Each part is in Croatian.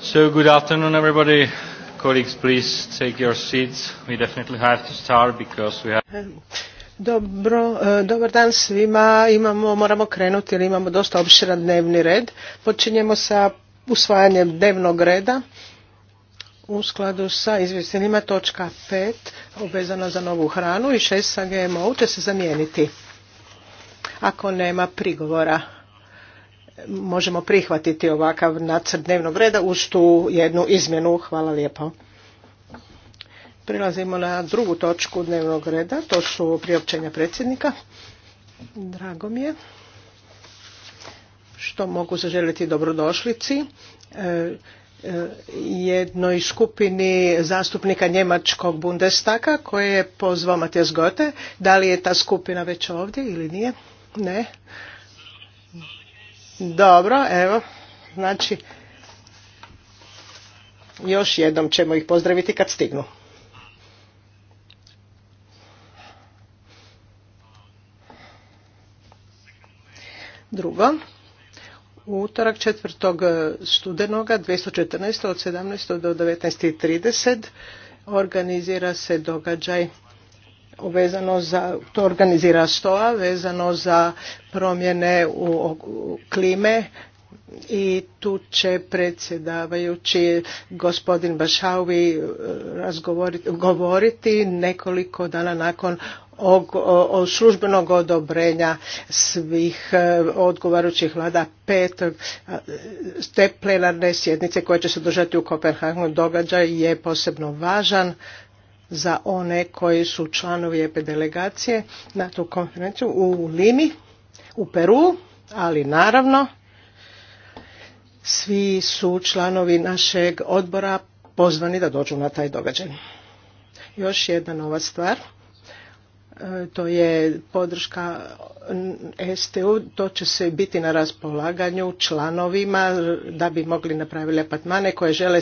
So good afternoon everybody. Colleagues, please take your seats. We definitely have to start because we have... Dobro, e, dobar dan svima. Imamo, moramo krenuti jer imamo dosta opširan dnevni red. Počinjemo sa usvajanjem dnevnog reda u skladu sa izvjestinima točka 5 obvezana za novu hranu i 6 sa GMO će se zamijeniti ako nema prigovora možemo prihvatiti ovakav nacrt dnevnog reda uz tu jednu izmjenu. Hvala lijepo. Prilazimo na drugu točku dnevnog reda, to su priopćenja predsjednika. Drago mi je što mogu zaželiti dobrodošlici e, e, jednoj skupini zastupnika njemačkog Bundestaka koje je pozvao Matijas Da li je ta skupina već ovdje ili nije? Ne. Dobro, evo, znači, još jednom ćemo ih pozdraviti kad stignu. Drugo, utorak četvrtog studenoga 214. od 17. do 19.30 organizira se događaj vezano za, to organizira stoa, vezano za promjene u, klime i tu će predsjedavajući gospodin Bašavi e, govoriti nekoliko dana nakon o, službenog odobrenja svih e, odgovarajućih vlada pet e, te plenarne sjednice koje će se držati u Kopenhagenu događaj je posebno važan za one koji su članovi EPE delegacije na tu konferenciju u Limi, u Peru, ali naravno svi su članovi našeg odbora pozvani da dođu na taj događaj. Još jedna nova stvar, e, to je podrška STU, to će se biti na raspolaganju članovima da bi mogli napravili apartmane koje žele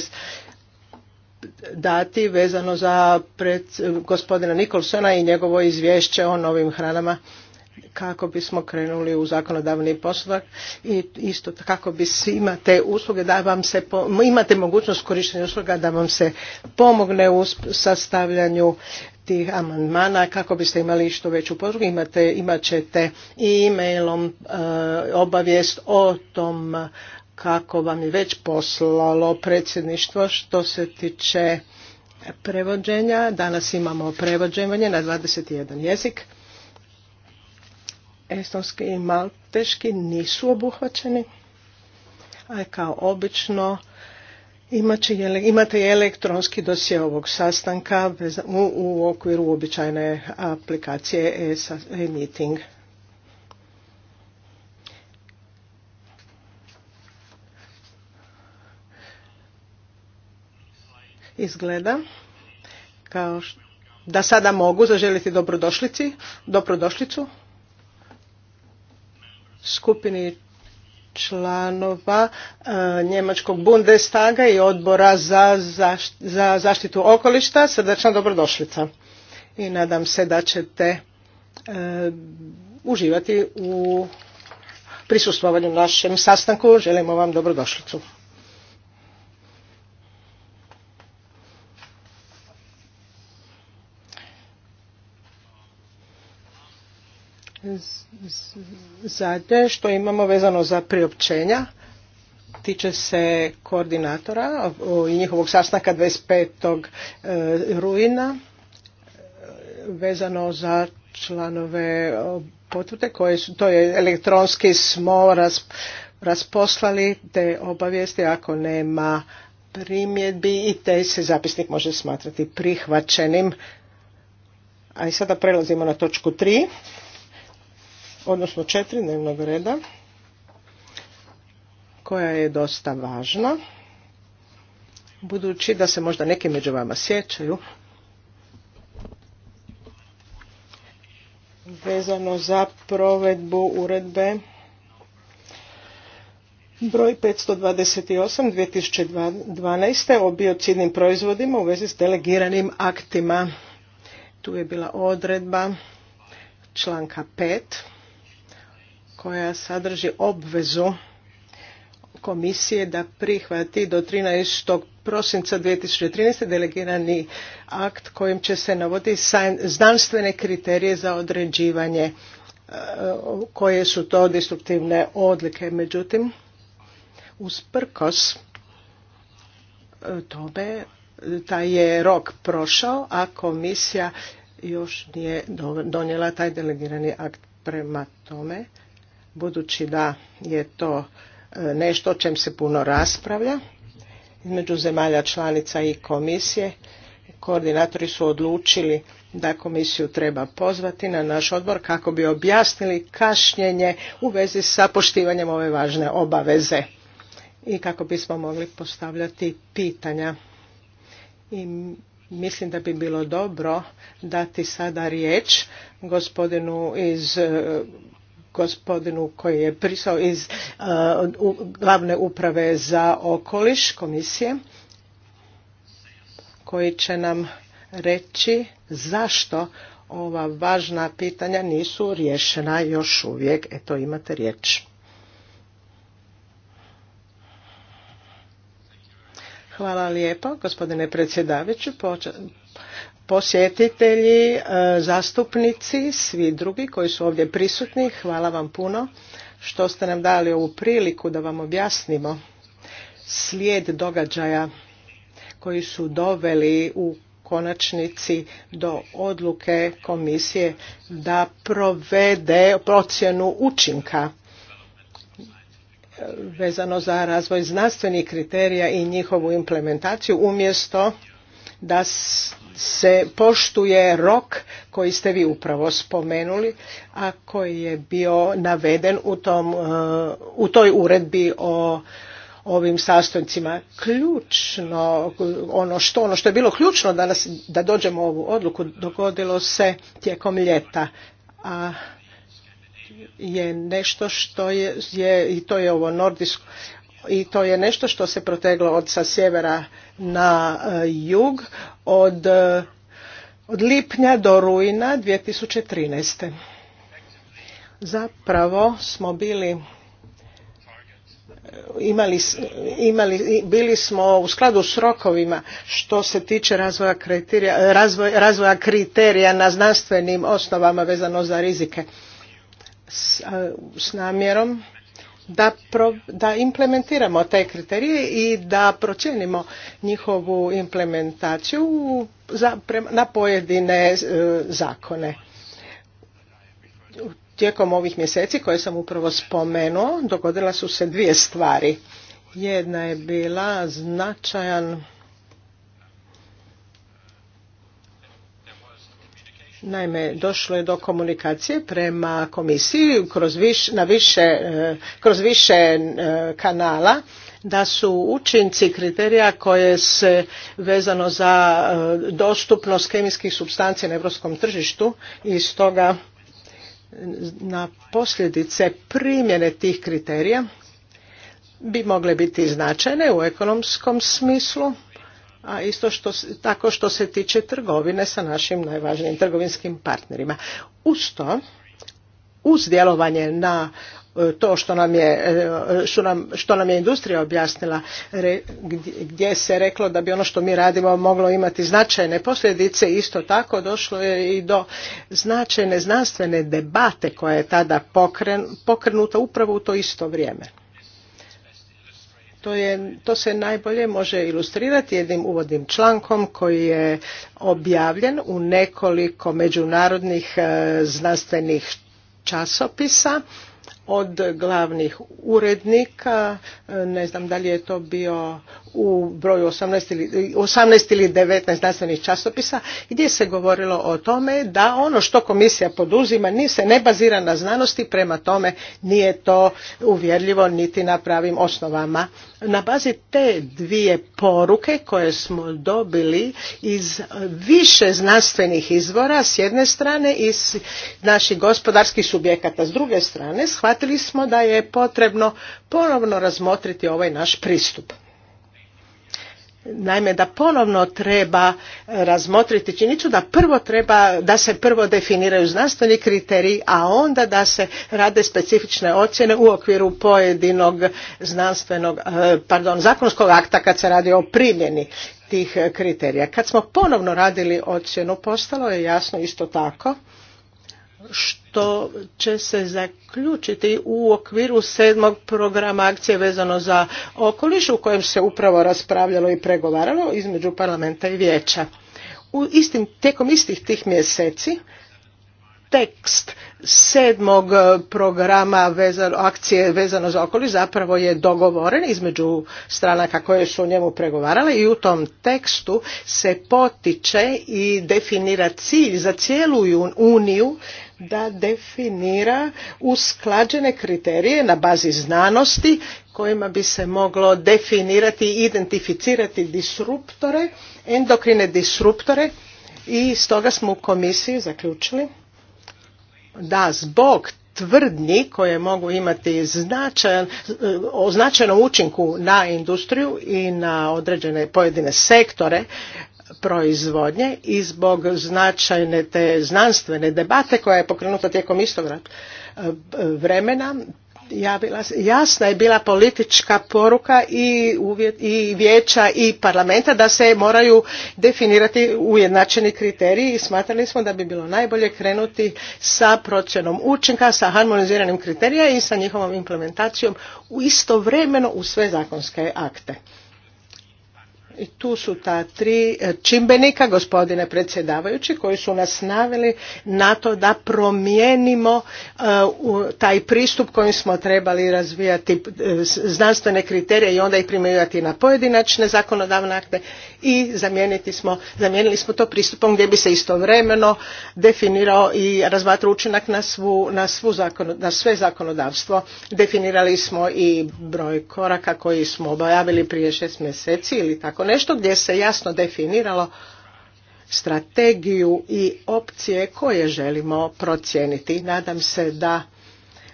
dati vezano za pred, gospodina Nikolsona i njegovo izvješće o novim hranama kako bismo krenuli u zakonodavni postupak i isto kako bi imate usluge da vam se imate mogućnost korištenja usluga da vam se pomogne u sastavljanju tih amandmana kako biste imali što veću podrugu imate imat ćete i e-mailom e, obavijest o tom kako vam je već poslalo predsjedništvo što se tiče prevođenja. Danas imamo prevođenje na 21 jezik. Estonski i malteški nisu obuhvaćeni. A kao obično imate i elektronski dosje ovog sastanka u okviru uobičajene aplikacije e-meeting. Izgleda kao da sada mogu zaželiti dobrodošlici, dobrodošlicu skupini članova e, Njemačkog Bundestaga i odbora za, za zaštitu okolišta. srdečna dobrodošlica. I nadam se da ćete e, uživati u prisustvovanju našem sastanku. Želimo vam dobrodošlicu. zadnje što imamo vezano za priopćenja tiče se koordinatora i njihovog sastanka 25. E, rujna vezano za članove potvrde koje su, to je elektronski smo rasposlali te obavijesti ako nema primjedbi i te se zapisnik može smatrati prihvaćenim. A i sada prelazimo na točku 3 odnosno četiri dnevnog reda koja je dosta važna budući da se možda neki među vama sjećaju vezano za provedbu uredbe broj 528 2012. o biocidnim proizvodima u vezi s delegiranim aktima. Tu je bila odredba članka 5 koja sadrži obvezu komisije da prihvati do 13. prosinca 2013. delegirani akt kojim će se navoditi znanstvene kriterije za određivanje e, koje su to destruktivne odlike. Međutim, usprkos e, tome, taj je rok prošao, a komisija još nije donijela taj delegirani akt prema tome budući da je to e, nešto o čem se puno raspravlja između zemalja članica i komisije. Koordinatori su odlučili da komisiju treba pozvati na naš odbor kako bi objasnili kašnjenje u vezi sa poštivanjem ove važne obaveze i kako bismo mogli postavljati pitanja. I mislim da bi bilo dobro dati sada riječ gospodinu iz e, gospodinu koji je prisao iz uh, glavne uprave za okoliš komisije koji će nam reći zašto ova važna pitanja nisu riješena još uvijek. Eto imate riječ. Hvala lijepo, gospodine predsjedavajući posjetitelji, e, zastupnici, svi drugi koji su ovdje prisutni, hvala vam puno što ste nam dali ovu priliku da vam objasnimo slijed događaja koji su doveli u konačnici do odluke komisije da provede procjenu učinka vezano za razvoj znanstvenih kriterija i njihovu implementaciju umjesto da se poštuje rok koji ste vi upravo spomenuli, a koji je bio naveden u, tom, e, u toj uredbi o ovim sastojcima ključno ono što ono što je bilo ključno danas da dođemo u ovu odluku dogodilo se tijekom ljeta a je nešto što je, je i to je ovo nordijsko i to je nešto što se proteglo od sa sjevera na e, jug od, e, od lipnja do rujna 2013. Zapravo smo bili e, imali, imali, bili smo u skladu s rokovima što se tiče razvoja kriterija, razvoja kriterija na znanstvenim osnovama vezano za rizike s namjerom da, da implementiramo te kriterije i da procijenimo njihovu implementaciju za, na pojedine e, zakone. Tijekom ovih mjeseci koje sam upravo spomenuo dogodila su se dvije stvari. Jedna je bila značajan Naime, došlo je do komunikacije prema komisiji kroz na više, e, kroz više e, kanala da su učinci kriterija koje se vezano za e, dostupnost kemijskih substanci na europskom tržištu i stoga na posljedice primjene tih kriterija bi mogle biti značajne u ekonomskom smislu a isto tako što se tiče trgovine sa našim najvažnijim trgovinskim partnerima. Uz to, uz djelovanje na e, to što nam je, e, što nam, je industrija objasnila, gdje se reklo da bi ono što mi radimo moglo imati značajne posljedice, isto tako došlo je i do značajne znanstvene debate koja je tada pokrenuta upravo u to isto vrijeme. To, je, to se najbolje može ilustrirati jednim uvodnim člankom koji je objavljen u nekoliko međunarodnih e, znanstvenih časopisa od glavnih urednika, e, ne znam da li je to bio u broju 18 ili, 18 19 znanstvenih časopisa, gdje se govorilo o tome da ono što komisija poduzima ni se ne bazira na znanosti, prema tome nije to uvjerljivo niti na pravim osnovama na bazi te dvije poruke koje smo dobili iz više znanstvenih izvora s jedne strane i iz naših gospodarskih subjekata s druge strane shvatili smo da je potrebno ponovno razmotriti ovaj naš pristup Naime, da ponovno treba e, razmotriti činjenicu da prvo treba, da se prvo definiraju znanstveni kriteriji, a onda da se rade specifične ocjene u okviru pojedinog znanstvenog, e, pardon, zakonskog akta kad se radi o primjeni tih e, kriterija. Kad smo ponovno radili ocjenu, postalo je jasno isto tako to će se zaključiti u okviru sedmog programa akcije vezano za okoliš u kojem se upravo raspravljalo i pregovaralo između parlamenta i vijeća. U istim, tijekom istih tih mjeseci tekst sedmog programa akcije vezano za okoliš zapravo je dogovoren između stranaka koje su o njemu pregovarale i u tom tekstu se potiče i definira cilj za cijelu uniju da definira usklađene kriterije na bazi znanosti kojima bi se moglo definirati i identificirati disruptore, endokrine disruptore i stoga smo u komisiji zaključili da zbog tvrdnji koje mogu imati značajan, o značajnom učinku na industriju i na određene pojedine sektore proizvodnje i zbog značajne te znanstvene debate koja je pokrenuta tijekom istog vremena jasna je bila politička poruka i, i vijeća i parlamenta da se moraju definirati ujednačeni kriteriji i smatrali smo da bi bilo najbolje krenuti sa procjenom učinka, sa harmoniziranim kriterija i sa njihovom implementacijom u istovremeno u sve zakonske akte. I tu su ta tri e, čimbenika, gospodine predsjedavajući, koji su nas naveli na to da promijenimo e, taj pristup kojim smo trebali razvijati e, znanstvene kriterije i onda ih primjenjivati na pojedinačne zakonodavne akte i zamijeniti smo, zamijenili smo to pristupom gdje bi se istovremeno definirao i razmatrao učinak na, sve zakonodavstvo. Definirali smo i broj koraka koji smo obavili prije šest mjeseci ili tako nešto gdje se jasno definiralo strategiju i opcije koje želimo procijeniti. Nadam se da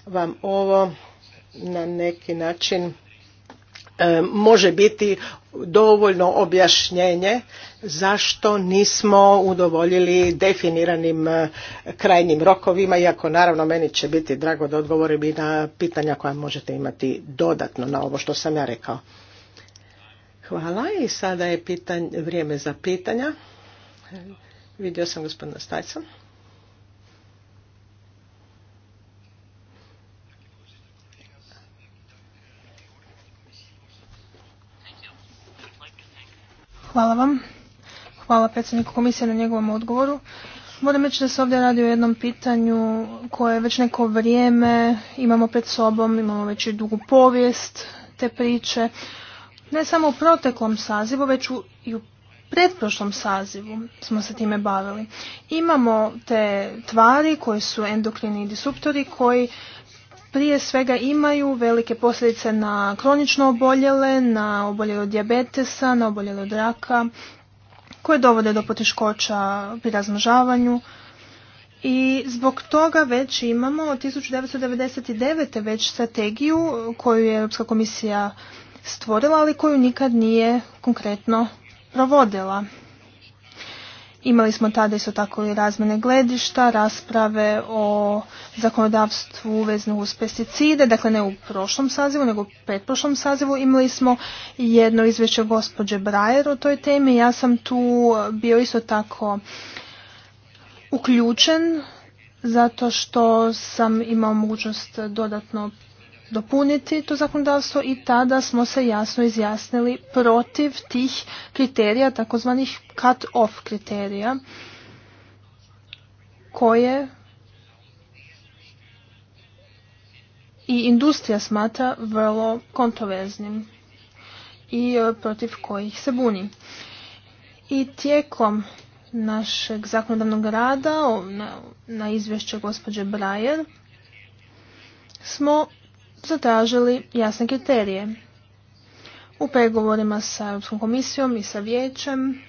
vam ovo na neki način e, može biti dovoljno objašnjenje zašto nismo udovoljili definiranim e, krajnjim rokovima, iako naravno meni će biti drago da odgovorim i na pitanja koja možete imati dodatno na ovo što sam ja rekao. Hvala i sada je vrijeme za pitanja. Vidio sam gospodina Stajca. Hvala vam. Hvala predsjedniku komisije na njegovom odgovoru. Moram reći da se ovdje radi o jednom pitanju koje već neko vrijeme imamo pred sobom, imamo već i dugu povijest te priče ne samo u proteklom sazivu, već u, i u pretprošlom sazivu smo se time bavili. Imamo te tvari koje su endokrini disruptori koji prije svega imaju velike posljedice na kronično oboljele, na oboljele od dijabetesa na oboljele od raka, koje dovode do poteškoća pri razmnožavanju. I zbog toga već imamo od 1999. već strategiju koju je Europska komisija stvorila, ali koju nikad nije konkretno provodila. Imali smo tada isto tako i razmene gledišta, rasprave o zakonodavstvu vezno uz pesticide, dakle ne u prošlom sazivu, nego u pretprošlom sazivu. Imali smo jedno izvješće gospođe Brajer o toj temi. Ja sam tu bio isto tako uključen zato što sam imao mogućnost dodatno dopuniti to zakonodavstvo i tada smo se jasno izjasnili protiv tih kriterija, takozvanih cut-off kriterija, koje i industrija smatra vrlo kontroverznim i e, protiv kojih se buni. I tijekom našeg zakonodavnog rada na, na izvješće gospođe Brajer smo zatražili jasne kriterije. U pregovorima sa Europskom komisijom i sa vijećem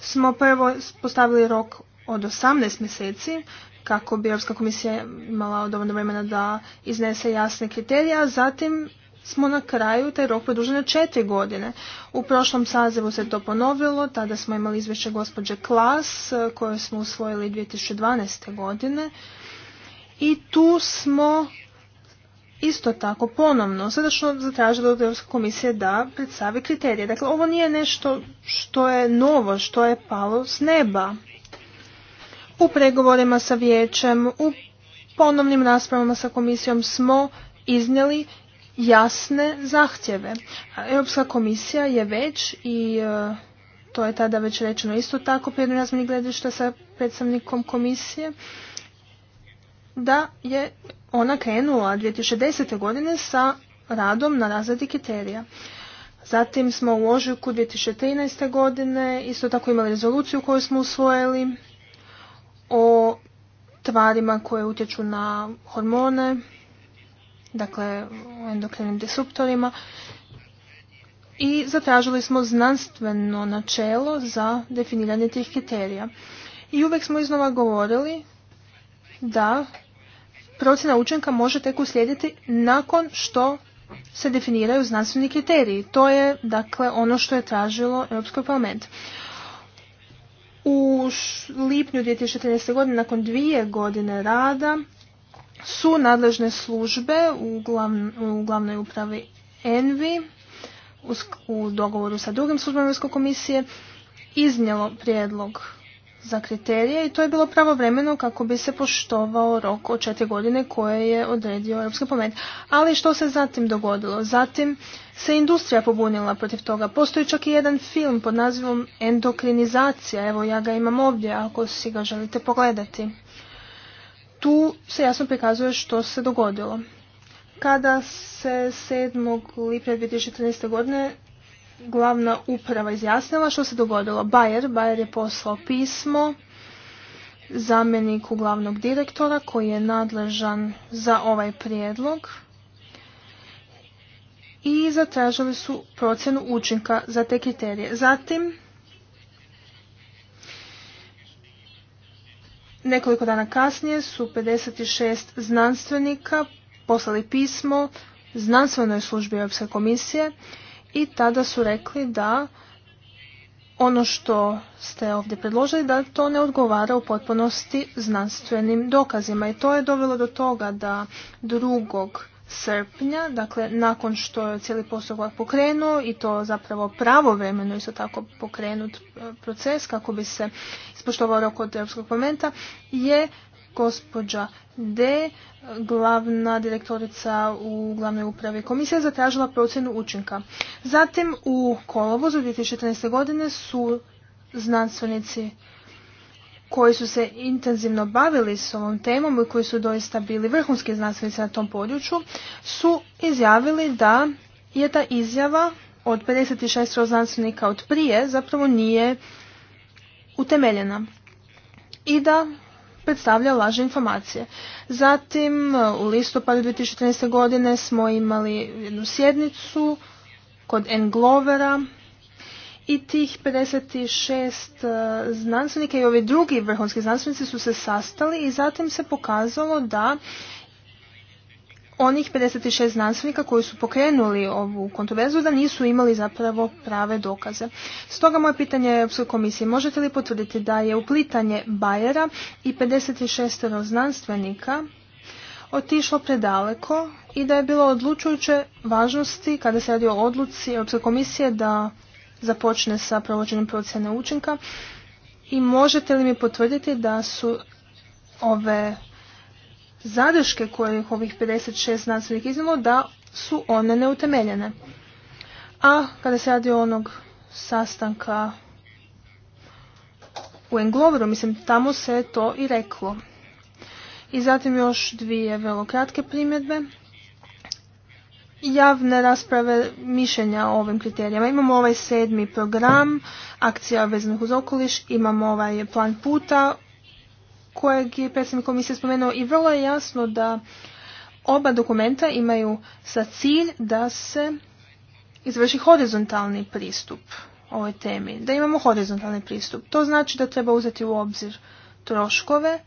smo prvo postavili rok od 18 mjeseci kako bi Europska komisija imala dovoljno vremena da iznese jasne kriterije, a zatim smo na kraju taj rok produžili na četiri godine. U prošlom sazivu se to ponovilo, tada smo imali izvješće gospođe Klas eh, koje smo usvojili 2012. godine i tu smo isto tako ponovno srdečno zatražili od Europske komisije da predstavi kriterije. Dakle, ovo nije nešto što je novo, što je palo s neba. U pregovorima sa vijećem, u ponovnim raspravama sa komisijom smo iznijeli jasne zahtjeve. Europska komisija je već i e, to je tada već rečeno isto tako prije razmini gledišta sa predstavnikom komisije da je ona krenula 2010. godine sa radom na razredi kriterija. Zatim smo u ožujku 2013. godine isto tako imali rezoluciju koju smo usvojili o tvarima koje utječu na hormone, dakle o endokrinim disruptorima i zatražili smo znanstveno načelo za definiranje tih kriterija. I uvijek smo iznova govorili da procjena učinka može tek uslijediti nakon što se definiraju znanstveni kriteriji. To je dakle ono što je tražilo Europski parlament. U lipnju 2014. godine, nakon dvije godine rada, su nadležne službe u, glavnoj upravi ENVI u, u dogovoru sa drugim službama Europske komisije iznijelo prijedlog za kriterije i to je bilo pravovremeno kako bi se poštovao rok od četiri godine koje je odredio Europski parlament. Ali što se zatim dogodilo? Zatim se industrija pobunila protiv toga. Postoji čak i jedan film pod nazivom Endokrinizacija. Evo ja ga imam ovdje ako si ga želite pogledati. Tu se jasno prikazuje što se dogodilo. Kada se 7. lipnja 2014. godine glavna uprava izjasnila što se dogodilo. Bayer, Bayer je poslao pismo zamjeniku glavnog direktora koji je nadležan za ovaj prijedlog i zatražili su procjenu učinka za te kriterije. Zatim, nekoliko dana kasnije su 56 znanstvenika poslali pismo znanstvenoj službi Europske komisije i tada su rekli da ono što ste ovdje predložili da to ne odgovara u potpunosti znanstvenim dokazima i to je dovelo do toga da drugog srpnja, dakle nakon što je cijeli postupak pokrenuo i to zapravo pravovremeno isto tako pokrenut e, proces kako bi se ispoštovao rok od Europskog momenta, je gospođa D, glavna direktorica u glavnoj upravi komisije, zatražila procjenu učinka. Zatim u kolovozu 2014. godine su znanstvenici koji su se intenzivno bavili s ovom temom i koji su doista bili vrhunski znanstvenici na tom području, su izjavili da je ta izjava od 56 znanstvenika od prije zapravo nije utemeljena i da predstavlja lažne informacije. Zatim, u listopadu 2013. godine smo imali jednu sjednicu kod Englovera i tih 56 e, znanstvenika i ovi drugi vrhunski znanstvenici su se sastali i zatim se pokazalo da onih 56 znanstvenika koji su pokrenuli ovu kontroverzu da nisu imali zapravo prave dokaze. Stoga moje pitanje je Europskoj komisiji, možete li potvrditi da je uplitanje Bajera i 56 znanstvenika otišlo predaleko i da je bilo odlučujuće važnosti kada se radi o odluci Europske komisije da započne sa provođenjem procjene učinka i možete li mi potvrditi da su ove zadrške koje ovih 56 znanstvenih iznimo da su one neutemeljene. A kada se radi o onog sastanka u Engloveru, mislim, tamo se to i reklo. I zatim još dvije vrlo kratke primjedbe. Javne rasprave mišljenja o ovim kriterijama. Imamo ovaj sedmi program, akcija vezanih uz okoliš, imamo ovaj plan puta kojeg je predsjednik komisije spomenuo i vrlo je jasno da oba dokumenta imaju sa cilj da se izvrši horizontalni pristup ovoj temi, da imamo horizontalni pristup. To znači da treba uzeti u obzir troškove,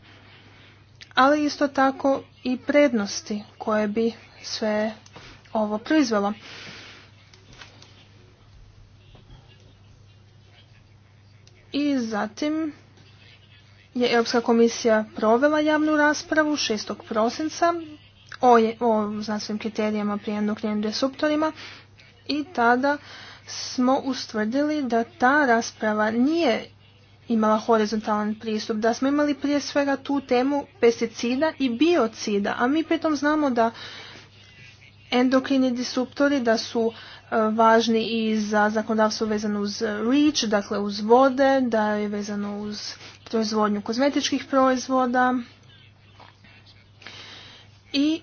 ali isto tako i prednosti koje bi sve ovo proizvelo. I zatim je Europska komisija provela javnu raspravu 6. prosinca o, o znanstvenim kriterijama pri endokrinim disruptorima i tada smo ustvrdili da ta rasprava nije imala horizontalan pristup, da smo imali prije svega tu temu pesticida i biocida, a mi pritom znamo da endokrini disruptori da su važni i za zakonodavstvo vezano uz REACH, dakle uz vode, da je vezano uz proizvodnju kozmetičkih proizvoda i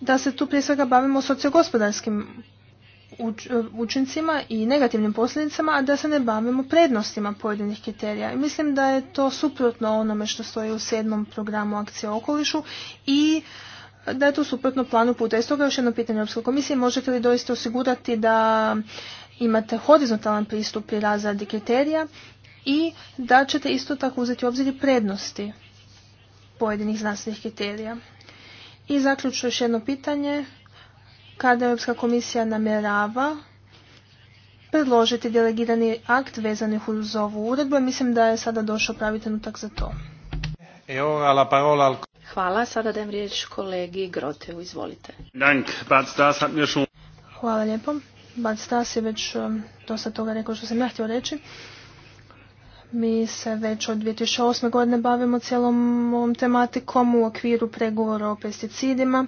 da se tu prije svega bavimo sociogospodarskim učincima i negativnim posljedicama, a da se ne bavimo prednostima pojedinih kriterija. I mislim da je to suprotno onome što stoji u sedmom programu akcije okolišu i da je to suprotno planu puta. I stoga još jedno pitanje Europske komisije, možete li doista osigurati da imate horizontalan pristup i razradi kriterija i da ćete isto tako uzeti u obzir prednosti pojedinih znanstvenih kriterija. I zaključno još jedno pitanje, kada Europska komisija namjerava predložiti delegirani akt vezanih uz ovu uredbu, mislim da je sada došao pravi trenutak za to. E Hvala. Sada dajem riječ kolegi Groteu. Izvolite. Hvala lijepo. Bad Stas je već um, dosta toga rekao što sam ja htio reći. Mi se već od 2008. godine bavimo cijelom ovom tematikom u okviru pregovora o pesticidima,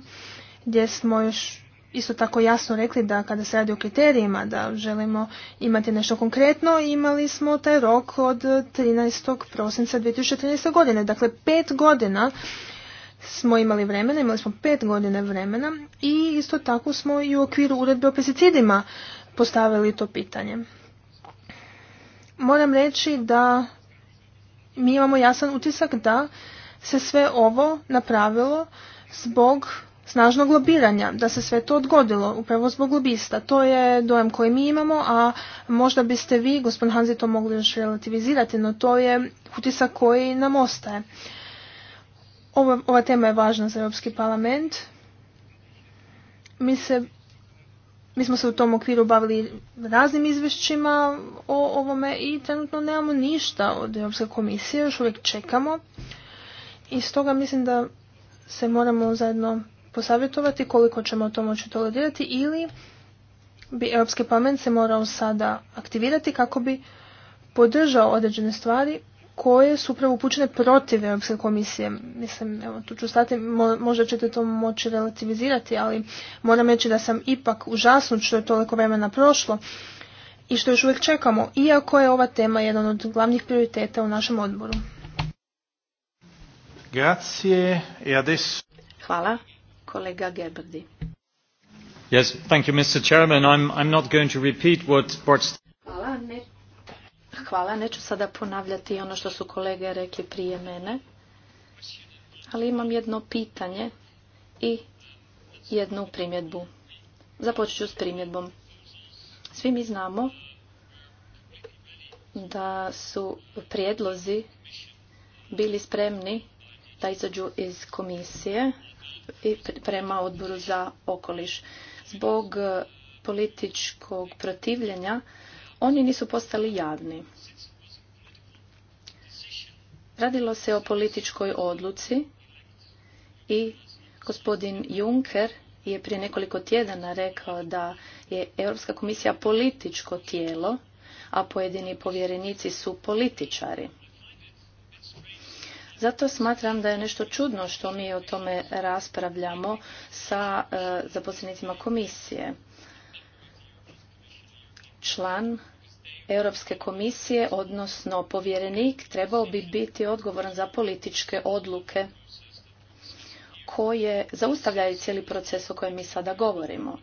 gdje smo još isto tako jasno rekli da kada se radi o kriterijima da želimo imati nešto konkretno, imali smo taj rok od 13. prosinca 2013. godine. Dakle, pet godina smo imali vremena, imali smo pet godina vremena i isto tako smo i u okviru uredbe o pesticidima postavili to pitanje. Moram reći da mi imamo jasan utisak da se sve ovo napravilo zbog snažnog lobiranja, da se sve to odgodilo upravo zbog lobista. To je dojam koji mi imamo, a možda biste vi, gospodin Hanzi, to mogli još relativizirati, no to je utisak koji nam ostaje. Ova, ova tema je važna za Europski parlament. Mi se mi smo se u tom okviru bavili raznim izvješćima o ovome i trenutno nemamo ništa od Europske komisije, još uvijek čekamo. I stoga mislim da se moramo zajedno posavjetovati koliko ćemo o tom moći tolerirati ili bi Europski parlament se morao sada aktivirati kako bi podržao određene stvari koje su upravo upućene protiv Europske komisije. Mislim, evo, tu ću stati, možda ćete to moći relativizirati, ali moram reći da sam ipak užasnut što je toliko vremena prošlo i što još uvijek čekamo, iako je ova tema jedan od glavnih prioriteta u našem odboru. Grazie e adesso... Hvala, kolega Yes, thank you, Mr. Chairman. I'm, I'm not going to repeat what Hvala, ne Hvala, neću sada ponavljati ono što su kolege rekli prije mene, ali imam jedno pitanje i jednu primjedbu. Započet ću s primjedbom. Svi mi znamo da su prijedlozi bili spremni da izađu iz komisije i prema odboru za okoliš. Zbog političkog protivljenja oni nisu postali javni. Radilo se o političkoj odluci i gospodin Juncker je prije nekoliko tjedana rekao da je Europska komisija političko tijelo, a pojedini povjerenici su političari. Zato smatram da je nešto čudno što mi o tome raspravljamo sa e, zaposlenicima komisije. Član Europske komisije, odnosno povjerenik, trebao bi biti odgovoran za političke odluke koje zaustavljaju cijeli proces o kojem mi sada govorimo.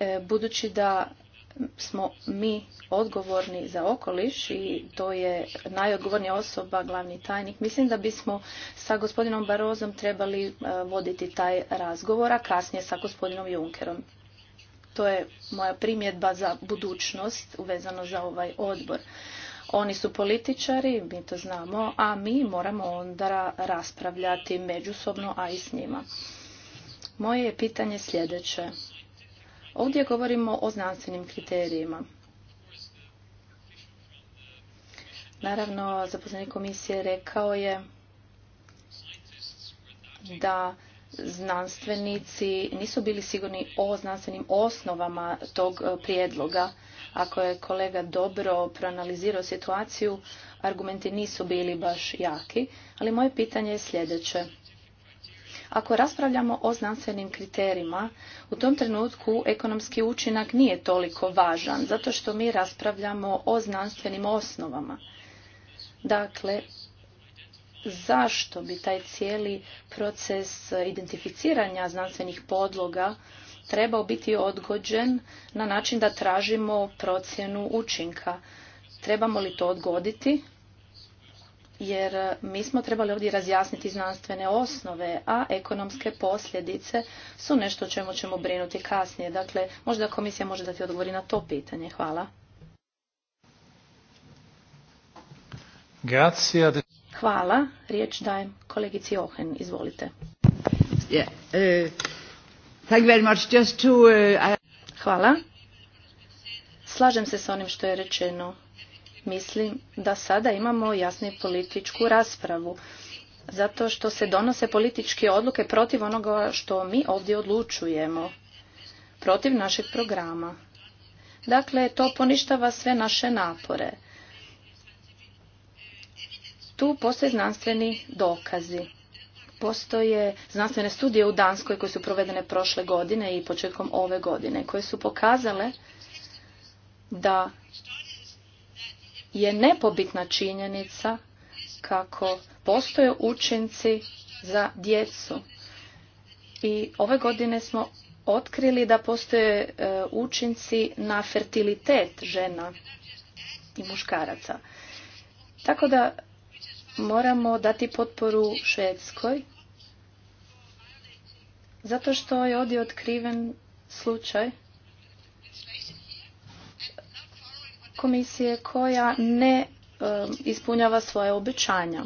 E, budući da smo mi odgovorni za okoliš i to je najodgovornija osoba, glavni tajnik. Mislim da bismo sa gospodinom Barozom trebali e, voditi taj razgovor, a kasnije sa gospodinom Junkerom. To je moja primjedba za budućnost uvezano za ovaj odbor. Oni su političari, mi to znamo, a mi moramo onda raspravljati međusobno, a i s njima. Moje je pitanje sljedeće. Ovdje govorimo o znanstvenim kriterijima. Naravno, zaposlenik komisije rekao je da znanstvenici nisu bili sigurni o znanstvenim osnovama tog e, prijedloga. Ako je kolega dobro proanalizirao situaciju, argumenti nisu bili baš jaki, ali moje pitanje je sljedeće. Ako raspravljamo o znanstvenim kriterijima, u tom trenutku ekonomski učinak nije toliko važan, zato što mi raspravljamo o znanstvenim osnovama. Dakle, zašto bi taj cijeli proces identificiranja znanstvenih podloga trebao biti odgođen na način da tražimo procjenu učinka. Trebamo li to odgoditi? Jer mi smo trebali ovdje razjasniti znanstvene osnove, a ekonomske posljedice su nešto o čemu ćemo brinuti kasnije. Dakle, možda komisija može dati odgovori na to pitanje. Hvala. Grazie. Hvala. Riječ dajem kolegici Ohen. Izvolite. Hvala. Slažem se s onim što je rečeno. Mislim da sada imamo jasnu političku raspravu. Zato što se donose političke odluke protiv onoga što mi ovdje odlučujemo. Protiv našeg programa. Dakle, to poništava sve naše napore tu postoje znanstveni dokazi. Postoje znanstvene studije u Danskoj koje su provedene prošle godine i početkom ove godine koje su pokazale da je nepobitna činjenica kako postoje učinci za djecu. I ove godine smo otkrili da postoje e, učinci na fertilitet žena i muškaraca. Tako da moramo dati potporu Švedskoj zato što je ovdje otkriven slučaj komisije koja ne um, ispunjava svoje obećanja.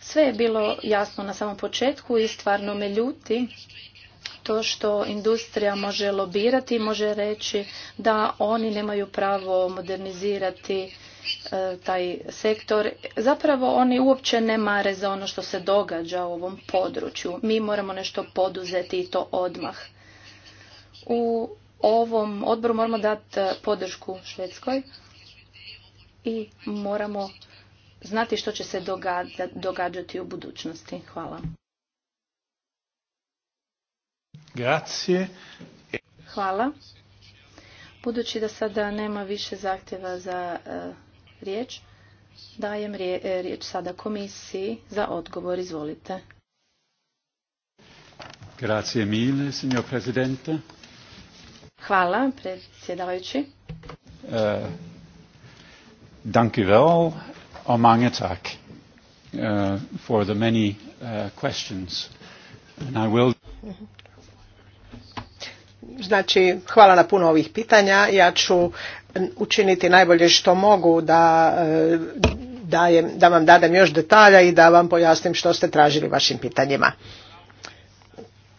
Sve je bilo jasno na samom početku i stvarno me ljuti to što industrija može lobirati, može reći da oni nemaju pravo modernizirati E, taj sektor, zapravo oni uopće ne mare za ono što se događa u ovom području. Mi moramo nešto poduzeti i to odmah. U ovom odboru moramo dati e, podršku Švedskoj i moramo znati što će se događati u budućnosti. Hvala. Grazie. Hvala. Budući da sada nema više zahtjeva za e, riječ. Dajem e, riječ sada komisiji za odgovor. Izvolite. Grazie mille, signor Presidente. Hvala, predsjedavajući. Uh, dank u wel mange tak e, for the many questions. And I will... Znači, hvala na puno ovih pitanja. Ja ću učiniti najbolje što mogu da, e, dajem, da vam dadem još detalja i da vam pojasnim što ste tražili vašim pitanjima.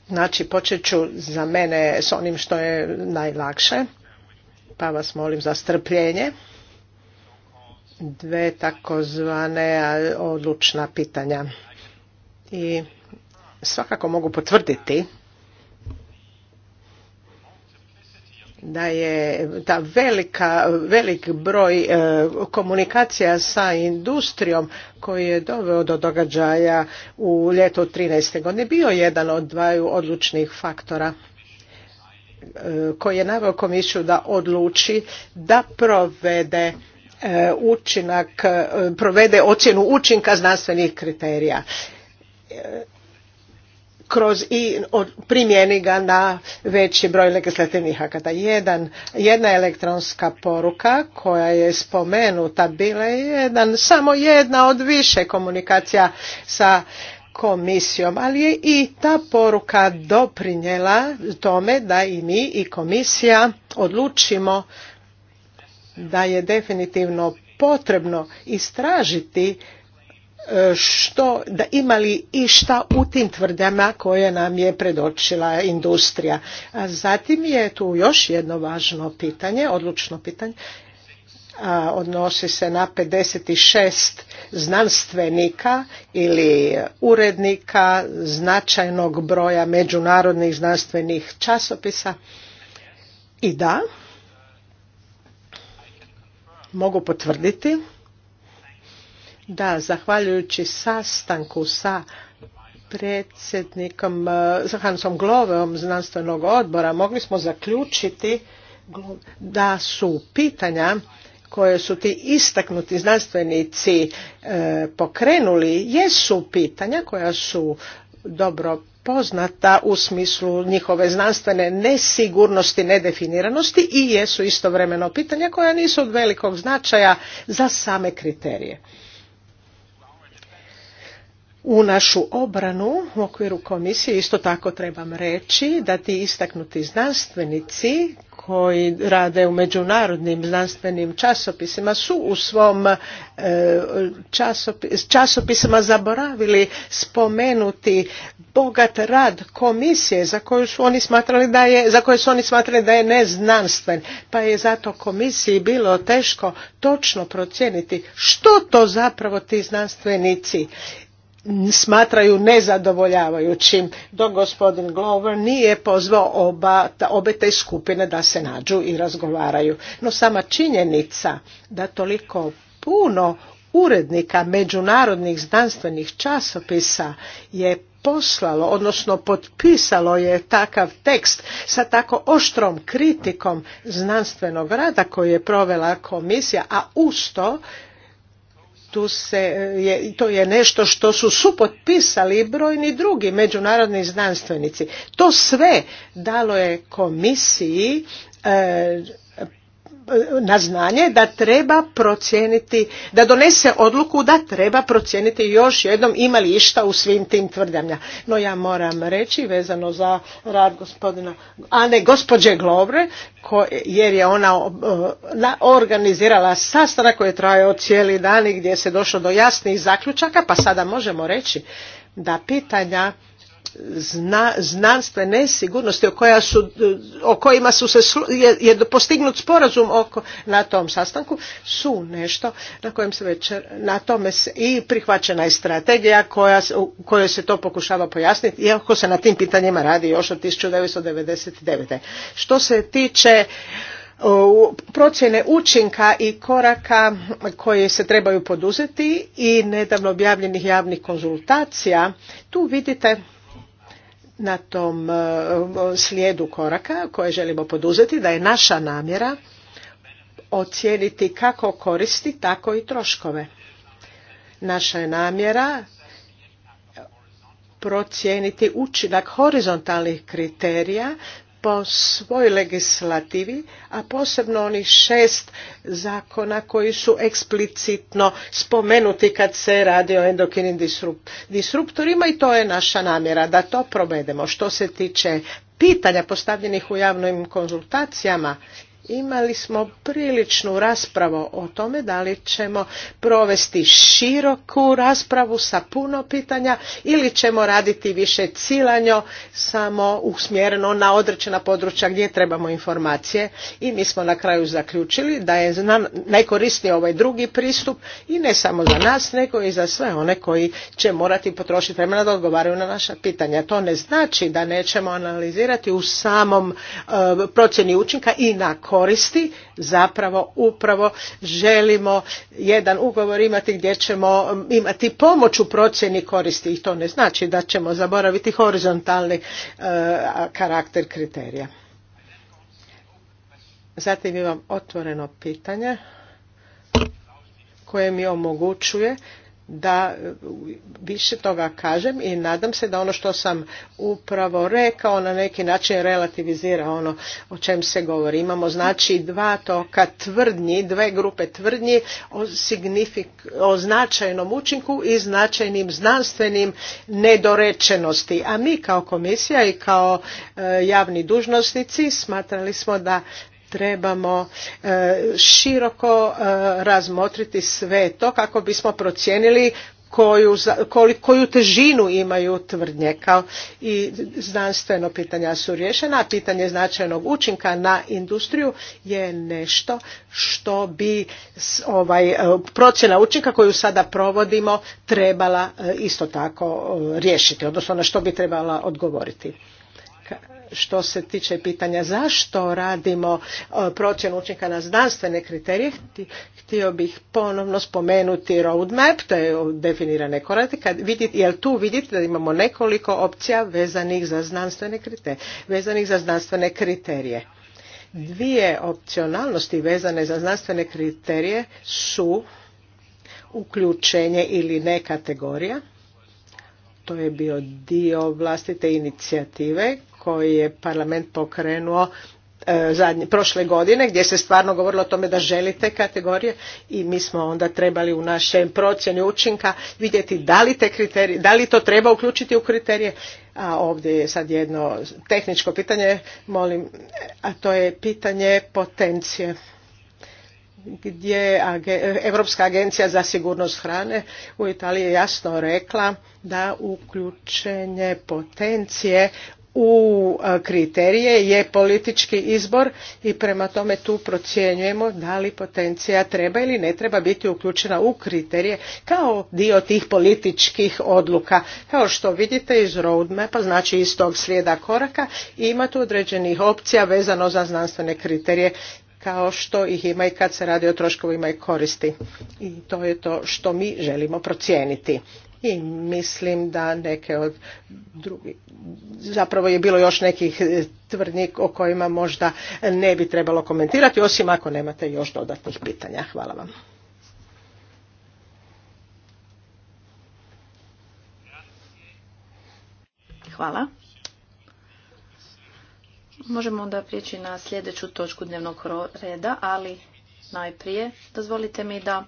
Znači, počet ću za mene s onim što je najlakše, pa vas molim za strpljenje. Dve takozvane odlučna pitanja. I svakako mogu potvrditi da je ta velika, velik broj e, komunikacija sa industrijom koji je doveo do događaja u ljetu 13. godine bio jedan od dvaju odlučnih faktora e, koji je naveo komisiju da odluči da provede e, učinak, provede ocjenu učinka znanstvenih kriterija kroz i primjeni ga na veći broj legislativnih akata. Jedan, jedna elektronska poruka koja je spomenuta bila je jedan, samo jedna od više komunikacija sa komisijom, ali je i ta poruka doprinjela tome da i mi i komisija odlučimo da je definitivno potrebno istražiti E, što da imali i u tim tvrdnjama koje nam je predočila industrija. A zatim je tu još jedno važno pitanje, odlučno pitanje, odnosi se na 56 znanstvenika ili urednika značajnog broja međunarodnih znanstvenih časopisa. I da, mogu potvrditi da, zahvaljujući sastanku sa predsjednikom eh, Hansom Gloveom znanstvenog odbora mogli smo zaključiti da su pitanja koje su ti istaknuti znanstvenici eh, pokrenuli jesu pitanja koja su dobro poznata u smislu njihove znanstvene nesigurnosti, nedefiniranosti i jesu istovremeno pitanja koja nisu od velikog značaja za same kriterije u našu obranu u okviru komisije isto tako trebam reći da ti istaknuti znanstvenici koji rade u međunarodnim znanstvenim časopisima su u svom e, časopisima zaboravili spomenuti bogat rad komisije za koju su oni smatrali da je, za koje su oni smatrali da je neznanstven pa je zato komisiji bilo teško točno procijeniti što to zapravo ti znanstvenici smatraju nezadovoljavajućim dok gospodin Glover nije pozvao oba, obe te skupine da se nađu i razgovaraju. No sama činjenica da toliko puno urednika međunarodnih znanstvenih časopisa je poslalo, odnosno potpisalo je takav tekst sa tako oštrom kritikom znanstvenog rada koji je provela komisija, a usto tu se, je, to je nešto što su supotpisali brojni drugi međunarodni znanstvenici. To sve dalo je komisiji e, na znanje da treba procijeniti, da donese odluku da treba procijeniti još jednom ima li išta u svim tim tvrdnjama. No ja moram reći vezano za rad gospodina, a ne gospođe Globre, jer je ona organizirala sastanak koji je trajao cijeli dan i gdje se došlo do jasnih zaključaka, pa sada možemo reći da pitanja zna, znanstvene sigurnosti o, koja su, o kojima su se je, je postignut sporazum oko, na tom sastanku su nešto na kojem se već na tome se, i prihvaćena je strategija koja, u kojoj se to pokušava pojasniti iako se na tim pitanjima radi još od 1999. Što se tiče procjene učinka i koraka koje se trebaju poduzeti i nedavno objavljenih javnih konzultacija. Tu vidite na tom e, slijedu koraka koje želimo poduzeti, da je naša namjera ocijeniti kako koristi, tako i troškove. Naša je namjera procijeniti učinak horizontalnih kriterija po svojoj legislativi, a posebno onih šest zakona koji su eksplicitno spomenuti kad se radi o endokrinim disruptorima i to je naša namjera da to provedemo. Što se tiče pitanja postavljenih u javnim konzultacijama imali smo priličnu raspravu o tome da li ćemo provesti široku raspravu sa puno pitanja ili ćemo raditi više cilanjo samo usmjereno na određena područja gdje trebamo informacije i mi smo na kraju zaključili da je najkorisniji ovaj drugi pristup i ne samo za nas nego i za sve one koji će morati potrošiti vremena da odgovaraju na naša pitanja. To ne znači da nećemo analizirati u samom eh, procjeni učinka i nakon koristi zapravo upravo želimo jedan ugovor imati gdje ćemo imati pomoć u procjeni koristi i to ne znači da ćemo zaboraviti horizontalni e, karakter kriterija. Zatim imam otvoreno pitanje koje mi omogućuje da više toga kažem i nadam se da ono što sam upravo rekao na neki način relativizira ono o čem se govori. Imamo znači dva toka tvrdnji, dve grupe tvrdnji o, signifik, o značajnom učinku i značajnim znanstvenim nedorečenosti. A mi kao komisija i kao e, javni dužnosnici smatrali smo da trebamo e, široko e, razmotriti sve to kako bismo procijenili koju, težinu imaju tvrdnje kao i znanstveno pitanja su rješena, a pitanje značajnog učinka na industriju je nešto što bi ovaj, e, procjena učinka koju sada provodimo trebala isto tako riješiti, odnosno na što bi trebala odgovoriti što se tiče pitanja zašto radimo e, procjenu učinka na znanstvene kriterije, htio bih ponovno spomenuti roadmap, to je definirane korake, kad vidite, jer tu vidite da imamo nekoliko opcija vezanih za znanstvene kriterije, vezanih za znanstvene kriterije. Dvije opcionalnosti vezane za znanstvene kriterije su uključenje ili ne kategorija, to je bio dio vlastite inicijative koji je parlament pokrenuo e, zadnje, prošle godine gdje se stvarno govorilo o tome da želite kategorije i mi smo onda trebali u našem procjeni učinka vidjeti da li, te kriterije, da li to treba uključiti u kriterije. A ovdje je sad jedno tehničko pitanje, molim, a to je pitanje potencije gdje Europska agencija za sigurnost hrane u Italiji je jasno rekla da uključenje potencije u kriterije je politički izbor i prema tome tu procjenjujemo da li potencija treba ili ne treba biti uključena u kriterije kao dio tih političkih odluka. Kao što vidite iz roadmapa, znači iz tog slijeda koraka, ima tu određenih opcija vezano za znanstvene kriterije kao što ih ima i kad se radi o troškovima i koristi. I to je to što mi želimo procijeniti i mislim da neke od drugih, zapravo je bilo još nekih e, tvrdnji o kojima možda ne bi trebalo komentirati, osim ako nemate još dodatnih pitanja. Hvala vam. Hvala. Možemo onda prijeći na sljedeću točku dnevnog reda, ali Najprije dozvolite mi da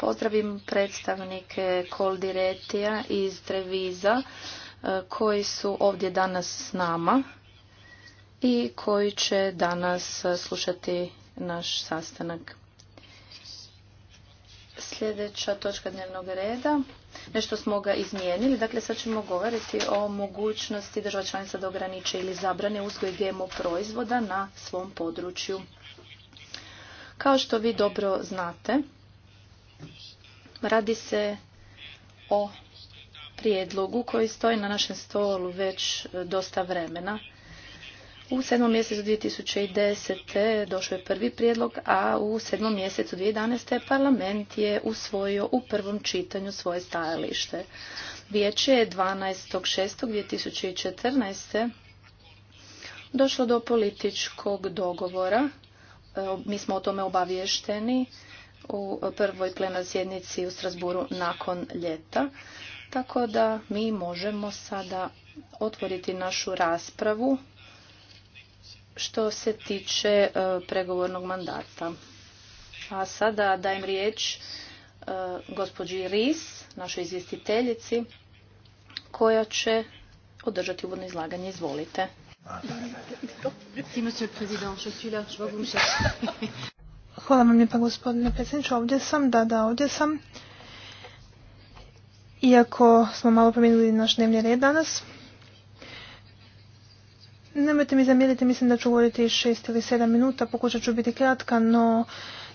pozdravim predstavnike Koldiretija iz Treviza e, koji su ovdje danas s nama i koji će danas slušati naš sastanak. Sljedeća točka dnevnog reda, nešto smo ga izmijenili, dakle sad ćemo govoriti o mogućnosti država članica da ograniče ili zabrane uzgoj GMO proizvoda na svom području. Kao što vi dobro znate, radi se o prijedlogu koji stoji na našem stolu već e, dosta vremena. U sedmom mjesecu 2010. došao je prvi prijedlog, a u sedmom mjesecu 2011. parlament je usvojio u prvom čitanju svoje stajalište. Vijeće je 12.6.2014. došlo do političkog dogovora mi smo o tome obavješteni u prvoj plenarnoj sjednici u Strasburu nakon ljeta. Tako da mi možemo sada otvoriti našu raspravu što se tiče e, pregovornog mandata. A sada dajem riječ e, gospođi Ris, našoj izvjestiteljici, koja će održati uvodno izlaganje. Izvolite. Hvala vam lijepa gospodine predsjedniče, ovdje sam, da, da, ovdje sam. Iako smo malo promijenili naš dnevni red danas, nemojte mi zamjeriti, mislim da ću govoriti šest ili sedam minuta, pokušat ću biti kratka, no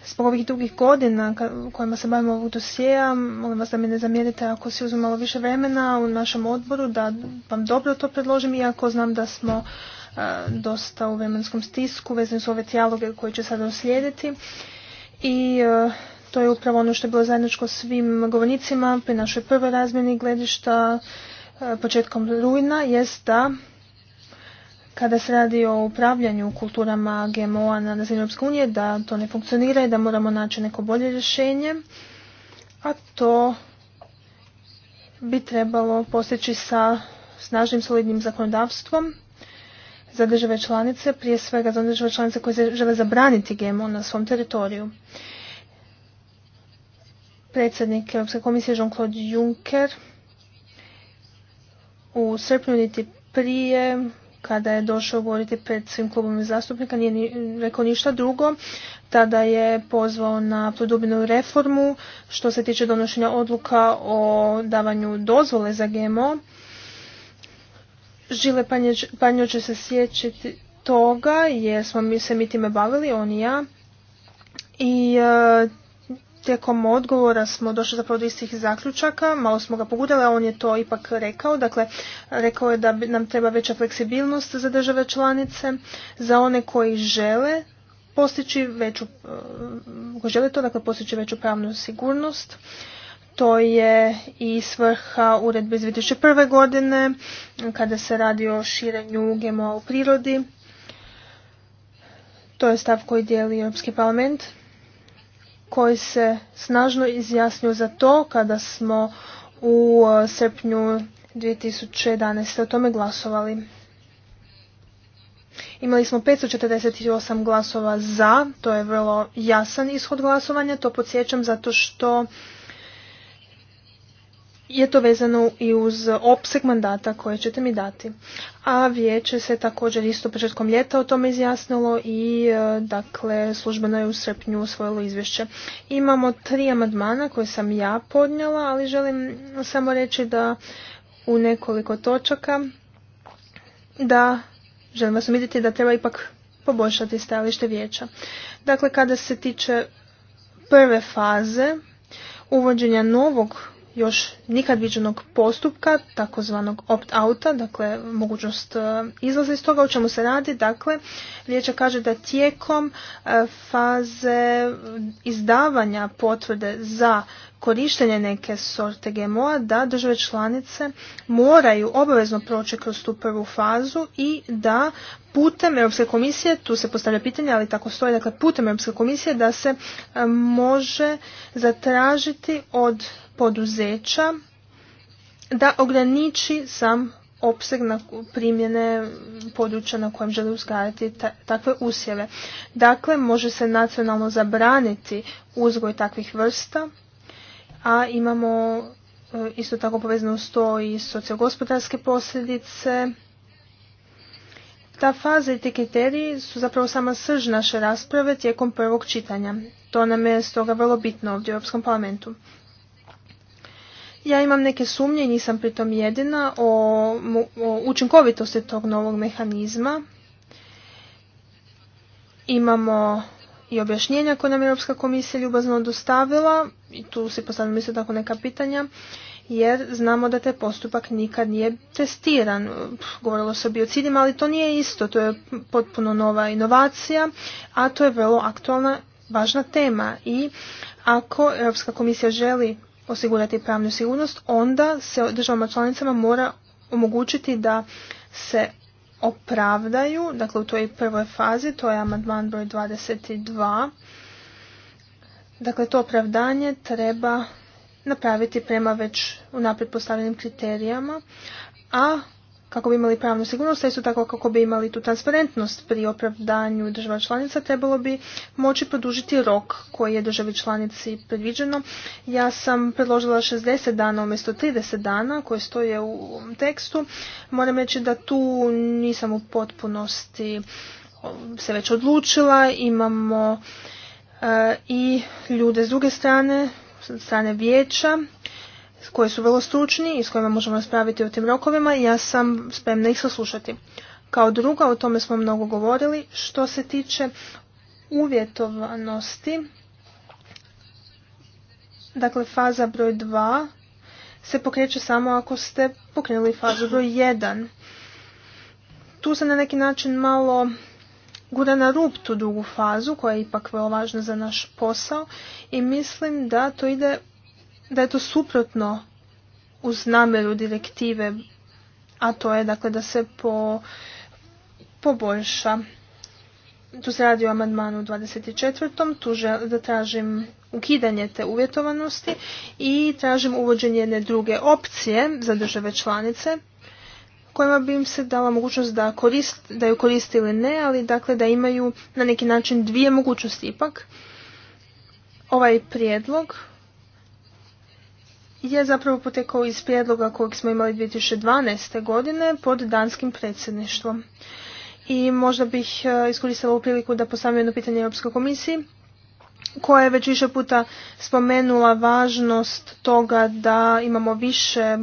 zbog ovih drugih godina kojima se bavimo ovog dosijeja, molim vas da mi ne zamjerite ako si uzmem malo više vremena u našem odboru, da vam dobro to predložim, iako znam da smo e, dosta u vremenskom stisku vezani su ove tijaloge koje će sada uslijediti. I e, to je upravo ono što je bilo zajedničko svim govornicima pri našoj prvoj razmjeni gledišta e, početkom rujna, jest da kada se radi o upravljanju kulturama GMO-a na razini Europske unije, da to ne funkcionira i da moramo naći neko bolje rješenje, a to bi trebalo postići sa snažnim solidnim zakonodavstvom za države članice, prije svega za države članice koje žele zabraniti GMO na svom teritoriju. Predsjednik Europske komisije Jean-Claude Juncker u srpnju niti prije kada je došao govoriti pred svim klubom zastupnika nije ni, rekao ništa drugo. Tada je pozvao na produbljenu reformu što se tiče donošenja odluka o davanju dozvole za GMO. Žile Panjo će se sjećati toga jer smo mi se mi time bavili, on i ja. I e, tijekom odgovora smo došli zapravo do istih zaključaka, malo smo ga pogudali, a on je to ipak rekao. Dakle, rekao je da nam treba veća fleksibilnost za države članice, za one koji žele postići veću, eh, koji žele to, dakle postići veću pravnu sigurnost. To je i svrha uredbe iz 2001. godine, kada se radi o širenju GMO u prirodi. To je stav koji dijeli Europski parlament koji se snažno izjasnio za to kada smo u e, srpnju 2011. o tome glasovali. Imali smo 548 glasova za, to je vrlo jasan ishod glasovanja, to podsjećam zato što je to vezano i uz opseg mandata koje ćete mi dati. A vijeće se također isto početkom ljeta o tome izjasnilo i e, dakle službeno je u srpnju usvojilo izvješće. Imamo tri amandmana koje sam ja podnjela, ali želim samo reći da u nekoliko točaka da želim vas umjetiti da treba ipak poboljšati stajalište vijeća. Dakle, kada se tiče prve faze uvođenja novog još nikad viđenog postupka, takozvanog opt-outa, dakle mogućnost e, izlaza iz toga, o čemu se radi. Dakle, vijeća kaže da tijekom e, faze izdavanja potvrde za korištenje neke sorte GMO-a da države članice moraju obavezno proći kroz tu prvu fazu i da putem Europske komisije, tu se postavlja pitanje, ali tako stoji, dakle putem Europske komisije da se e, može zatražiti od poduzeća da ograniči sam opseg na primjene područja na kojem žele uzgajati takve usjeve. Dakle, može se nacionalno zabraniti uzgoj takvih vrsta a imamo e, isto tako povezano s to i sociogospodarske posljedice. Ta faza i te kriteriji su zapravo sama srž naše rasprave tijekom prvog čitanja. To nam je stoga vrlo bitno ovdje u Europskom parlamentu. Ja imam neke sumnje, nisam pritom jedina, o učinkovitosti tog novog mehanizma. Imamo i objašnjenja koje nam je Europska komisija ljubazno dostavila i tu si postavljamo isto tako neka pitanja jer znamo da taj postupak nikad nije testiran. Govorilo se o biocidima, ali to nije isto, to je potpuno nova inovacija, a to je vrlo aktualna, važna tema i ako Europska komisija želi osigurati pravnu sigurnost, onda se državama članicama mora omogućiti da se opravdaju, dakle u toj prvoj fazi, to je amandman broj 22, dakle to opravdanje treba napraviti prema već unaprijed postavljenim kriterijama, a kako bi imali pravnu sigurnost, a isto tako kako bi imali tu transparentnost pri opravdanju država članica, trebalo bi moći produžiti rok koji je državi članici predviđeno. Ja sam predložila 60 dana umjesto 30 dana koje stoje u tekstu. Moram reći da tu nisam u potpunosti se već odlučila. Imamo e, i ljude s druge strane, s strane vijeća koje su vrlo stručni i s kojima možemo raspraviti o tim rokovima i ja sam spremna ih saslušati. Kao druga, o tome smo mnogo govorili, što se tiče uvjetovanosti, dakle faza broj 2 se pokreće samo ako ste pokrenuli fazu broj 1. Tu se na neki način malo gura na rub tu drugu fazu koja je ipak vrlo važna za naš posao i mislim da to ide da je to suprotno uz namjeru direktive, a to je dakle da se po, poboljša. Tu se radi o amandmanu 24. Tu žel, da tražim ukidanje te uvjetovanosti i tražim uvođenje jedne druge opcije za države članice kojima bi im se dala mogućnost da, korist, da ju koriste ili ne, ali dakle da imaju na neki način dvije mogućnosti ipak. Ovaj prijedlog je zapravo potekao iz prijedloga kojeg smo imali 2012. godine pod danskim predsjedništvom. I možda bih e, iskoristila ovu priliku da postavim jedno pitanje Europskoj komisiji koja je već više puta spomenula važnost toga da imamo više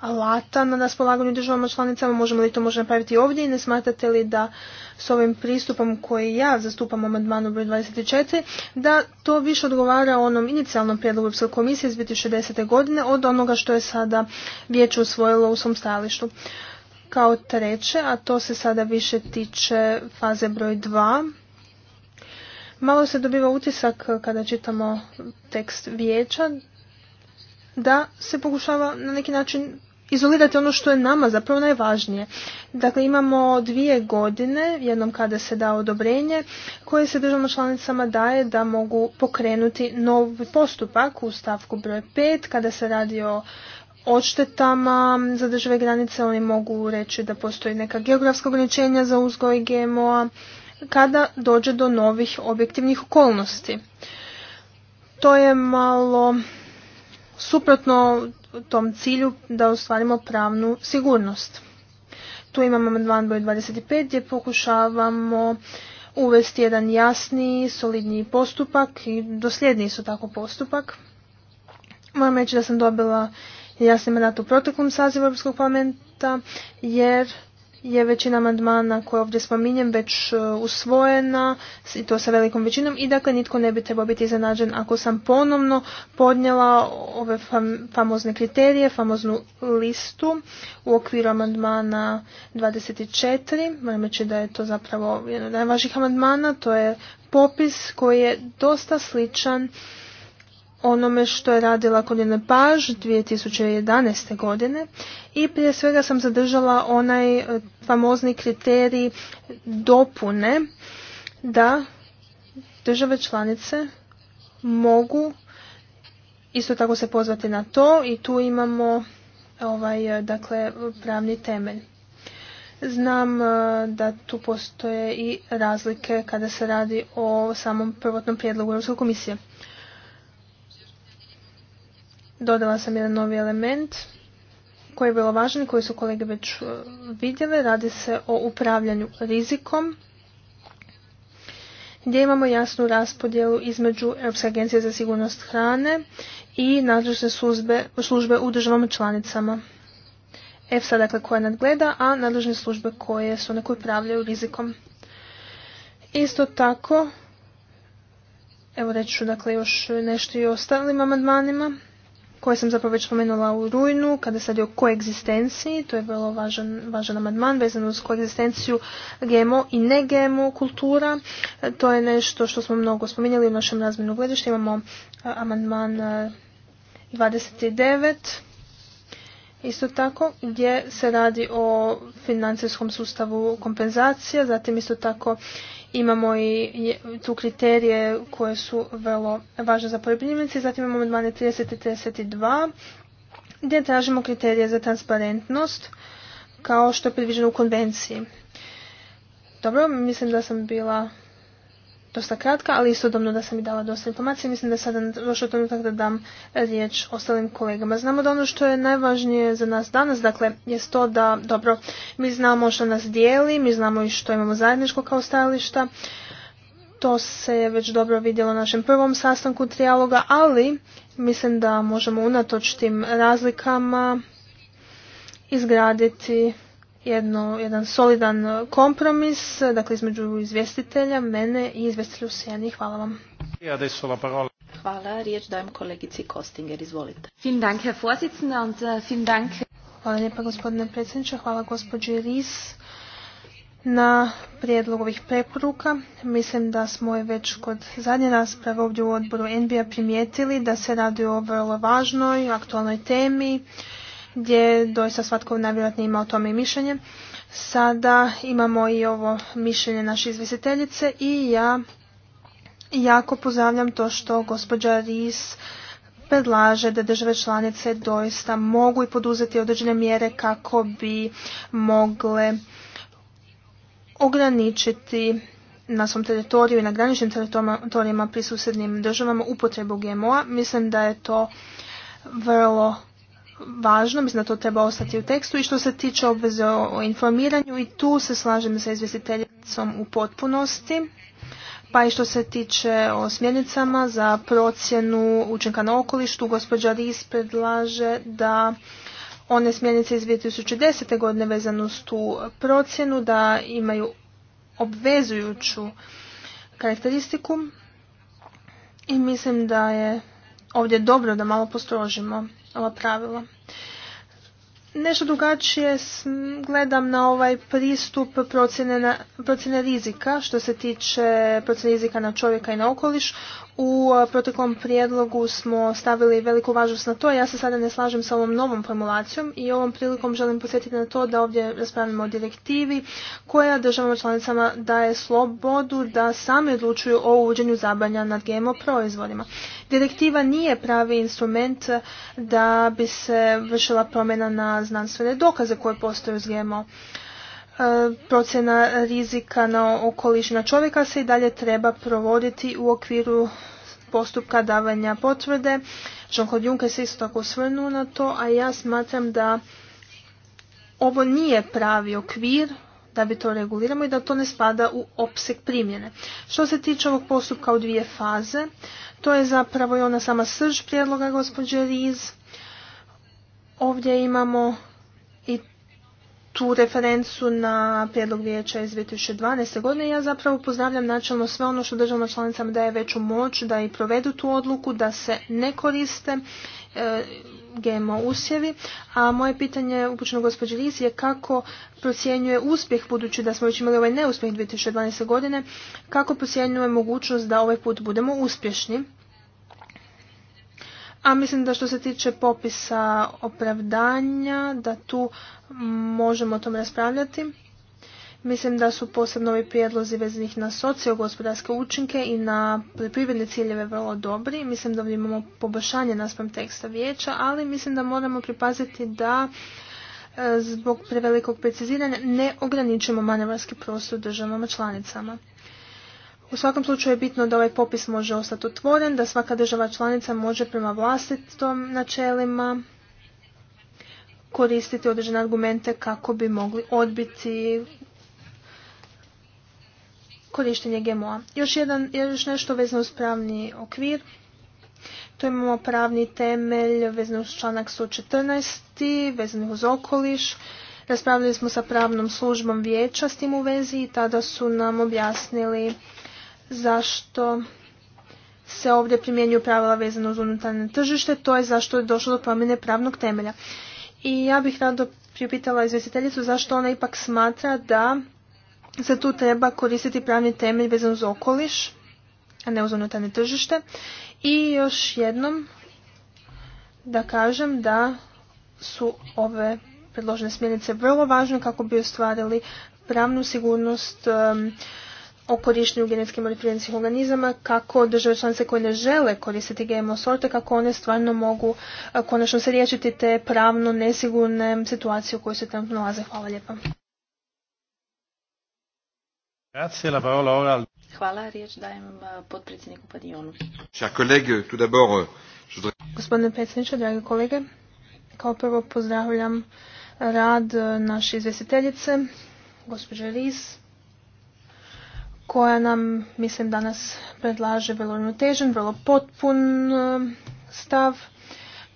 alata na raspolaganju državama članicama, možemo li to možda napraviti ovdje i ne smatrate li da s ovim pristupom koji ja zastupam u amandmanu broj 24, da to više odgovara onom inicijalnom prijedlogu Europske komisije iz 2010. godine od onoga što je sada vijeće usvojilo u svom stajalištu. Kao treće, a to se sada više tiče faze broj 2, Malo se dobiva utisak kada čitamo tekst vijeća da se pokušava na neki način izolirati ono što je nama zapravo najvažnije. Dakle, imamo dvije godine, jednom kada se da odobrenje, koje se državama članicama daje da mogu pokrenuti novi postupak u stavku broj 5, kada se radi o odštetama za države granice, oni mogu reći da postoji neka geografska ograničenja za uzgoj GMO-a, kada dođe do novih objektivnih okolnosti. To je malo suprotno tom cilju da ostvarimo pravnu sigurnost. Tu imamo amandman broj 25 gdje pokušavamo uvesti jedan jasniji, solidniji postupak i dosljedniji su tako postupak. Moram reći da sam dobila jasni mandat u proteklom sazivu Europskog parlamenta jer je većina amandmana koje ovdje spominjem već e, usvojena i to sa velikom većinom i dakle nitko ne bi trebao biti iznenađen ako sam ponovno podnijela ove famozne kriterije, famoznu listu u okviru amandmana 24. Moram reći da je to zapravo jedan od najvažnijih amandmana, to je popis koji je dosta sličan onome što je radila Koljena Paž 2011. godine i prije svega sam zadržala onaj e, famozni kriterij dopune da države članice mogu isto tako se pozvati na to i tu imamo e, ovaj e, dakle pravni temelj. Znam da tu postoje i razlike kada se radi o samom prvotnom prijedlogu Europske komisije dodala sam jedan novi element koji je vrlo važan i koji su kolege već e, vidjeli. Radi se o upravljanju rizikom gdje imamo jasnu raspodjelu između Europske agencije za sigurnost hrane i nadležne službe, službe u državama članicama. EFSA dakle koja nadgleda, a nadležne službe koje su one koje upravljaju rizikom. Isto tako, evo reći ću dakle još nešto i o ostalim amandmanima koje sam zapravo već spomenula u rujnu, kada se radi o koegzistenciji, to je vrlo važan, važan amandman vezan uz koegzistenciju GMO i ne GMO kultura. E, to je nešto što smo mnogo spominjali u našem razminu gledišta. Imamo e, amandman 29. E, isto tako gdje se radi o financijskom sustavu kompenzacija, zatim isto tako Imamo i tu kriterije koje su vrlo važne za poljoprivrednice. Zatim imamo amandmane i 32 gdje tražimo kriterije za transparentnost kao što je predviđeno u konvenciji. Dobro, mislim da sam bila dosta kratka, ali istodobno da sam mi dala dosta informacije. Mislim da je sada došao trenutak da dam riječ ostalim kolegama. Znamo da ono što je najvažnije za nas danas, dakle, je to da, dobro, mi znamo što nas dijeli, mi znamo i što imamo zajedničko kao stajališta. To se je već dobro vidjelo na našem prvom sastanku trijaloga, ali mislim da možemo unatoč tim razlikama izgraditi jedno, jedan solidan e, kompromis e, dakle između izvjestitelja, mene i izvjestitelja u Hvala vam. Hvala. Riječ dajem kolegici Kostinger. Izvolite. Äh, Hvala lijepa gospodine predsjedniče. Hvala gospođi Ris na prijedlog ovih preporuka. Mislim da smo je već kod zadnje rasprave ovdje u odboru NBA primijetili da se radi o vrlo važnoj, aktualnoj temi gdje doista svatko najvjerojatnije ima o tome i mišljenje. Sada imamo i ovo mišljenje naše izvjestiteljice i ja jako pozdravljam to što gospođa Ris predlaže da države članice doista mogu i poduzeti određene mjere kako bi mogle ograničiti na svom teritoriju i na graničnim teritorijama pri državama upotrebu GMO-a. Mislim da je to vrlo važno, mislim da to treba ostati u tekstu i što se tiče obveze o informiranju i tu se slažem sa izvjestiteljicom u potpunosti. Pa i što se tiče o smjernicama za procjenu učinka na okolištu, gospođa Ris predlaže da one smjernice iz 2010. godine vezano uz tu procjenu, da imaju obvezujuću karakteristiku i mislim da je ovdje dobro da malo postrožimo ova pravila. Nešto drugačije gledam na ovaj pristup procjene, rizika što se tiče procjene rizika na čovjeka i na okoliš. U proteklom prijedlogu smo stavili veliku važnost na to. Ja se sada ne slažem sa ovom novom formulacijom i ovom prilikom želim posjetiti na to da ovdje raspravljamo o direktivi koja državama članicama daje slobodu da sami odlučuju o uvođenju zabanja nad GMO proizvodima. Direktiva nije pravi instrument da bi se vršila promjena na znanstvene dokaze koje postoje uz GMO. E, procjena rizika na okoliš na čovjeka se i dalje treba provoditi u okviru postupka davanja potvrde. jean Juncker se isto tako osvrnuo na to, a ja smatram da ovo nije pravi okvir da bi to reguliramo i da to ne spada u opseg primjene. Što se tiče ovog postupka u dvije faze, to je zapravo i ona sama srž prijedloga gospođe Riz. Ovdje imamo i tu referencu na prijedlog vijeća iz 2012. godine. Ja zapravo pozdravljam načelno sve ono što državno članicama daje veću moć da i provedu tu odluku, da se ne koriste e, GMO usjevi, a moje pitanje upućeno gospođi Lisi je kako procjenjuje uspjeh, budući da smo već imali ovaj neuspjeh 2012. godine, kako procjenjuje mogućnost da ovaj put budemo uspješni. A mislim da što se tiče popisa opravdanja, da tu možemo o tom raspravljati. Mislim da su posebno ovi prijedlozi vezanih na sociogospodarske učinke i na poljoprivredne ciljeve vrlo dobri. Mislim da ovdje imamo poboljšanje naspram teksta vijeća, ali mislim da moramo pripaziti da e, zbog prevelikog preciziranja ne ograničimo manevarski prostor državama članicama. U svakom slučaju je bitno da ovaj popis može ostati otvoren, da svaka država članica može prema vlastitom načelima koristiti određene argumente kako bi mogli odbiti korištenje GMO-a. Još, jedan, još nešto vezano uz pravni okvir. Tu imamo pravni temelj vezano uz članak 114. vezano uz okoliš. Raspravljali smo sa pravnom službom vijeća s tim u vezi i tada su nam objasnili zašto se ovdje primjenjuju pravila vezano uz unutarnje tržište, to je zašto je došlo do promjene pravnog temelja. I ja bih rado pripitala izvjestiteljicu zašto ona ipak smatra da za tu treba koristiti pravni temelj vezan uz okoliš, a ne uz unutarnje tržište. I još jednom da kažem da su ove predložene smjernice vrlo važne kako bi ostvarili pravnu sigurnost um, o korištenju genetskih modificiranih organizama, kako države članice koje ne žele koristiti GMO sorte, kako one stvarno mogu uh, konačno se riješiti te pravno nesigurne situacije u kojoj se tamo nalaze. Hvala lijepa. Hvala, riječ dajem eh, potpredsjedniku Padijonu. Eh, Gospodine predsjedniče, dragi kolege, kao prvo pozdravljam rad eh, naše izvjestiteljice, gospođe Riz, koja nam, mislim, danas predlaže vrlo uravnotežen, vrlo potpun stav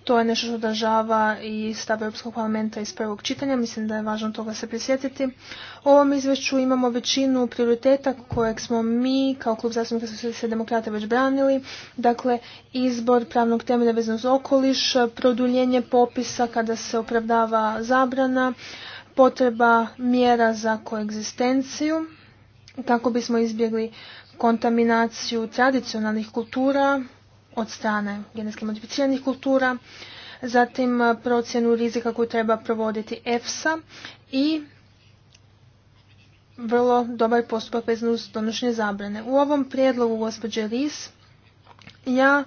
to je nešto što održava i stav Europskog parlamenta iz prvog čitanja. Mislim da je važno toga se prisjetiti. U ovom izvješću imamo većinu prioriteta kojeg smo mi kao klub zastupnika se demokrate već branili. Dakle, izbor pravnog temelja vezano uz okoliš, produljenje popisa kada se opravdava zabrana, potreba mjera za koegzistenciju kako bismo izbjegli kontaminaciju tradicionalnih kultura od strane genetski modificiranih kultura, zatim eh, procjenu rizika koju treba provoditi EFSA i vrlo dobar postupak vezan uz donošenje zabrane. U ovom prijedlogu gospođe Ris ja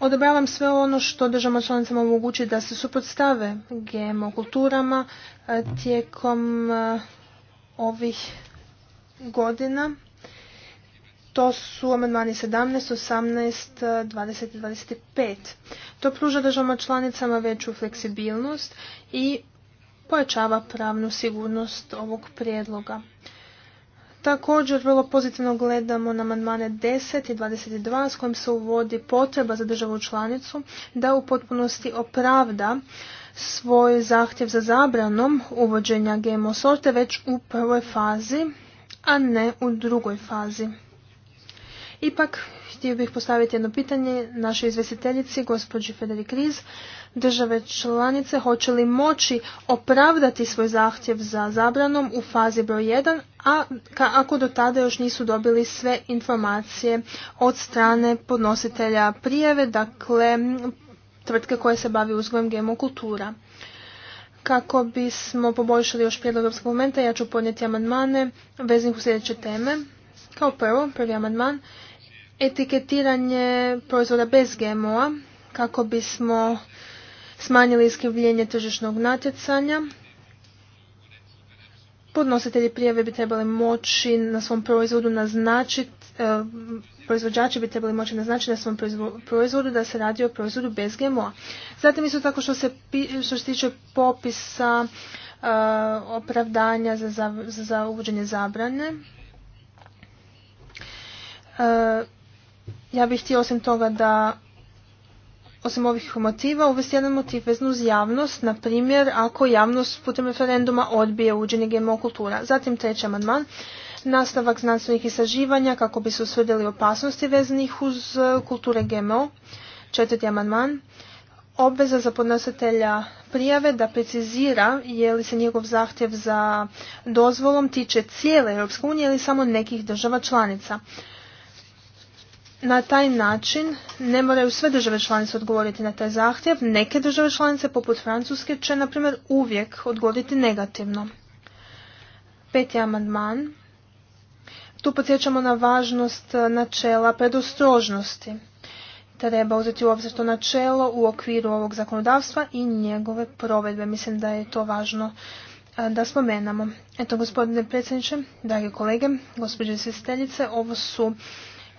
odobravam sve ono što državama članicama omogući da se suprotstave GMO kulturama eh, tijekom eh, ovih godina to su amandmani 17, 18, 20 i 25. To pruža državama članicama veću fleksibilnost i pojačava pravnu sigurnost ovog prijedloga. Također vrlo pozitivno gledamo na amandmane 10 i 22 s kojim se uvodi potreba za državu članicu da u potpunosti opravda svoj zahtjev za zabranom uvođenja GMO sorte već u prvoj fazi, a ne u drugoj fazi. Ipak, htio bih postaviti jedno pitanje našoj izvjestiteljici, gospođi Federik Kriz. Države članice hoće li moći opravdati svoj zahtjev za zabranom u fazi broj 1, a ako do tada još nisu dobili sve informacije od strane podnositelja prijeve, dakle tvrtke koje se bavi uzgojem GMO kultura. Kako bismo poboljšali još prijedlog momenta, ja ću podnijeti amandmane veznih u sljedeće teme. Kao prvo, prvi amandman, etiketiranje proizvoda bez GMO-a kako bismo smanjili iskrivljenje tržišnog natjecanja. Podnositelji prijave bi trebali moći na svom proizvodu naznačiti e, proizvođači bi trebali moći naznačiti na svom proizvodu da se radi o proizvodu bez GMO-a. Zatim isto tako što se, što se tiče popisa e, opravdanja za, za, uvođenje zabrane, e, ja bih htio osim toga da osim ovih motiva uvesti jedan motiv vezan uz javnost, na primjer ako javnost putem referenduma odbije uđenje GMO kultura. Zatim treći amandman, nastavak znanstvenih istraživanja kako bi se usvrdili opasnosti vezanih uz e, kulture GMO. Četvrti amandman, obveza za podnositelja prijave da precizira je li se njegov zahtjev za dozvolom tiče cijele Europske unije ili samo nekih država članica na taj način ne moraju sve države članice odgovoriti na taj zahtjev. Neke države članice, poput Francuske, će, na primjer, uvijek odgovoriti negativno. Peti amandman. Tu podsjećamo na važnost eh, načela predostrožnosti. Treba uzeti u obzir to načelo u okviru ovog zakonodavstva i njegove provedbe. Mislim da je to važno eh, da spomenamo. Eto, gospodine predsjedniče, dragi kolege, gospođe svjesteljice, ovo su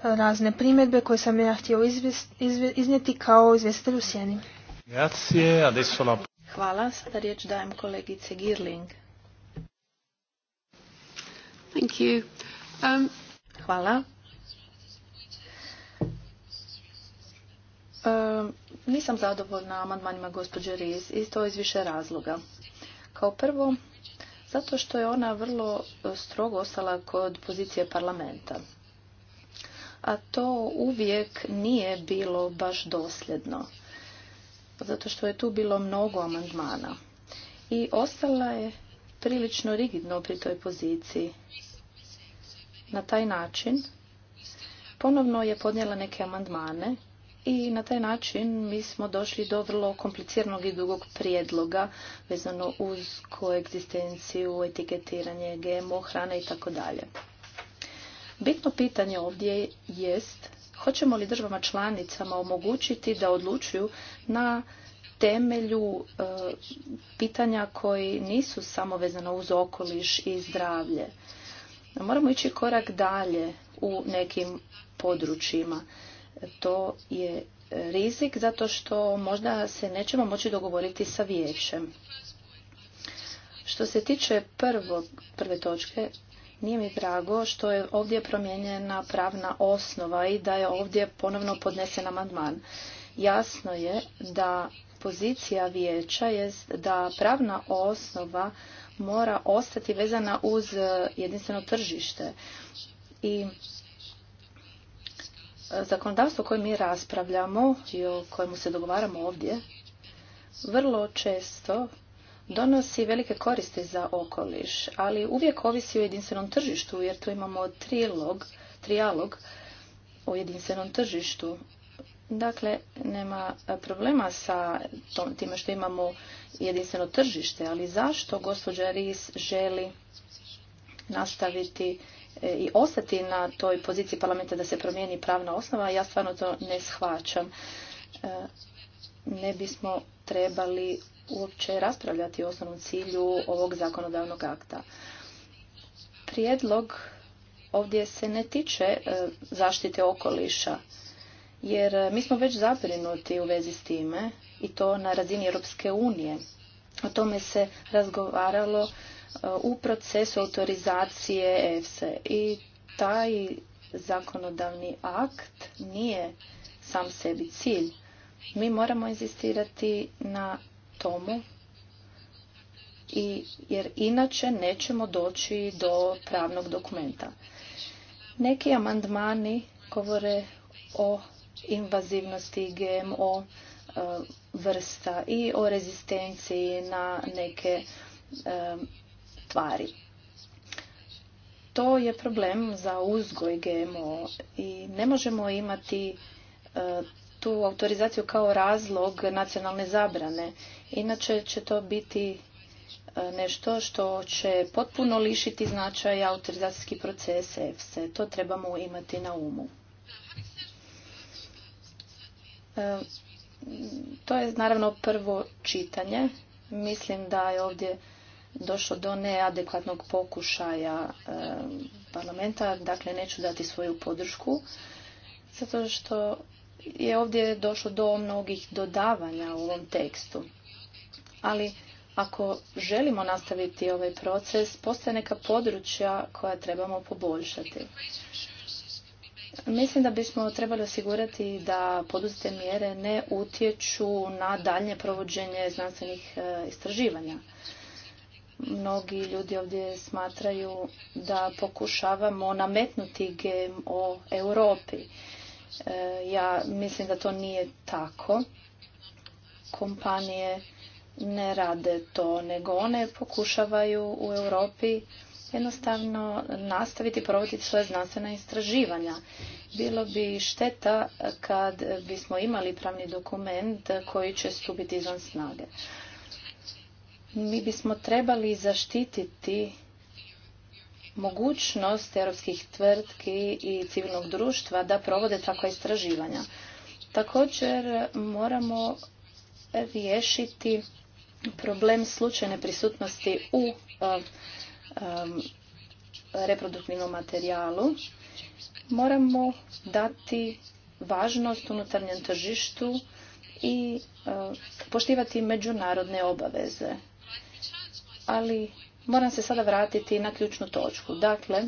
razne primjedbe koje sam ja htio iznijeti kao izvjestitelj u sjeni. Hvala. Sada riječ dajem kolegice Girling. Um, Hvala. Um, nisam zadovoljna amandmanima gospođe Riz i to iz više razloga. Kao prvo, zato što je ona vrlo e, strogo ostala kod pozicije parlamenta a to uvijek nije bilo baš dosljedno, zato što je tu bilo mnogo amandmana. I ostala je prilično rigidno pri toj poziciji. Na taj način ponovno je podnijela neke amandmane i na taj način mi smo došli do vrlo kompliciranog i dugog prijedloga vezano uz koegzistenciju, etiketiranje GMO hrane i tako dalje. Bitno pitanje ovdje jest hoćemo li državama članicama omogućiti da odlučuju na temelju e, pitanja koji nisu samo vezano uz okoliš i zdravlje. Moramo ići korak dalje u nekim područjima. To je rizik zato što možda se nećemo moći dogovoriti sa vijećem. Što se tiče prvog, prve točke, nije mi drago što je ovdje promijenjena pravna osnova i da je ovdje ponovno podnesen amandman. Jasno je da pozicija vijeća je da pravna osnova mora ostati vezana uz e, jedinstveno tržište. I e, zakonodavstvo koje mi raspravljamo i o kojemu se dogovaramo ovdje, vrlo često donosi velike koristi za okoliš, ali uvijek ovisi o jedinstvenom tržištu, jer tu imamo trilog, trijalog o jedinstvenom tržištu. Dakle, nema problema sa time što imamo jedinstveno tržište, ali zašto gospođa Ris želi nastaviti e, i ostati na toj poziciji parlamenta da se promijeni pravna osnova, ja stvarno to ne shvaćam. E, ne bismo trebali uopće raspravljati o osnovnom cilju ovog zakonodavnog akta. Prijedlog ovdje se ne tiče e, zaštite okoliša, jer e, mi smo već zabrinuti u vezi s time i to na razini Europske unije. O tome se razgovaralo e, u procesu autorizacije EFSE i taj zakonodavni akt nije sam sebi cilj. Mi moramo inzistirati na tomu jer inače nećemo doći do pravnog dokumenta. Neki amandmani govore o invazivnosti GMO e, vrsta i o rezistenciji na neke e, tvari. To je problem za uzgoj GMO i ne možemo imati e, tu autorizaciju kao razlog nacionalne zabrane. Inače će to biti e, nešto što će potpuno lišiti značaja autorizacijski proces EFSE. To trebamo imati na umu. E, to je naravno prvo čitanje. Mislim da je ovdje došlo do neadekvatnog pokušaja e, parlamenta. Dakle, neću dati svoju podršku zato što je ovdje došlo do mnogih dodavanja u ovom tekstu. Ali ako želimo nastaviti ovaj proces, postoje neka područja koja trebamo poboljšati. Mislim da bismo trebali osigurati da poduzete mjere ne utječu na daljnje provođenje znanstvenih e, istraživanja. Mnogi ljudi ovdje smatraju da pokušavamo nametnuti GMO Europi. E, ja mislim da to nije tako. Kompanije ne rade to, nego one pokušavaju u Europi jednostavno nastaviti provoditi svoje znanstvena istraživanja. Bilo bi šteta kad bismo imali pravni dokument koji će stupiti izvan snage. Mi bismo trebali zaštititi mogućnost europskih tvrtki i civilnog društva da provode takva istraživanja. Također moramo riješiti problem slučajne prisutnosti u eh, reproduktivnom materijalu. Moramo dati važnost unutarnjem tržištu i eh, poštivati međunarodne obaveze. Ali Moram se sada vratiti na ključnu točku. Dakle,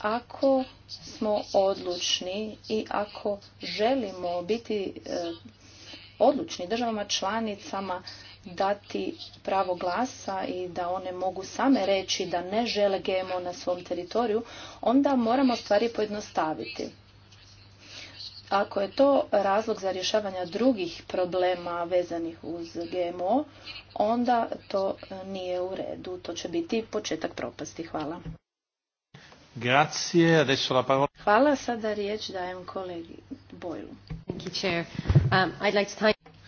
ako smo odlučni i ako želimo biti e, odlučni državama članicama dati pravo glasa i da one mogu same reći da ne žele GMO na svom teritoriju, onda moramo stvari pojednostaviti. Ako je to razlog za rješavanje drugih problema vezanih uz GMO, onda to nije u redu. To će biti početak propasti. Hvala. Grazie. Adesso la parola. Hvala. Sada riječ dajem kolegi Bojlu. Um,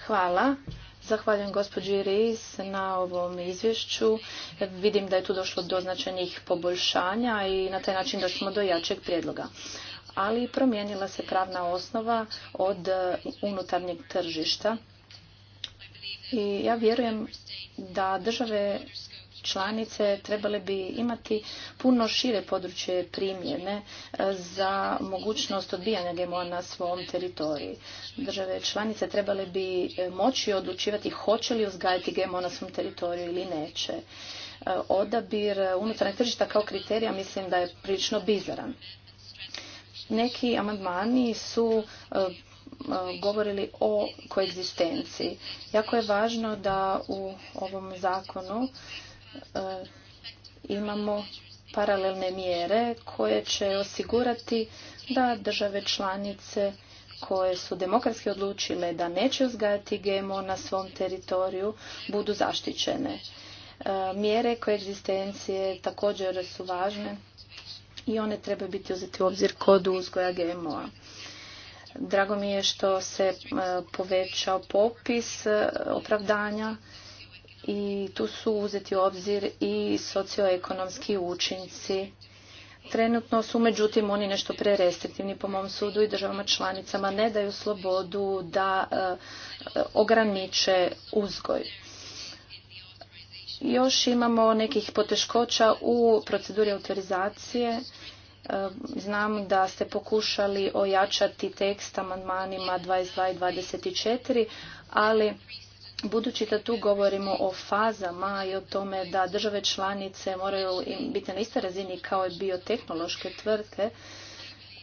Hvala. Zahvaljujem gospođi Reis na ovom izvješću. Vidim da je tu došlo do značajnih poboljšanja i na taj način došlo do jačeg prijedloga ali promijenila se pravna osnova od e, unutarnjeg tržišta. I ja vjerujem da države članice trebale bi imati puno šire područje primjene e, za mogućnost odbijanja GMO na svom teritoriju. Države članice trebale bi e, moći odlučivati hoće li uzgajati GMO na svom teritoriju ili neće. Odabir unutarnjeg tržišta kao kriterija mislim da je prilično bizaran. Neki amandmani su e, e, govorili o koegzistenciji. Jako je važno da u ovom zakonu e, imamo paralelne mjere koje će osigurati da države članice koje su demokratski odlučile da neće uzgajati GMO na svom teritoriju budu zaštićene. Mjere koegzistencije također su važne i one trebaju biti uzeti u obzir kod uzgoja GMO-a. Drago mi je što se e, povećao popis e, opravdanja i tu su uzeti u obzir i socioekonomski učinci. Trenutno su, međutim, oni nešto prerestriktivni po mom sudu i državama članicama ne daju slobodu da e, ograniče uzgoj. Još imamo nekih poteškoća u proceduri autorizacije. E, znam da ste pokušali ojačati tekst amandmanima 22 i 24, ali budući da tu govorimo o fazama i o tome da države članice moraju biti na istoj razini kao i biotehnološke tvrtke,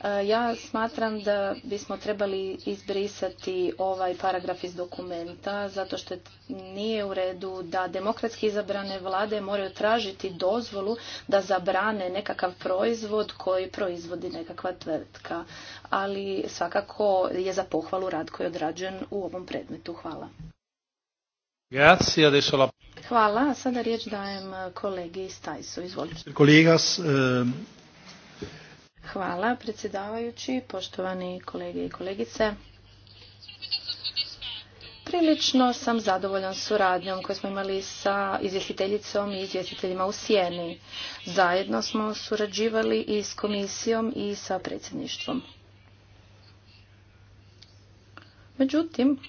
E, ja smatram da bismo trebali izbrisati ovaj paragraf iz dokumenta zato što nije u redu da demokratski izabrane vlade moraju tražiti dozvolu da zabrane nekakav proizvod koji proizvodi nekakva tvrtka. Ali svakako je za pohvalu rad koji je odrađen u ovom predmetu. Hvala. Hvala. Sada riječ dajem kolegi Stajsu. Izvolite. Eh, Hvala predsjedavajući, poštovani kolege i kolegice. Prilično sam zadovoljan suradnjom koju smo imali sa izvjestiteljicom i izvjestiteljima u Sjeni. Zajedno smo surađivali i s komisijom i sa predsjedništvom. Međutim,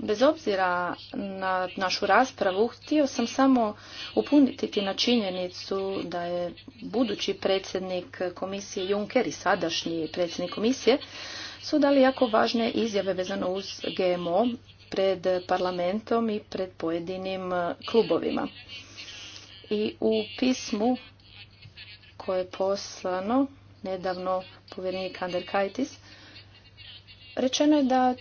Bez obzira na našu raspravu, htio sam samo upuniti na činjenicu da je budući predsjednik komisije Juncker i sadašnji predsjednik komisije su dali jako važne izjave vezano uz GMO pred parlamentom i pred pojedinim klubovima. I u pismu koje je poslano nedavno povjerenik Kajtis, Rečeno je da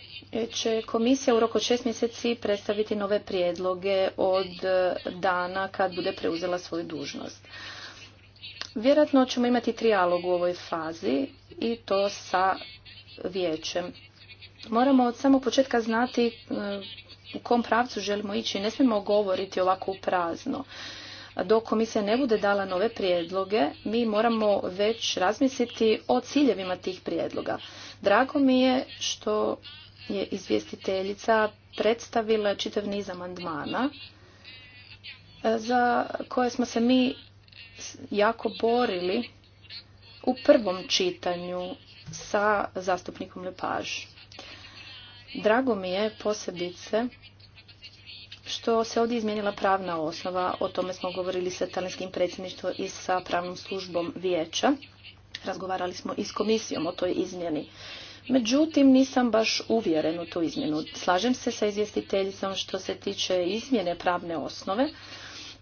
će komisija u roku od šest mjeseci predstaviti nove prijedloge od e, dana kad bude preuzela svoju dužnost. Vjerojatno ćemo imati trijalog u ovoj fazi i to sa vijećem. Moramo od samog početka znati e, u kom pravcu želimo ići. Ne smijemo govoriti ovako prazno. Dok komisija ne bude dala nove prijedloge, mi moramo već razmisliti o ciljevima tih prijedloga. Drago mi je što je izvjestiteljica predstavila čitav niz amandmana e, za koje smo se mi jako borili u prvom čitanju sa zastupnikom Lepaž. Drago mi je posebice što se ovdje izmijenila pravna osnova, o tome smo govorili sa talijanskim predsjedništvom i sa pravnom službom vijeća Razgovarali smo i s komisijom o toj izmjeni. Međutim, nisam baš uvjeren u tu izmjenu. Slažem se sa izvjestiteljicom što se tiče izmjene pravne osnove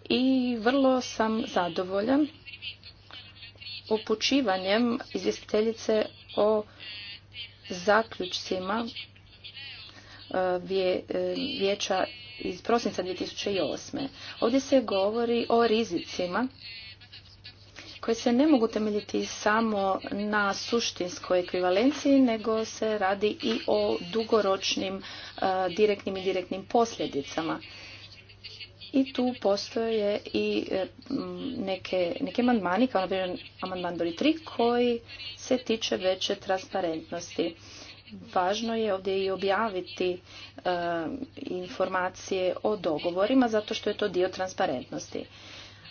i vrlo sam zadovoljan upućivanjem izvjestiteljice o zaključcima e, e, vijeća iz prosinca 2008. Ovdje se govori o rizicima koje se ne mogu temeljiti samo na suštinskoj ekvivalenciji, nego se radi i o dugoročnim e, direktnim i direktnim posljedicama. I tu postoje i e, neke, neke amandmani, kao na primjer amandman broj 3, koji se tiče veće transparentnosti. Važno je ovdje i objaviti e, informacije o dogovorima, zato što je to dio transparentnosti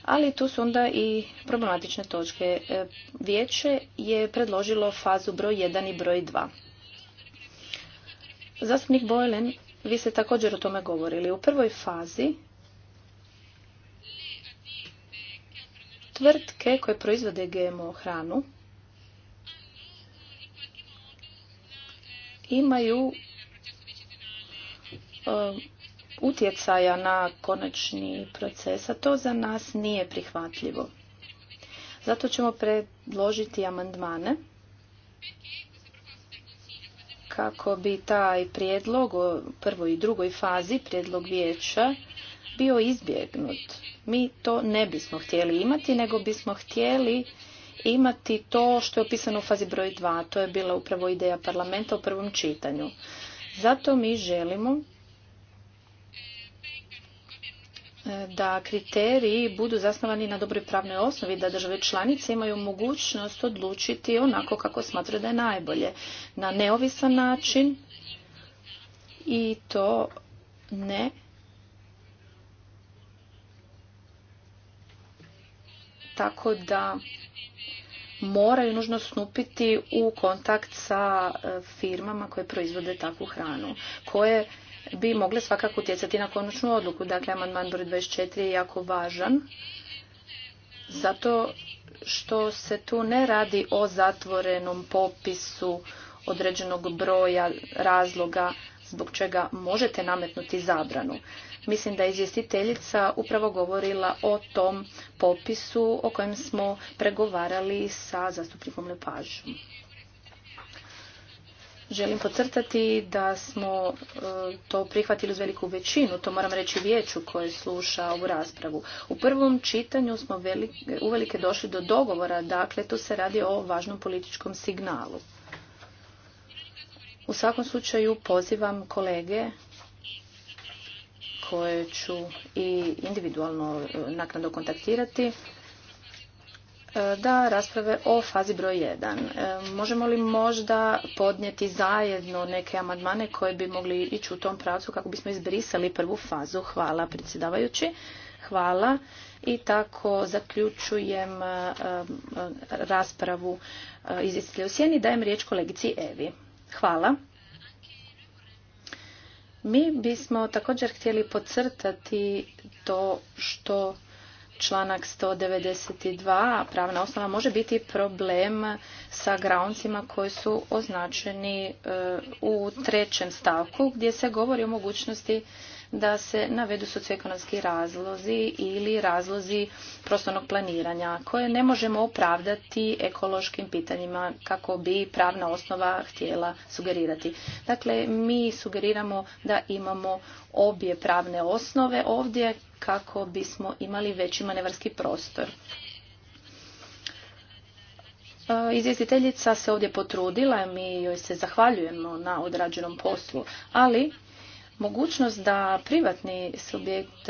ali tu su onda i problematične točke. E, vijeće je predložilo fazu broj 1 i broj 2. Zastupnik Bojlen, vi ste također o tome govorili. U prvoj fazi tvrtke koje proizvode GMO hranu imaju e, utjecaja na konačni proces, a to za nas nije prihvatljivo. Zato ćemo predložiti amandmane kako bi taj prijedlog o prvoj i drugoj fazi, prijedlog vijeća, bio izbjegnut. Mi to ne bismo htjeli imati, nego bismo htjeli imati to što je opisano u fazi broj 2. To je bila upravo ideja parlamenta u prvom čitanju. Zato mi želimo da kriteriji budu zasnovani na dobroj pravnoj osnovi, da države članice imaju mogućnost odlučiti onako kako smatraju da je najbolje, na neovisan način i to ne tako da moraju nužno snupiti u kontakt sa e, firmama koje proizvode takvu hranu, koje bi mogle svakako utjecati na konačnu odluku. Dakle, amandman broj 24 je jako važan zato što se tu ne radi o zatvorenom popisu određenog broja razloga zbog čega možete nametnuti zabranu. Mislim da je izvjestiteljica upravo govorila o tom popisu o kojem smo pregovarali sa zastupnikom Lepažom. Želim podcrtati da smo e, to prihvatili uz veliku većinu, to moram reći vijeću koje sluša ovu raspravu. U prvom čitanju smo velike, uvelike došli do dogovora, dakle tu se radi o važnom političkom signalu. U svakom slučaju pozivam kolege koje ću i individualno e, naknadno kontaktirati E, da rasprave o fazi broj 1. E, možemo li možda podnijeti zajedno neke amandmane koje bi mogli ići u tom pravcu kako bismo izbrisali prvu fazu? Hvala predsjedavajući. Hvala i tako zaključujem e, raspravu izvjestitelja u sjeni. Dajem riječ kolegici Evi. Hvala. Mi bismo također htjeli podcrtati to što članak 192, pravna osnova, može biti problem sa grauncima koji su označeni e, u trećem stavku gdje se govori o mogućnosti da se navedu socioekonomski razlozi ili razlozi prostornog planiranja koje ne možemo opravdati ekološkim pitanjima kako bi pravna osnova htjela sugerirati. Dakle, mi sugeriramo da imamo obje pravne osnove ovdje kako bismo imali veći manevarski prostor. E, izvjestiteljica se ovdje potrudila, mi joj se zahvaljujemo na odrađenom poslu, ali Mogućnost da privatni subjekt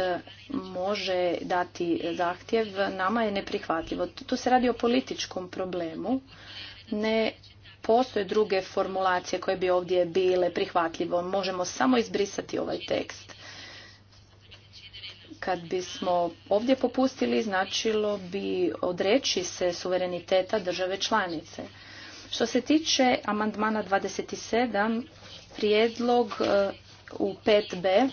može dati zahtjev nama je neprihvatljivo. Tu se radi o političkom problemu. Ne postoje druge formulacije koje bi ovdje bile prihvatljivo. Možemo samo izbrisati ovaj tekst. Kad bismo ovdje popustili, značilo bi odreći se suvereniteta države članice. Što se tiče amandmana 27, prijedlog u 5b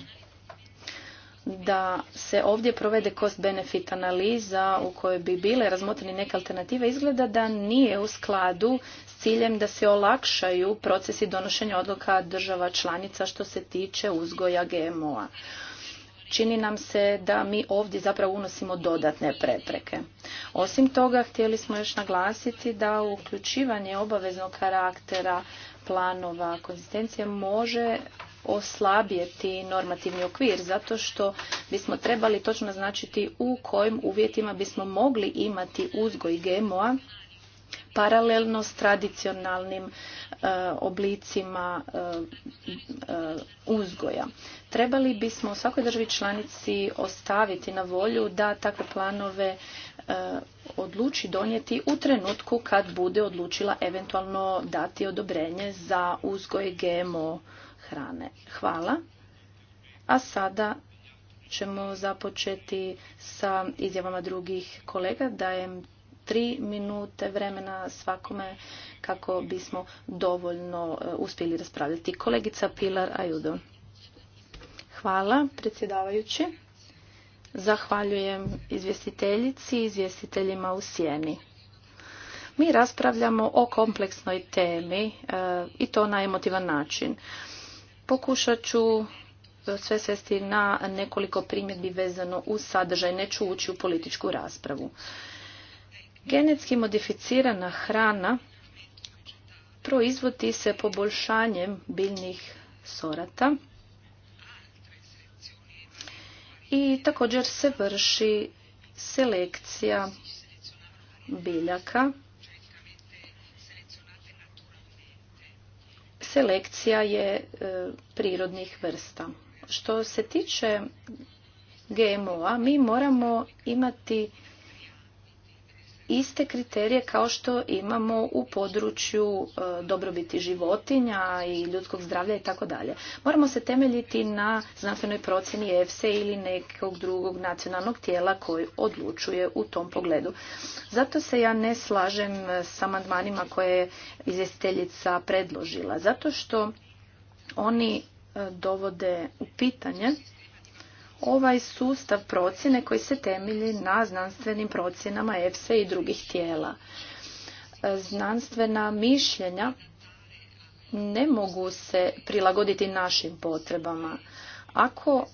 da se ovdje provede cost benefit analiza u kojoj bi bile razmotrene neke alternative izgleda da nije u skladu s ciljem da se olakšaju procesi donošenja odluka država članica što se tiče uzgoja GMO-a. Čini nam se da mi ovdje zapravo unosimo dodatne prepreke. Osim toga, htjeli smo još naglasiti da uključivanje obaveznog karaktera planova konzistencije može oslabjeti normativni okvir zato što bismo trebali točno značiti u kojim uvjetima bismo mogli imati uzgoj GMO-a paralelno s tradicionalnim e, oblicima e, e, uzgoja. Trebali bismo svakoj državi članici ostaviti na volju da takve planove odluči donijeti u trenutku kad bude odlučila eventualno dati odobrenje za uzgoj GMO hrane. Hvala. A sada ćemo započeti sa izjavama drugih kolega. Dajem tri minute vremena svakome kako bismo dovoljno e, uspjeli raspravljati. Kolegica Pilar Ajudo. Hvala, predsjedavajući. Zahvaljujem izvjestiteljici i izvjestiteljima u sjeni. Mi raspravljamo o kompleksnoj temi e, i to na emotivan način. Pokušat ću e, sve svesti na nekoliko primjedbi vezano uz sadržaj, neću ući u političku raspravu. Genetski modificirana hrana proizvodi se poboljšanjem biljnih sorata i također se vrši selekcija biljaka selekcija je e, prirodnih vrsta. Što se tiče GMO-a, mi moramo imati iste kriterije kao što imamo u području e, dobrobiti životinja i ljudskog zdravlja i tako dalje. Moramo se temeljiti na znanstvenoj procjeni EFSE e ili nekog drugog nacionalnog tijela koji odlučuje u tom pogledu. Zato se ja ne slažem s amandmanima koje je izvjestiteljica predložila. Zato što oni e, dovode u pitanje ovaj sustav procjene koji se temelji na znanstvenim procjenama EFSA i drugih tijela. E, znanstvena mišljenja ne mogu se prilagoditi našim potrebama. Ako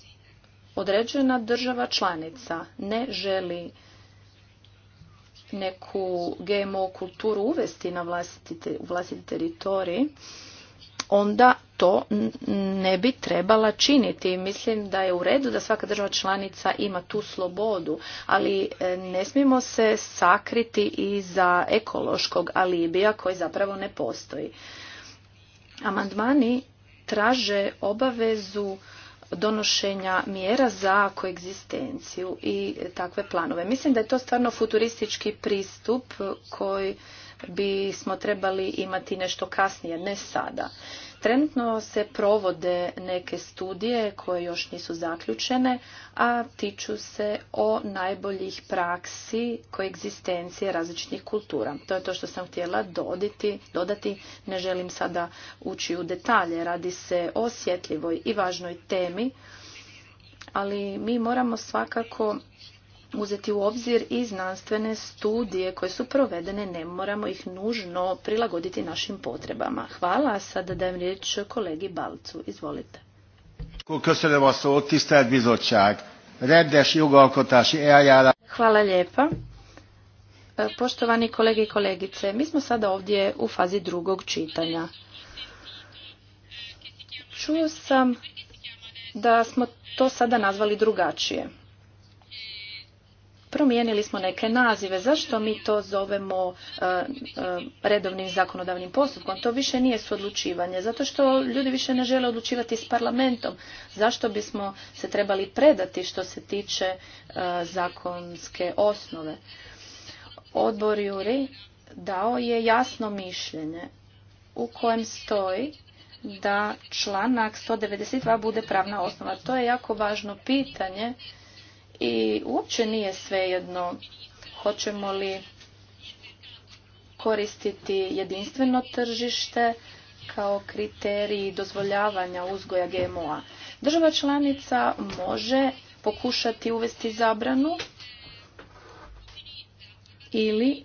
određena država članica ne želi neku GMO kulturu uvesti na vlastiti, vlastiti teritorij, onda to ne bi trebala činiti. Mislim da je u redu da svaka država članica ima tu slobodu, ali e, ne smijemo se sakriti i za ekološkog alibija koji zapravo ne postoji. Amandmani traže obavezu donošenja mjera za koegzistenciju i takve planove. Mislim da je to stvarno futuristički pristup koji bismo trebali imati nešto kasnije, ne sada. Trenutno se provode neke studije koje još nisu zaključene, a tiču se o najboljih praksi koegzistencije različitih kultura. To je to što sam htjela doditi, dodati. Ne želim sada ući u detalje. Radi se o osjetljivoj i važnoj temi, ali mi moramo svakako uzeti u obzir i znanstvene studije koje su provedene, ne moramo ih nužno prilagoditi našim potrebama. Hvala, a sada dajem riječ kolegi Balcu. Izvolite. Hvala lijepa. E, poštovani kolege i kolegice, mi smo sada ovdje u fazi drugog čitanja. Čuo sam da smo to sada nazvali drugačije. Promijenili smo neke nazive. Zašto mi to zovemo e, e, redovnim zakonodavnim postupkom? To više nije suodlučivanje. Zato što ljudi više ne žele odlučivati s parlamentom. Zašto bismo se trebali predati što se tiče e, zakonske osnove? Odbor Juri dao je jasno mišljenje u kojem stoji da članak 192 bude pravna osnova. To je jako važno pitanje i uopće nije svejedno hoćemo li koristiti jedinstveno tržište kao kriterij dozvoljavanja uzgoja GMO-a. Država članica može pokušati uvesti zabranu ili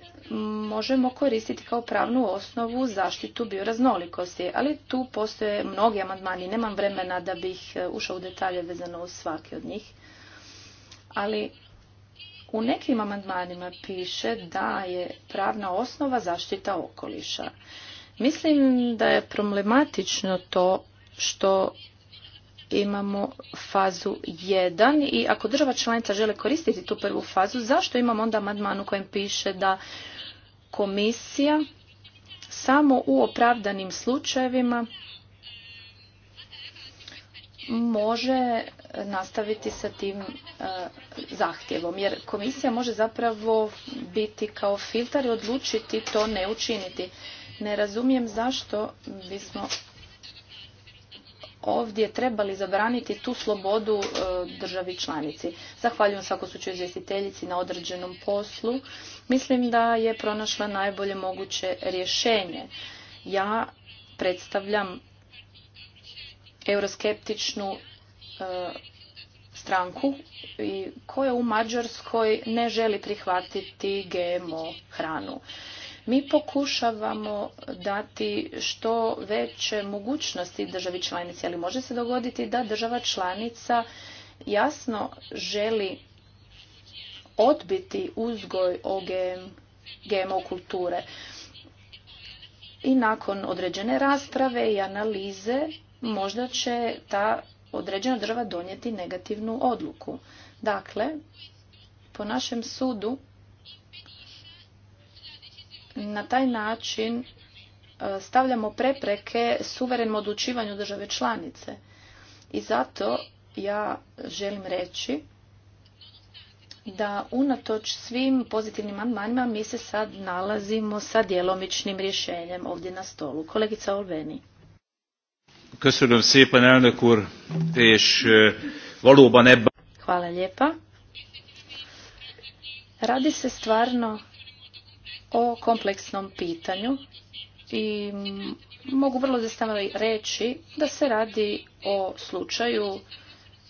možemo koristiti kao pravnu osnovu zaštitu bioraznolikosti, ali tu postoje mnogi amandmani, nemam vremena da bih e, ušao u detalje vezano uz svaki od njih ali u nekim amandmanima piše da je pravna osnova zaštita okoliša. Mislim da je problematično to što imamo fazu 1 i ako država članica žele koristiti tu prvu fazu, zašto imamo onda amandman u kojem piše da komisija samo u opravdanim slučajevima može nastaviti sa tim e, zahtjevom. Jer komisija može zapravo biti kao filtar i odlučiti to ne učiniti. Ne razumijem zašto bismo ovdje trebali zabraniti tu slobodu e, državi članici. Zahvaljujem svako slučaju izvjestiteljici na određenom poslu. Mislim da je pronašla najbolje moguće rješenje. Ja predstavljam euroskeptičnu e, stranku i koja u Mađarskoj ne želi prihvatiti GMO hranu. Mi pokušavamo dati što veće mogućnosti državi članici, ali može se dogoditi da država članica jasno želi odbiti uzgoj OGM, GMO kulture. I nakon određene rasprave i analize možda će ta određena država donijeti negativnu odluku. Dakle, po našem sudu na taj način e, stavljamo prepreke suverenom odlučivanju države članice. I zato ja želim reći da unatoč svim pozitivnim amandmanima mi se sad nalazimo sa djelomičnim rješenjem ovdje na stolu. Kolegica Olveni. Hvala lijepa. Radi se stvarno o kompleksnom pitanju i mogu vrlo zastavno reći da se radi o slučaju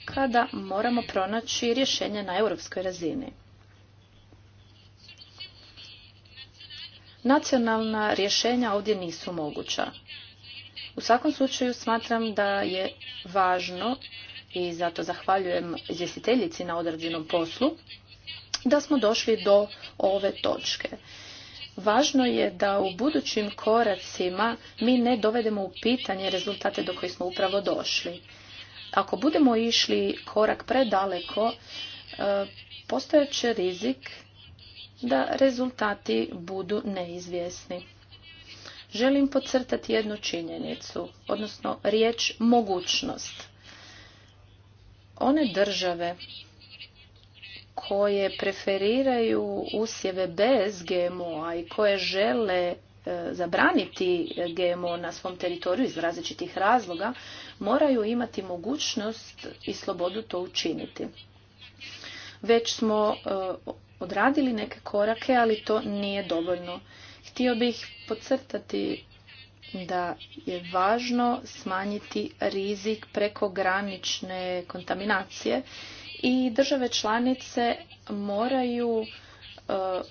kada moramo pronaći rješenje na europskoj razini. Nacionalna rješenja ovdje nisu moguća. U svakom slučaju smatram da je važno i zato zahvaljujem izvjestiteljici na odrađenom poslu da smo došli do ove točke. Važno je da u budućim koracima mi ne dovedemo u pitanje rezultate do kojih smo upravo došli. Ako budemo išli korak predaleko, e, postojeće rizik da rezultati budu neizvjesni želim podcrtati jednu činjenicu, odnosno riječ mogućnost. One države koje preferiraju usjeve bez GMO-a i koje žele e, zabraniti GMO na svom teritoriju iz različitih razloga, moraju imati mogućnost i slobodu to učiniti. Već smo e, odradili neke korake, ali to nije dovoljno. Htio bih podcrtati da je važno smanjiti rizik prekogranične kontaminacije i države članice moraju uh,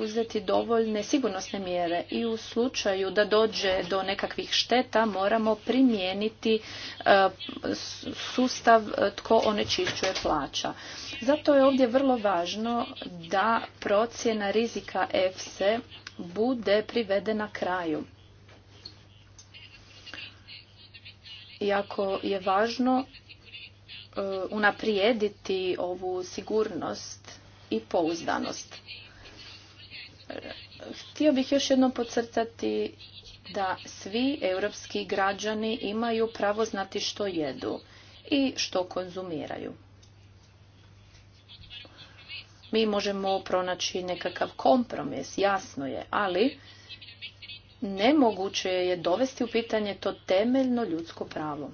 uzeti dovoljne sigurnosne mjere i u slučaju da dođe do nekakvih šteta moramo primijeniti uh, sustav uh, tko onečišćuje plaća. Zato je ovdje vrlo važno da procjena rizika EFSE bude privedena kraju. Iako je važno e, unaprijediti ovu sigurnost i pouzdanost. Htio bih još jednom podcrtati da svi europski građani imaju pravo znati što jedu i što konzumiraju. Mi možemo pronaći nekakav kompromis, jasno je, ali nemoguće je dovesti u pitanje to temeljno ljudsko pravo.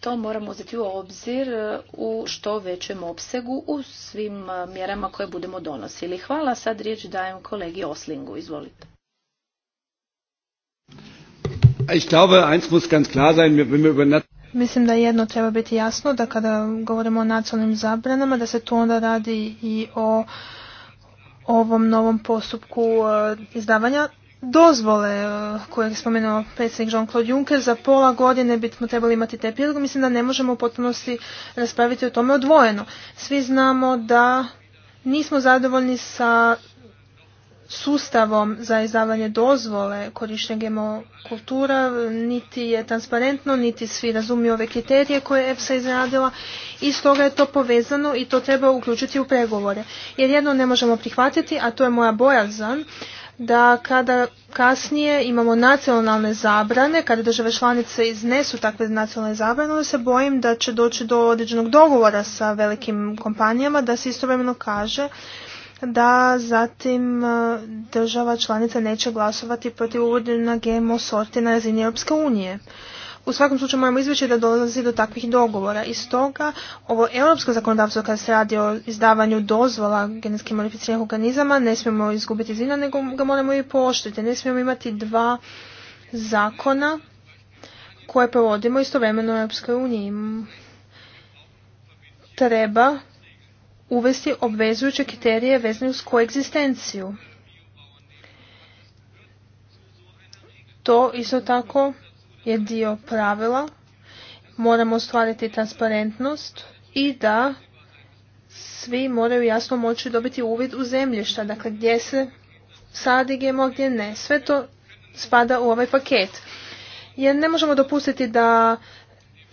To moramo uzeti u obzir u što većem opsegu u svim mjerama koje budemo donosili. Hvala, sad riječ dajem kolegi Oslingu, izvolite. Ich glaube, eins muss ganz klar sein, wenn wir über Mislim da jedno treba biti jasno da kada govorimo o nacionalnim zabranama da se tu onda radi i o ovom novom postupku e, izdavanja dozvole e, kojeg je spomenuo predsjednik Jean-Claude Juncker, za pola godine bismo trebali imati te prilog, Mislim da ne možemo u potpunosti raspraviti o tome odvojeno. Svi znamo da nismo zadovoljni sa sustavom za izdavanje dozvole korištenje GMO kultura niti je transparentno, niti svi razumiju ove kriterije koje je EFSA izradila i stoga je to povezano i to treba uključiti u pregovore. Jer jedno ne možemo prihvatiti, a to je moja bojazan, da kada kasnije imamo nacionalne zabrane, kada države članice iznesu takve nacionalne zabrane, onda se bojim da će doći do određenog dogovora sa velikim kompanijama, da se istovremeno kaže da zatim e, država članica neće glasovati protiv na GMO sorti na razini Europske unije. U svakom slučaju moramo izveći da dolazi do takvih dogovora. I stoga ovo europsko zakonodavstvo kada se radi o izdavanju dozvola genetski modificiranih organizama ne smijemo izgubiti zina nego ga moramo i poštiti. Ne smijemo imati dva zakona koje provodimo istovremeno u Europskoj uniji. Treba uvesti obvezujuće kriterije vezne uz koegzistenciju. To isto tako je dio pravila. Moramo ostvariti transparentnost i da svi moraju jasno moći dobiti uvid u zemljišta, dakle gdje se sadi GMO, gdje ne. Sve to spada u ovaj paket. Jer ne možemo dopustiti da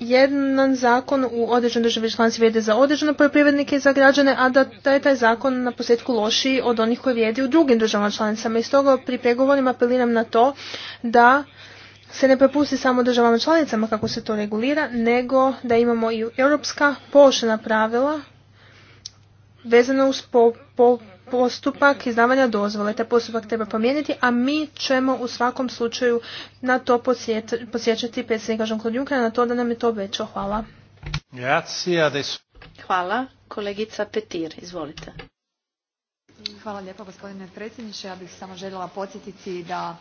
jedan zakon u određenoj državi članci vrijede za određene poljoprivrednike i za građane, a da taj, taj zakon na posljedku lošiji od onih koji vrijedi u drugim državama članicama. I stoga pri pregovorima apeliram na to da se ne prepusti samo državama članicama kako se to regulira, nego da imamo i europska poštena pravila vezana uz po postupak izdavanja dozvole. Taj postupak treba promijeniti, a mi ćemo u svakom slučaju na to posjećati predsjednika Jean-Claude na to da nam je to većo. Hvala. Hvala. Kolegica Petir, izvolite. Hvala lijepo gospodine predsjedniče. Ja bih samo željela podsjetiti da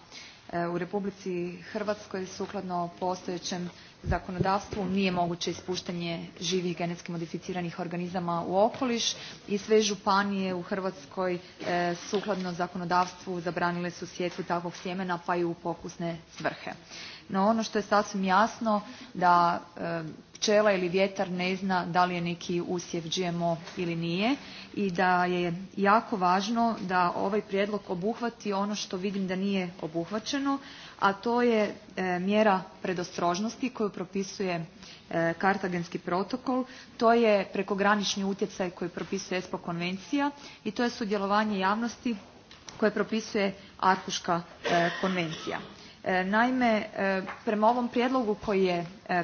e, u Republici Hrvatskoj sukladno postojećem zakonodavstvu nije moguće ispuštanje živih genetski modificiranih organizama u okoliš i sve županije u Hrvatskoj e, sukladno zakonodavstvu zabranile su sjetvu takvog sjemena pa i u pokusne svrhe. No ono što je sasvim jasno da e, pčela ili vjetar ne zna da li je neki usjev GMO ili nije i da je jako važno da ovaj prijedlog obuhvati ono što vidim da nije obuhvaćeno, a to je e, mjera predostrožnosti koju propisuje e, kartagenski protokol to je prekogranični utjecaj koji propisuje espo konvencija i to je sudjelovanje javnosti koje propisuje arhuška e, konvencija. naime prema ovom prijedlogu koji je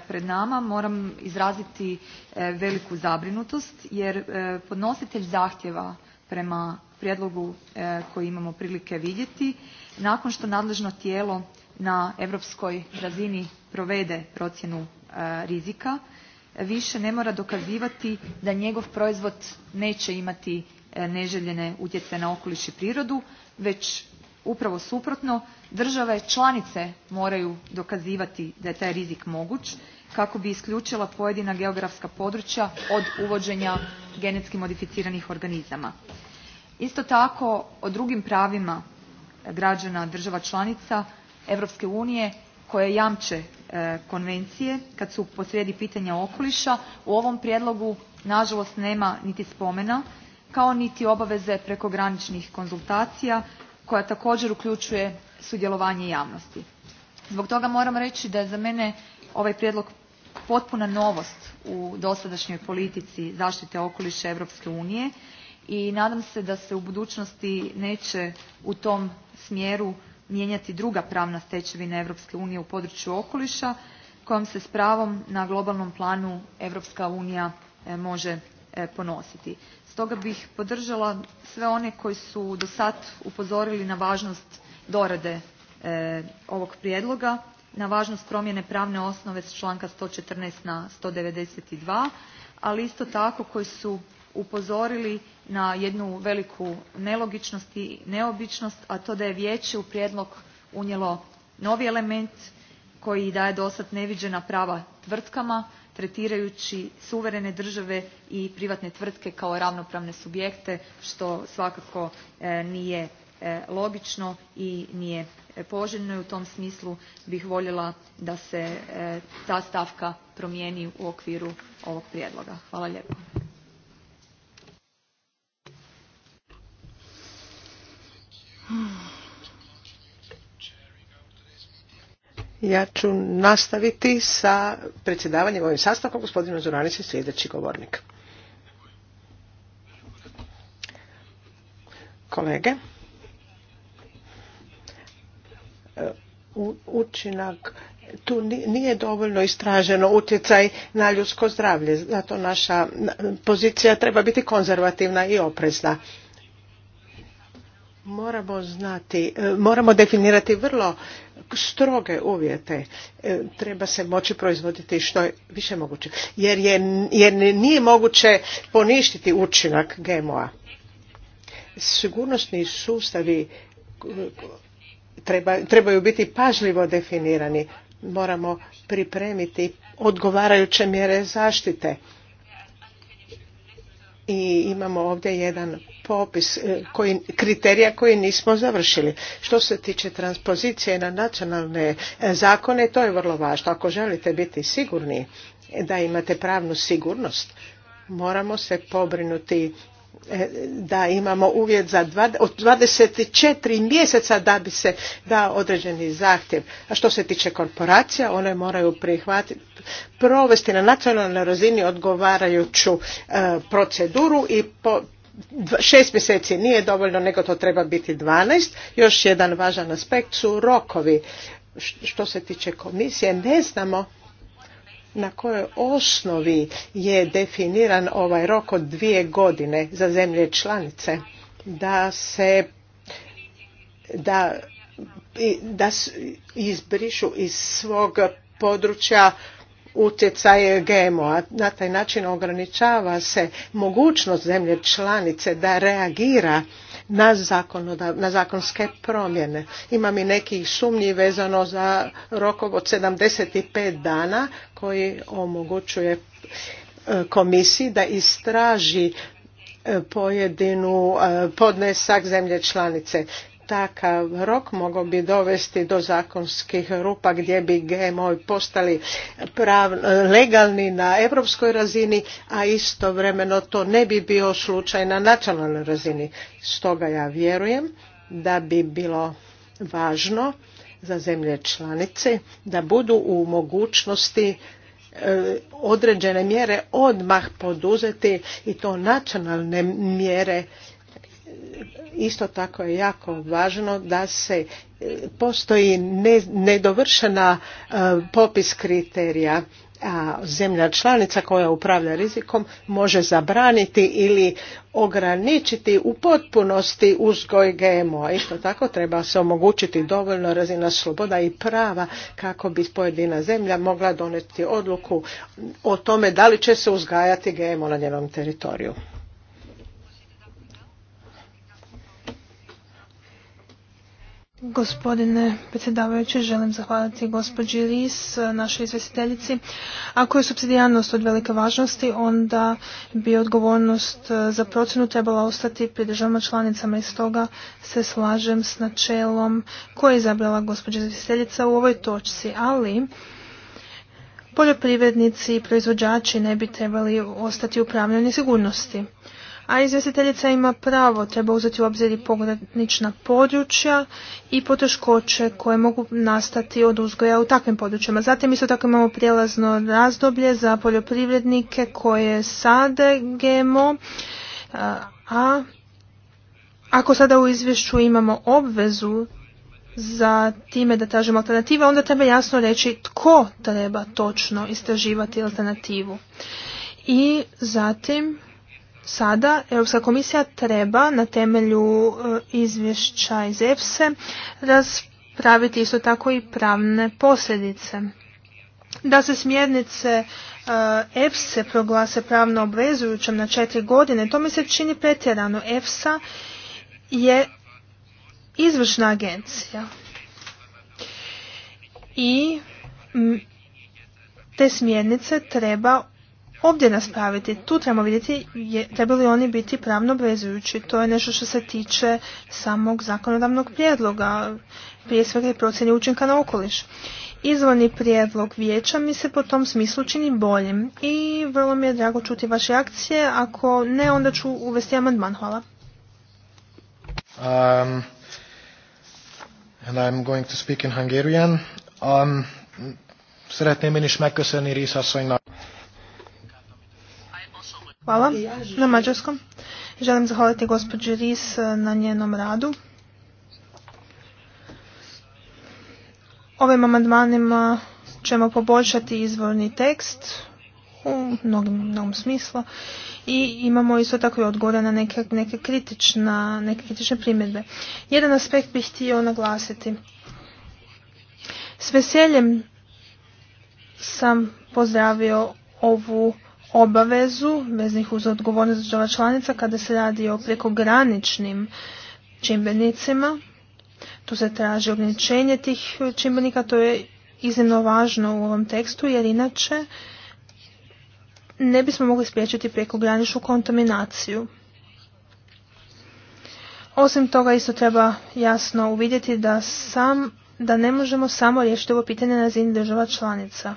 pred nama moram izraziti veliku zabrinutost jer podnositelj zahtjeva prema prijedlogu koji imamo prilike vidjeti nakon što nadležno tijelo na europskoj razini provede procjenu e, rizika više ne mora dokazivati da njegov proizvod neće imati e, neželjene utjecaje na okoliš i prirodu već upravo suprotno države članice moraju dokazivati da je taj rizik moguć kako bi isključila pojedina geografska područja od uvođenja genetski modificiranih organizama. isto tako o drugim pravima građana država članica Europske unije koje jamče e, konvencije kad su posrijedi pitanja okoliša u ovom prijedlogu nažalost nema niti spomena kao niti obaveze prekograničnih konzultacija koja također uključuje sudjelovanje javnosti. Zbog toga moram reći da je za mene ovaj prijedlog potpuna novost u dosadašnjoj politici zaštite okoliša Europske unije i nadam se da se u budućnosti neće u tom smjeru mijenjati druga pravna stečevina Europske unije u području okoliša kojom se s pravom na globalnom planu Europska unija e, može e, ponositi. Stoga bih podržala sve one koji su do sada upozorili na važnost dorade e, ovog prijedloga, na važnost promjene pravne osnove s članka 114. na 192, ali isto tako koji su upozorili na jednu veliku nelogičnost i neobičnost a to da je vijeće u prijedlog unijelo novi element koji daje dosad neviđena prava tvrtkama tretirajući suverene države i privatne tvrtke kao ravnopravne subjekte što svakako e, nije e, logično i nije poželjno i u tom smislu bih voljela da se e, ta stavka promijeni u okviru ovog prijedloga. Hvala lijepo. Ja ću nastaviti sa predsjedavanjem ovim sastavkom. gospodinu zoraniću i sljedeći govornik. Kolege, učinak tu nije dovoljno istraženo utjecaj na ljudsko zdravlje. Zato naša pozicija treba biti konzervativna i oprezna. Moramo znati, e, moramo definirati vrlo stroge uvjete. E, treba se moći proizvoditi što je više moguće. Jer, je, jer nije moguće poništiti učinak GMO-a. Sigurnosni sustavi e, treba, trebaju biti pažljivo definirani. Moramo pripremiti odgovarajuće mjere zaštite i imamo ovdje jedan popis e, koji, kriterija koji nismo završili. Što se tiče transpozicije na nacionalne e, zakone, to je vrlo važno. Ako želite biti sigurni da imate pravnu sigurnost, moramo se pobrinuti E, da imamo uvjet za od 24 mjeseca da bi se dao određeni zahtjev. A što se tiče korporacija, one moraju prihvatiti, provesti na nacionalnoj razini odgovarajuću e, proceduru i po, šest mjeseci nije dovoljno, nego to treba biti 12. Još jedan važan aspekt su rokovi. Što se tiče komisije, ne znamo na kojoj osnovi je definiran ovaj rok od dvije godine za zemlje članice da se da, da izbrišu iz svog područja utjecaj GMO-a. Na taj način ograničava se mogućnost zemlje članice da reagira na, zakonske promjene. Imam i nekih sumnji vezano za rok od 75 dana koji omogućuje e, komisiji da istraži e, pojedinu e, podnesak zemlje članice takav rok mogao bi dovesti do zakonskih rupa gdje bi GMO postali prav, legalni na europskoj razini, a istovremeno to ne bi bio slučaj na nacionalnoj razini. Stoga ja vjerujem da bi bilo važno za zemlje članice da budu u mogućnosti e, određene mjere odmah poduzeti i to nacionalne mjere isto tako je jako važno da se e, postoji nedovršena e, popis kriterija a zemlja članica koja upravlja rizikom može zabraniti ili ograničiti u potpunosti uzgoj GMO. Isto tako treba se omogućiti dovoljno razina sloboda i prava kako bi pojedina zemlja mogla doneti odluku o tome da li će se uzgajati GMO na njenom teritoriju. Gospodine predsjedavajući, želim zahvaliti gospođi Ris, našoj izvjestiteljici. Ako je subsidijarnost od velike važnosti, onda bi odgovornost e, za procjenu trebala ostati pri državama članicama i stoga se slažem s načelom koje je izabrala gospođa izvjestiteljica u ovoj točci, ali poljoprivrednici i proizvođači ne bi trebali ostati u pravnoj nesigurnosti a izvjestiteljica ima pravo, treba uzeti u obzir i pogranična područja i poteškoće koje mogu nastati od uzgoja u takvim područjima. Zatim isto tako imamo prijelazno razdoblje za poljoprivrednike koje sade GMO, a ako sada u izvješću imamo obvezu za time da tražimo alternativu, onda treba jasno reći tko treba točno istraživati alternativu. I zatim sada Europska komisija treba na temelju e, izvješća iz epse raspraviti isto tako i pravne posljedice. Da se smjernice e, EFSE proglase pravno obvezujućom na četiri godine, to mi se čini pretjerano. EFSA je izvršna agencija. I te smjernice treba ovdje naspraviti. Tu trebamo vidjeti je, trebali oni biti pravno obvezujući. To je nešto što se tiče samog zakonodavnog prijedloga, prije svega i procjene učinka na okoliš. Izvorni prijedlog vijeća mi se po tom smislu čini boljim i vrlo mi je drago čuti vaše akcije, ako ne onda ću uvesti amandman. Hvala. Um, and I'm going to speak in Hungarian. Um, Hvala. Na mađarskom. Želim zahvaliti gospođi Ris eh, na njenom radu. Ovim amandmanima ćemo poboljšati izvorni tekst u mnogim, mnogom smislu i imamo isto tako i odgovore na neke, neke, kritična, neke kritične primjedbe. Jedan aspekt bih htio naglasiti. S veseljem sam pozdravio ovu obavezu veznih uz odgovornost država članica kada se radi o prekograničnim čimbenicima. Tu se traži ograničenje tih čimbenika, to je iznimno važno u ovom tekstu jer inače ne bismo mogli spriječiti prekograničnu kontaminaciju. Osim toga isto treba jasno uvidjeti da sam da ne možemo samo riješiti ovo pitanje na razini država članica.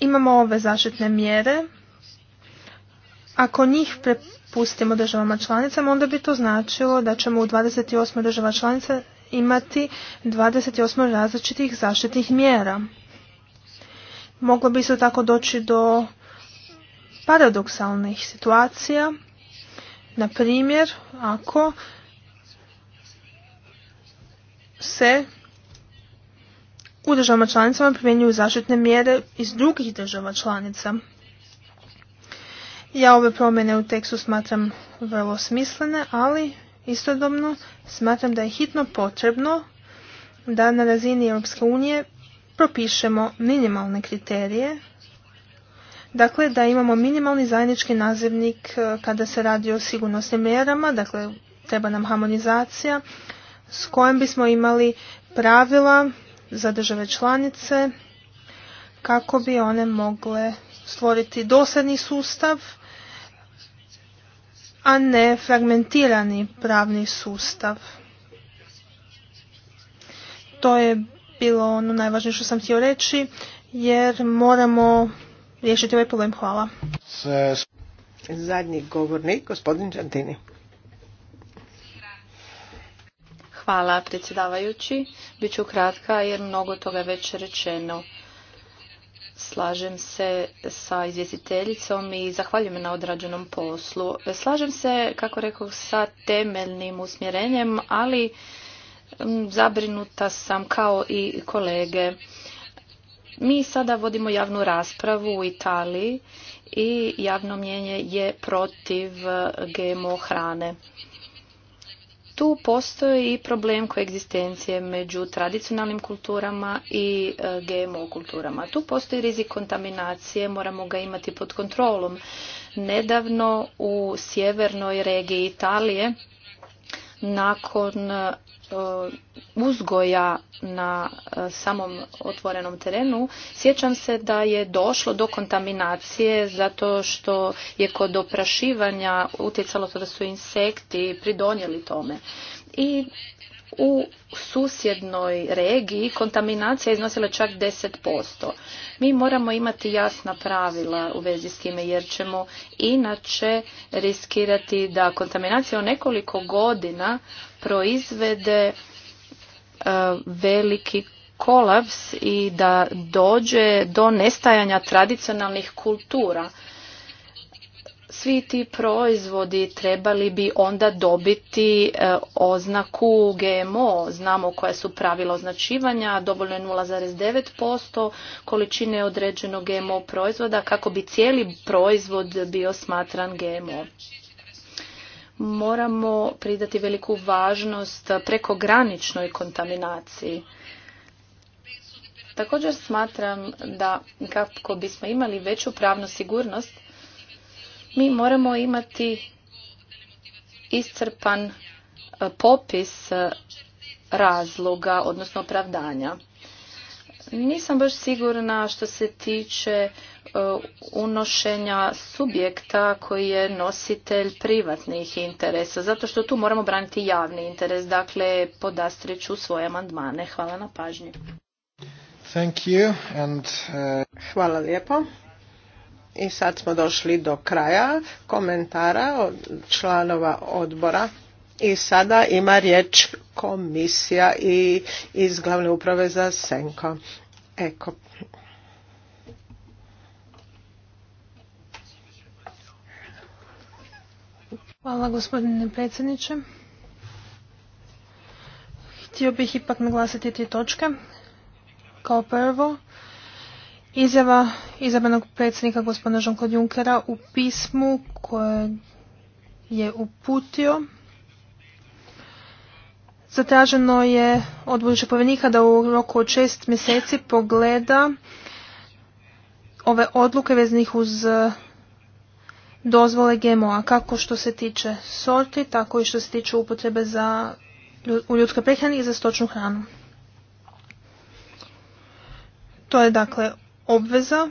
Imamo ove zaštitne mjere. Ako njih prepustimo državama članicama, onda bi to značilo da ćemo u 28 država članica imati 28 različitih zaštitnih mjera. Moglo bi se tako doći do paradoksalnih situacija. Na primjer, ako se u državama članicama primjenjuju zaštitne mjere iz drugih država članica. Ja ove promjene u tekstu smatram vrlo smislene, ali istodobno smatram da je hitno potrebno da na razini Europske unije propišemo minimalne kriterije, dakle da imamo minimalni zajednički nazivnik e, kada se radi o sigurnosnim mjerama, dakle treba nam harmonizacija s kojom bismo imali pravila za države članice kako bi one mogle stvoriti dosadni sustav, a ne fragmentirani pravni sustav. To je bilo ono najvažnije što sam htio reći, jer moramo riješiti ovaj problem. Hvala. Zadnji govornik, gospodin Čantini. Hvala predsjedavajući. Biću kratka jer mnogo toga je već rečeno. Slažem se sa izvjestiteljicom i zahvaljujem na odrađenom poslu. Slažem se, kako rekao, sa temeljnim usmjerenjem, ali zabrinuta sam kao i kolege. Mi sada vodimo javnu raspravu u Italiji i javno mjenje je protiv e, GMO hrane. Tu postoji i problem koegzistencije među tradicionalnim kulturama i e, GMO kulturama. Tu postoji rizik kontaminacije, moramo ga imati pod kontrolom. Nedavno u sjevernoj regiji Italije nakon E, uzgoja na e, samom otvorenom terenu, sjećam se da je došlo do kontaminacije zato što je kod oprašivanja utjecalo to da su insekti pridonijeli tome. I u susjednoj regiji kontaminacija iznosila čak 10%. Mi moramo imati jasna pravila u vezi s time jer ćemo inače riskirati da kontaminacija u nekoliko godina proizvede e, veliki kolaps i da dođe do nestajanja tradicionalnih kultura svi ti proizvodi trebali bi onda dobiti e, oznaku GMO. Znamo koja su pravila označivanja, dovoljno je 0,9% količine određenog GMO proizvoda kako bi cijeli proizvod bio smatran GMO moramo pridati veliku važnost prekograničnoj kontaminaciji. Također smatram da kako bismo imali veću pravnu sigurnost, mi moramo imati iscrpan e, popis e, razloga, odnosno opravdanja. Nisam baš sigurna što se tiče e, unošenja subjekta koji je nositelj privatnih interesa, zato što tu moramo braniti javni interes, dakle podastriću svoje amandmane. Hvala na pažnji. Hvala lijepo. I sad smo došli do kraja komentara od članova odbora. I sada ima riječ komisija i iz glavne uprave za Senko. Eko. Hvala gospodine predsjedniče. Htio bih ipak naglasiti tri točke. Kao prvo, Izjava izabranog predsjednika gospodina jean Junckera u pismu koje je uputio Zatraženo je od budućeg da u roku od šest mjeseci pogleda ove odluke veznih uz dozvole GMO-a, kako što se tiče sorti, tako i što se tiče upotrebe za, u ljudskoj prehrani i za stočnu hranu. To je dakle obveza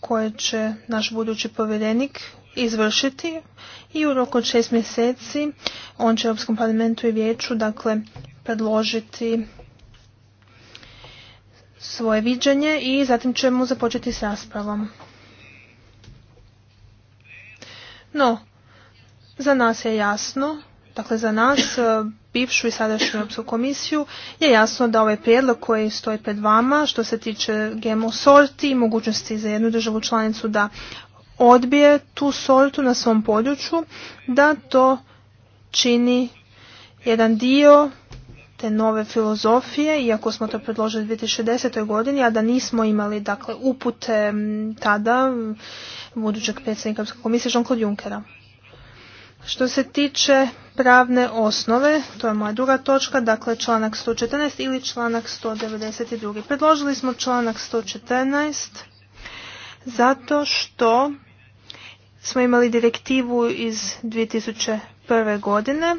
koje će naš budući povjerenik izvršiti i u roku od šest mjeseci on će Europskom parlamentu i vijeću dakle predložiti svoje viđenje i zatim ćemo započeti s raspravom. No, za nas je jasno, dakle za nas bivšu i sadašnju Europsku komisiju je jasno da ovaj prijedlog koji stoji pred vama što se tiče GMO sorti i mogućnosti za jednu državu članicu da odbije tu sortu na svom području, da to čini jedan dio te nove filozofije, iako smo to predložili u 2010. godini, a da nismo imali dakle, upute tada budućeg predsjednika komisije Jean-Claude Junckera. Što se tiče pravne osnove, to je moja druga točka, dakle članak 114 ili članak 192. Predložili smo članak 114 zato što smo imali direktivu iz 2001. godine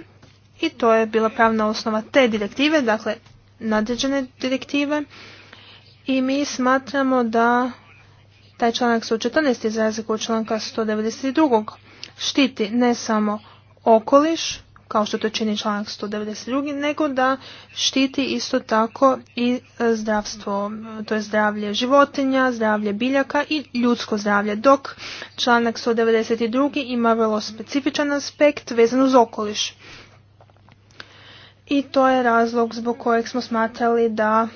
i to je bila pravna osnova te direktive, dakle nadređene direktive i mi smatramo da taj članak 114 je za razliku od članka 192 štiti ne samo okoliš, kao što to čini članak 192, nego da štiti isto tako i e, zdravstvo, to je zdravlje životinja, zdravlje biljaka i ljudsko zdravlje, dok članak 192 ima vrlo specifičan aspekt vezan uz okoliš. I to je razlog zbog kojeg smo smatrali da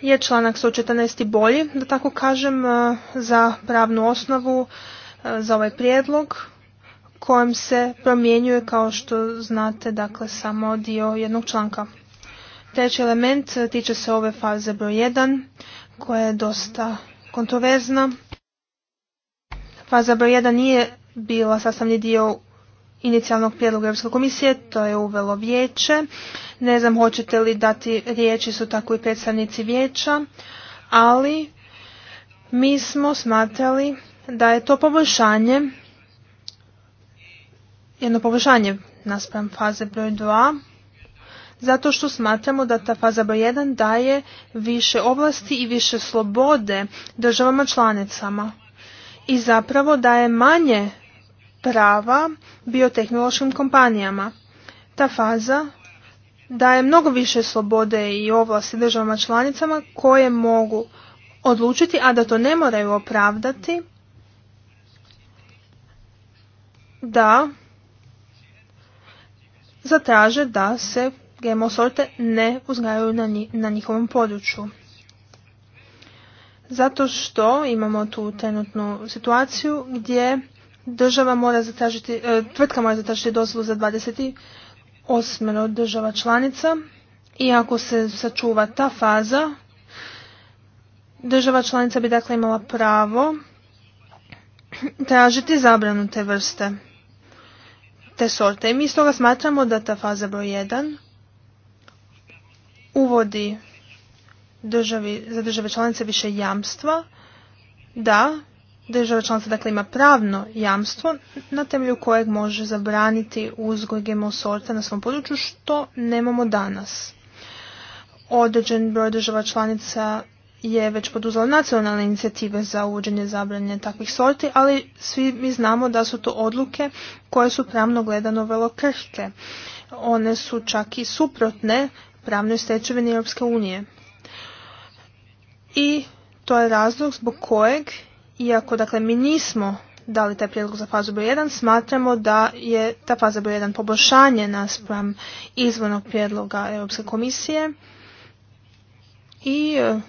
je članak 114 bolji, da tako kažem, e, za pravnu osnovu za ovaj prijedlog kojem se promjenjuje kao što znate dakle samo dio jednog članka. Treći element tiče se ove faze broj 1 koja je dosta kontroverzna. Faza broj 1 nije bila sastavni dio inicijalnog prijedloga Europske komisije, to je uvelo vijeće. Ne znam hoćete li dati riječi su tako i predstavnici vijeća, ali mi smo smatrali da je to poboljšanje jedno poboljšanje naspram faze broj 2 zato što smatramo da ta faza broj 1 daje više oblasti i više slobode državama članicama i zapravo daje manje prava biotehnološkim kompanijama. Ta faza daje mnogo više slobode i ovlasti državama članicama koje mogu odlučiti, a da to ne moraju opravdati da zatraže da se GMO sorte ne uzgajaju na, njihovom području. Zato što imamo tu trenutnu situaciju gdje država mora zatražiti, e, tvrtka mora zatražiti dozvolu za 28 država članica i ako se sačuva ta faza, država članica bi dakle imala pravo tražiti zabranu te vrste te sorte. I mi stoga smatramo da ta faza broj 1 uvodi državi, za države članice više jamstva, da država članica dakle ima pravno jamstvo na temelju kojeg može zabraniti uzgoj GMO sorta na svom području što nemamo danas. Određen broj država članica je već poduzela nacionalne inicijative za uvođenje zabranje takvih sorti, ali svi mi znamo da su to odluke koje su pravno gledano vrlo krhke. One su čak i suprotne pravnoj stečevini Europske unije. I to je razlog zbog kojeg, iako dakle mi nismo dali taj prijedlog za fazu broj 1, smatramo da je ta faza broj 1 poboljšanje naspram izvornog prijedloga Europske komisije i e,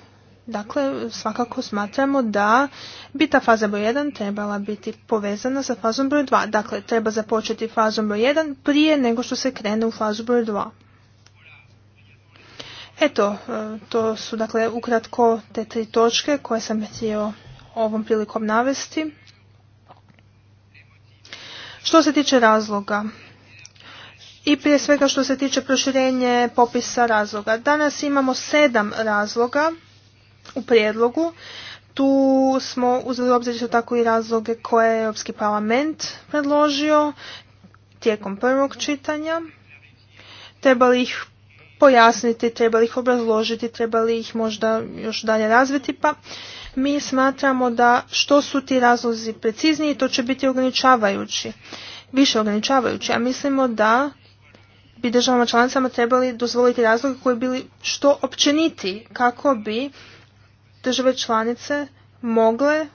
Dakle, svakako smatramo da bi ta faza broj 1 trebala biti povezana sa fazom broj 2. Dakle, treba započeti fazom broj 1 prije nego što se krene u fazu broj 2. Eto, e, to su dakle ukratko te tri točke koje sam htio ovom prilikom navesti. Što se tiče razloga, i prije svega što se tiče proširenje popisa razloga. Danas imamo sedam razloga u prijedlogu. Tu smo uzeli obzir isto tako i razloge koje je Europski parlament predložio tijekom prvog čitanja. Trebali ih pojasniti, trebali ih obrazložiti, trebali ih možda još dalje razviti, pa mi smatramo da što su ti razlozi precizniji, to će biti ograničavajući, više ograničavajući, a mislimo da bi državama članicama trebali dozvoliti razloge koji bili što općeniti kako bi države članice mogle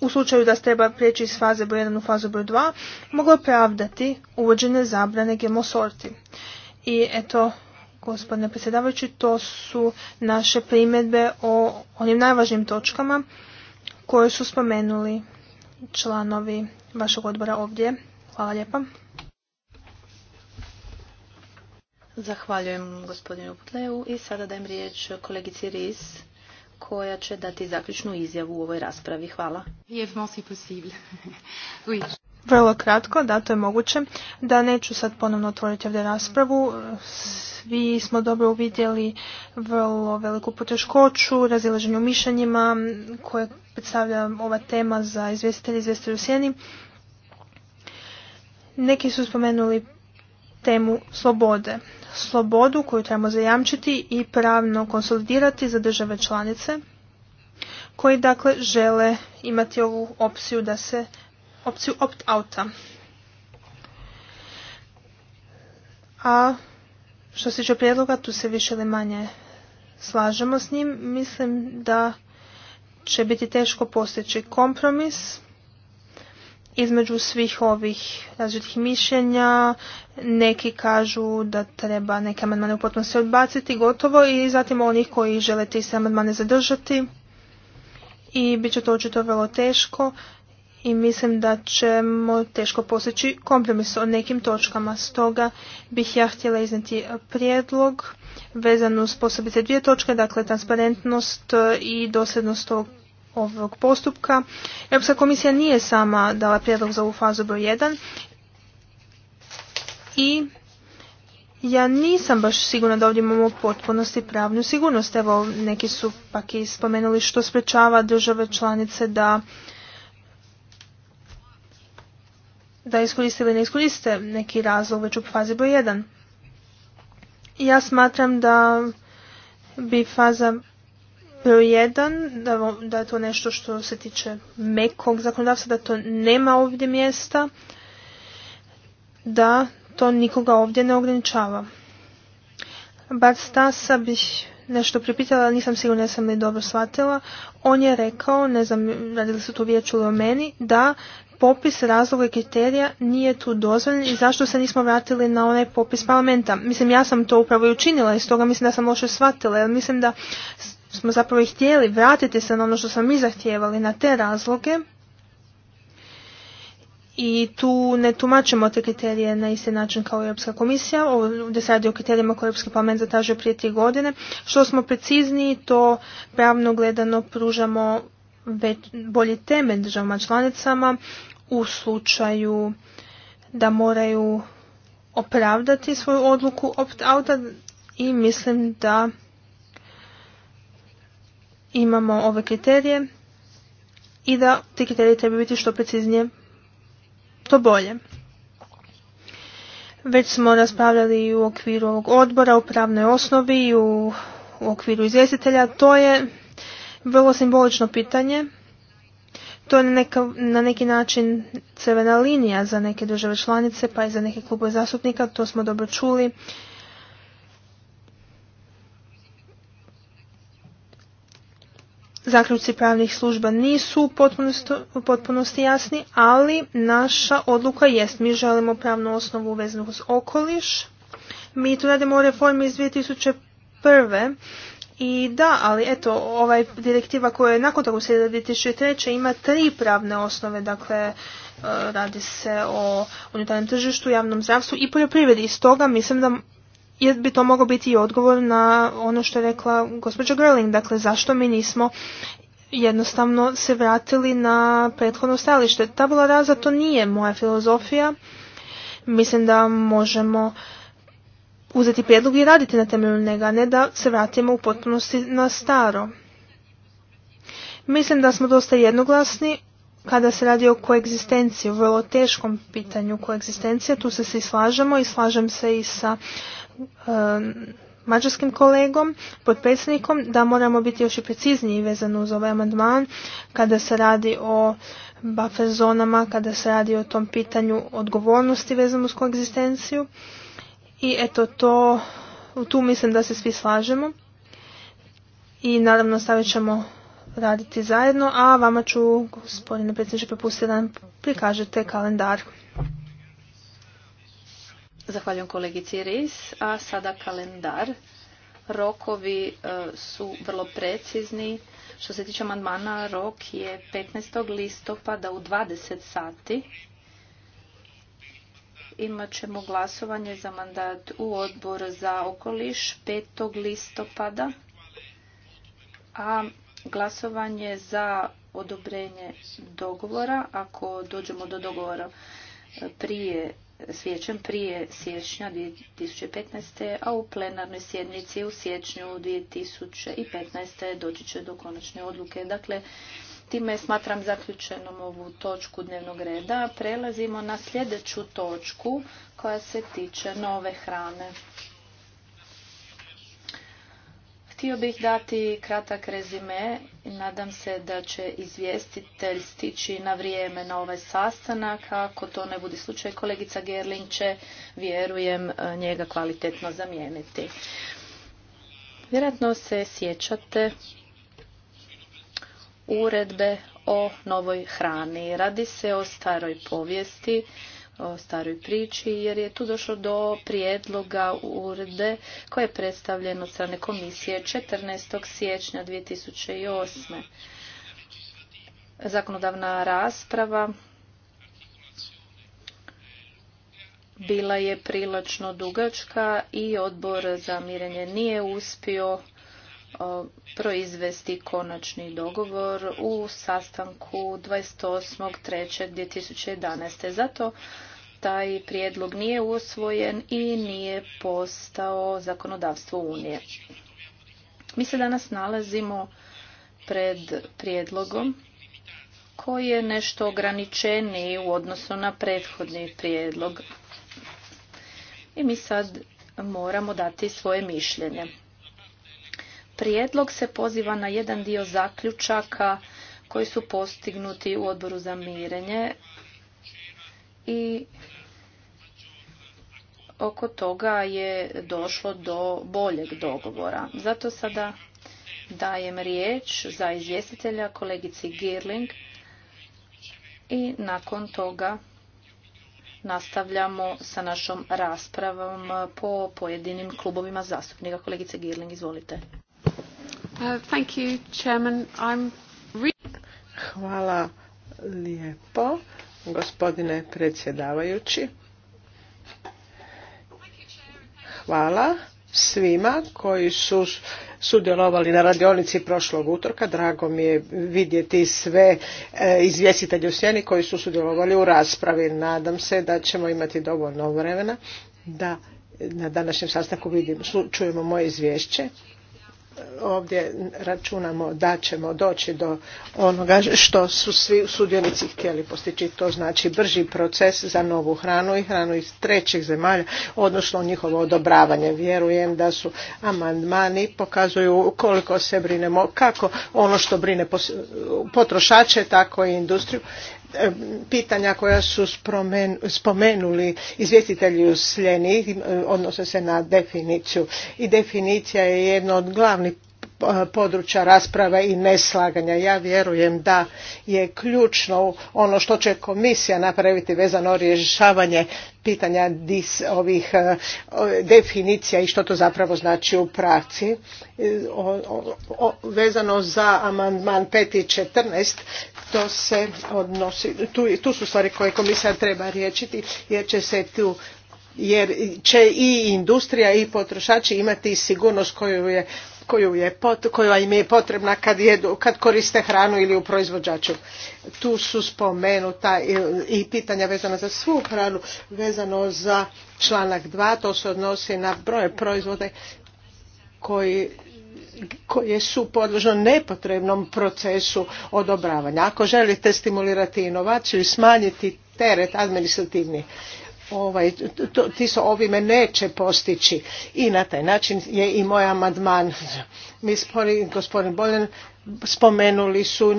u slučaju da se treba prijeći iz faze broj 1 u fazu broj 2, moglo opravdati uvođene zabrane GMO sorti. I eto, gospodine predsjedavajući, to su naše primjedbe o onim najvažnijim točkama koje su spomenuli članovi vašeg odbora ovdje. Hvala lijepa. Zahvaljujem gospodinu Putleju i sada dajem riječ kolegici Ris koja će dati zaključnu izjavu u ovoj raspravi. Hvala. Vrlo kratko, da, to je moguće. Da, neću sad ponovno otvoriti ovdje raspravu. Svi smo dobro uvidjeli vrlo veliku poteškoću, razilaženju mišljenjima koje predstavlja ova tema za izvjestitelje i u sjeni. Neki su spomenuli temu slobode slobodu koju trebamo zajamčiti i pravno konsolidirati za države članice koji dakle žele imati ovu opciju da se opciju opt-outa. A što se tiče prijedloga, tu se više ili manje slažemo s njim. Mislim da će biti teško postići kompromis između svih ovih različitih mišljenja. Neki kažu da treba neke amandmane u potpunosti odbaciti gotovo i zatim onih koji žele te se amandmane zadržati. I bit će to očito vrlo teško i mislim da ćemo teško postići kompromis o nekim točkama. Stoga bih ja htjela izneti prijedlog vezan uz posebice dvije točke, dakle transparentnost i dosljednost ovog ovog postupka. Europska komisija nije sama dala prijedlog za ovu fazu broj 1 i ja nisam baš sigurna da ovdje imamo potpunosti pravnu sigurnost. Evo, neki su pak i spomenuli što sprečava države članice da da iskoriste ili ne iskoriste neki razlog već u fazi broj 1. Ja smatram da bi faza Broj jedan, da, da je to nešto što se tiče mekog zakonodavstva, da to nema ovdje mjesta, da to nikoga ovdje ne ograničava. Bar Stasa bih nešto pripitala, nisam sigurna sam li dobro shvatila. On je rekao, ne znam radili su to vijeću ili o meni, da popis razloga i kriterija nije tu dozvoljen i zašto se nismo vratili na onaj popis parlamenta. Mislim, ja sam to upravo i učinila i stoga mislim da sam loše shvatila, jer mislim da smo zapravo i htjeli vratiti se na ono što smo mi zahtijevali, na te razloge. I tu ne tumačimo te kriterije na isti način kao Europska komisija, ovdje se radi o kriterijima koje Europski parlament zatražio prije tri godine. Što smo precizniji, to pravno gledano pružamo već bolji temelj državama članicama u slučaju da moraju opravdati svoju odluku opt-outa i mislim da imamo ove kriterije i da ti kriteriji treba biti što preciznije, to bolje. Već smo raspravljali u okviru ovog odbora, u pravnoj osnovi i u, okviru izvjestitelja. To je vrlo simbolično pitanje. To je neka, na neki način crvena linija za neke države članice, pa i za neke klubove zastupnika. To smo dobro čuli zaključci pravnih služba nisu u potpunosti, jasni, ali naša odluka jest. Mi želimo pravnu osnovu vezanu uz okoliš. Mi tu radimo o reformi iz 2001. I da, ali eto, ovaj direktiva koja je nakon toga uslijedila 2003. ima tri pravne osnove, dakle e, radi se o unutarnjem tržištu, javnom zdravstvu i poljoprivredi. iz stoga mislim da jer bi to mogao biti i odgovor na ono što je rekla gospođa Gerling, dakle zašto mi nismo jednostavno se vratili na prethodno stajalište. Tabula raza to nije moja filozofija. Mislim da možemo uzeti prijedlog i raditi na temelju njega, ne da se vratimo u potpunosti na staro. Mislim da smo dosta jednoglasni kada se radi o koegzistenciji, o vrlo teškom pitanju koegzistencije, tu se svi slažemo i slažem se i sa mađarskim kolegom, potpredsjednikom, da moramo biti još i precizniji vezano uz ovaj amandman kada se radi o buffer zonama, kada se radi o tom pitanju odgovornosti vezano uz koegzistenciju. I eto to, tu mislim da se svi slažemo. I naravno stavit ćemo raditi zajedno, a vama ću, gospodine predsjedniče, prepustiti da nam prikažete kalendar. Zahvaljujem kolegici Ris. A sada kalendar. Rokovi e, su vrlo precizni. Što se tiče amandmana, rok je 15. listopada u 20 sati. Imat ćemo glasovanje za mandat u odbor za okoliš 5. listopada, a glasovanje za odobrenje dogovora, ako dođemo do dogovora prije Svijećem prije siječnja 2015. a u plenarnoj sjednici u siječnju 2015. doći će do konačne odluke. Dakle, time smatram zaključenom ovu točku dnevnog reda. Prelazimo na sljedeću točku koja se tiče nove hrane. Htio bih dati kratak rezime. Nadam se da će izvjestitelj stići na vrijeme na ovaj sastanak. Ako to ne bude slučaj, kolegica Gerling će, vjerujem, e, njega kvalitetno zamijeniti. Vjerojatno se sjećate uredbe o novoj hrani. Radi se o staroj povijesti o staroj priči jer je tu došlo do prijedloga uredbe koje je predstavljeno od strane komisije 14. siječnja 2008. Zakonodavna rasprava bila je prilačno dugačka i odbor za mirenje nije uspio proizvesti konačni dogovor u sastanku 28.3.2011. Zato taj prijedlog nije usvojen i nije postao zakonodavstvo Unije. Mi se danas nalazimo pred prijedlogom koji je nešto ograničeniji u odnosu na prethodni prijedlog. I mi sad moramo dati svoje mišljenje. Prijedlog se poziva na jedan dio zaključaka koji su postignuti u odboru za mirenje i oko toga je došlo do boljeg dogovora. Zato sada dajem riječ za izvjestitelja kolegici Girling i nakon toga nastavljamo sa našom raspravom po pojedinim klubovima zastupnika. Kolegice Girling, izvolite. Uh, Hvala lijepo gospodine predsjedavajući. Hvala svima koji su sudjelovali na radionici prošlog utorka. Drago mi je vidjeti sve e, izvjestitelje u sjeni koji su sudjelovali u raspravi. Nadam se da ćemo imati dovoljno vremena da na današnjem sastanku čujemo moje izvješće ovdje računamo da ćemo doći do onoga što su svi sudionici htjeli postići. To znači brži proces za novu hranu i hranu iz trećih zemalja, odnosno njihovo odobravanje. Vjerujem da su amandmani pokazuju koliko se brinemo kako ono što brine potrošače, tako i industriju pitanja koja su spomenuli izvjestitelji u odnose se na definiciju i definicija je jedno od glavnih područja rasprave i neslaganja. Ja vjerujem da je ključno ono što će komisija napraviti vezano rješavanje pitanja dis, ovih e, definicija i što to zapravo znači u praksi. E, vezano za amandman 5 i 14 to se odnosi, tu, tu su stvari koje komisija treba riječiti jer će se tu jer će i industrija i potrošači imati sigurnost koju je koja im je potrebna kad, kad koriste hranu ili u proizvođaču. Tu su spomenuta i, pitanja vezana za svu hranu, vezano za članak 2, to se odnosi na broje proizvode koji koje su podložno nepotrebnom procesu odobravanja. Ako želite stimulirati inovaciju i smanjiti teret administrativni ovaj, to, ti se ovime neće postići i na taj način je i moj amandman. Mi spori, gospodin Boljan, spomenuli su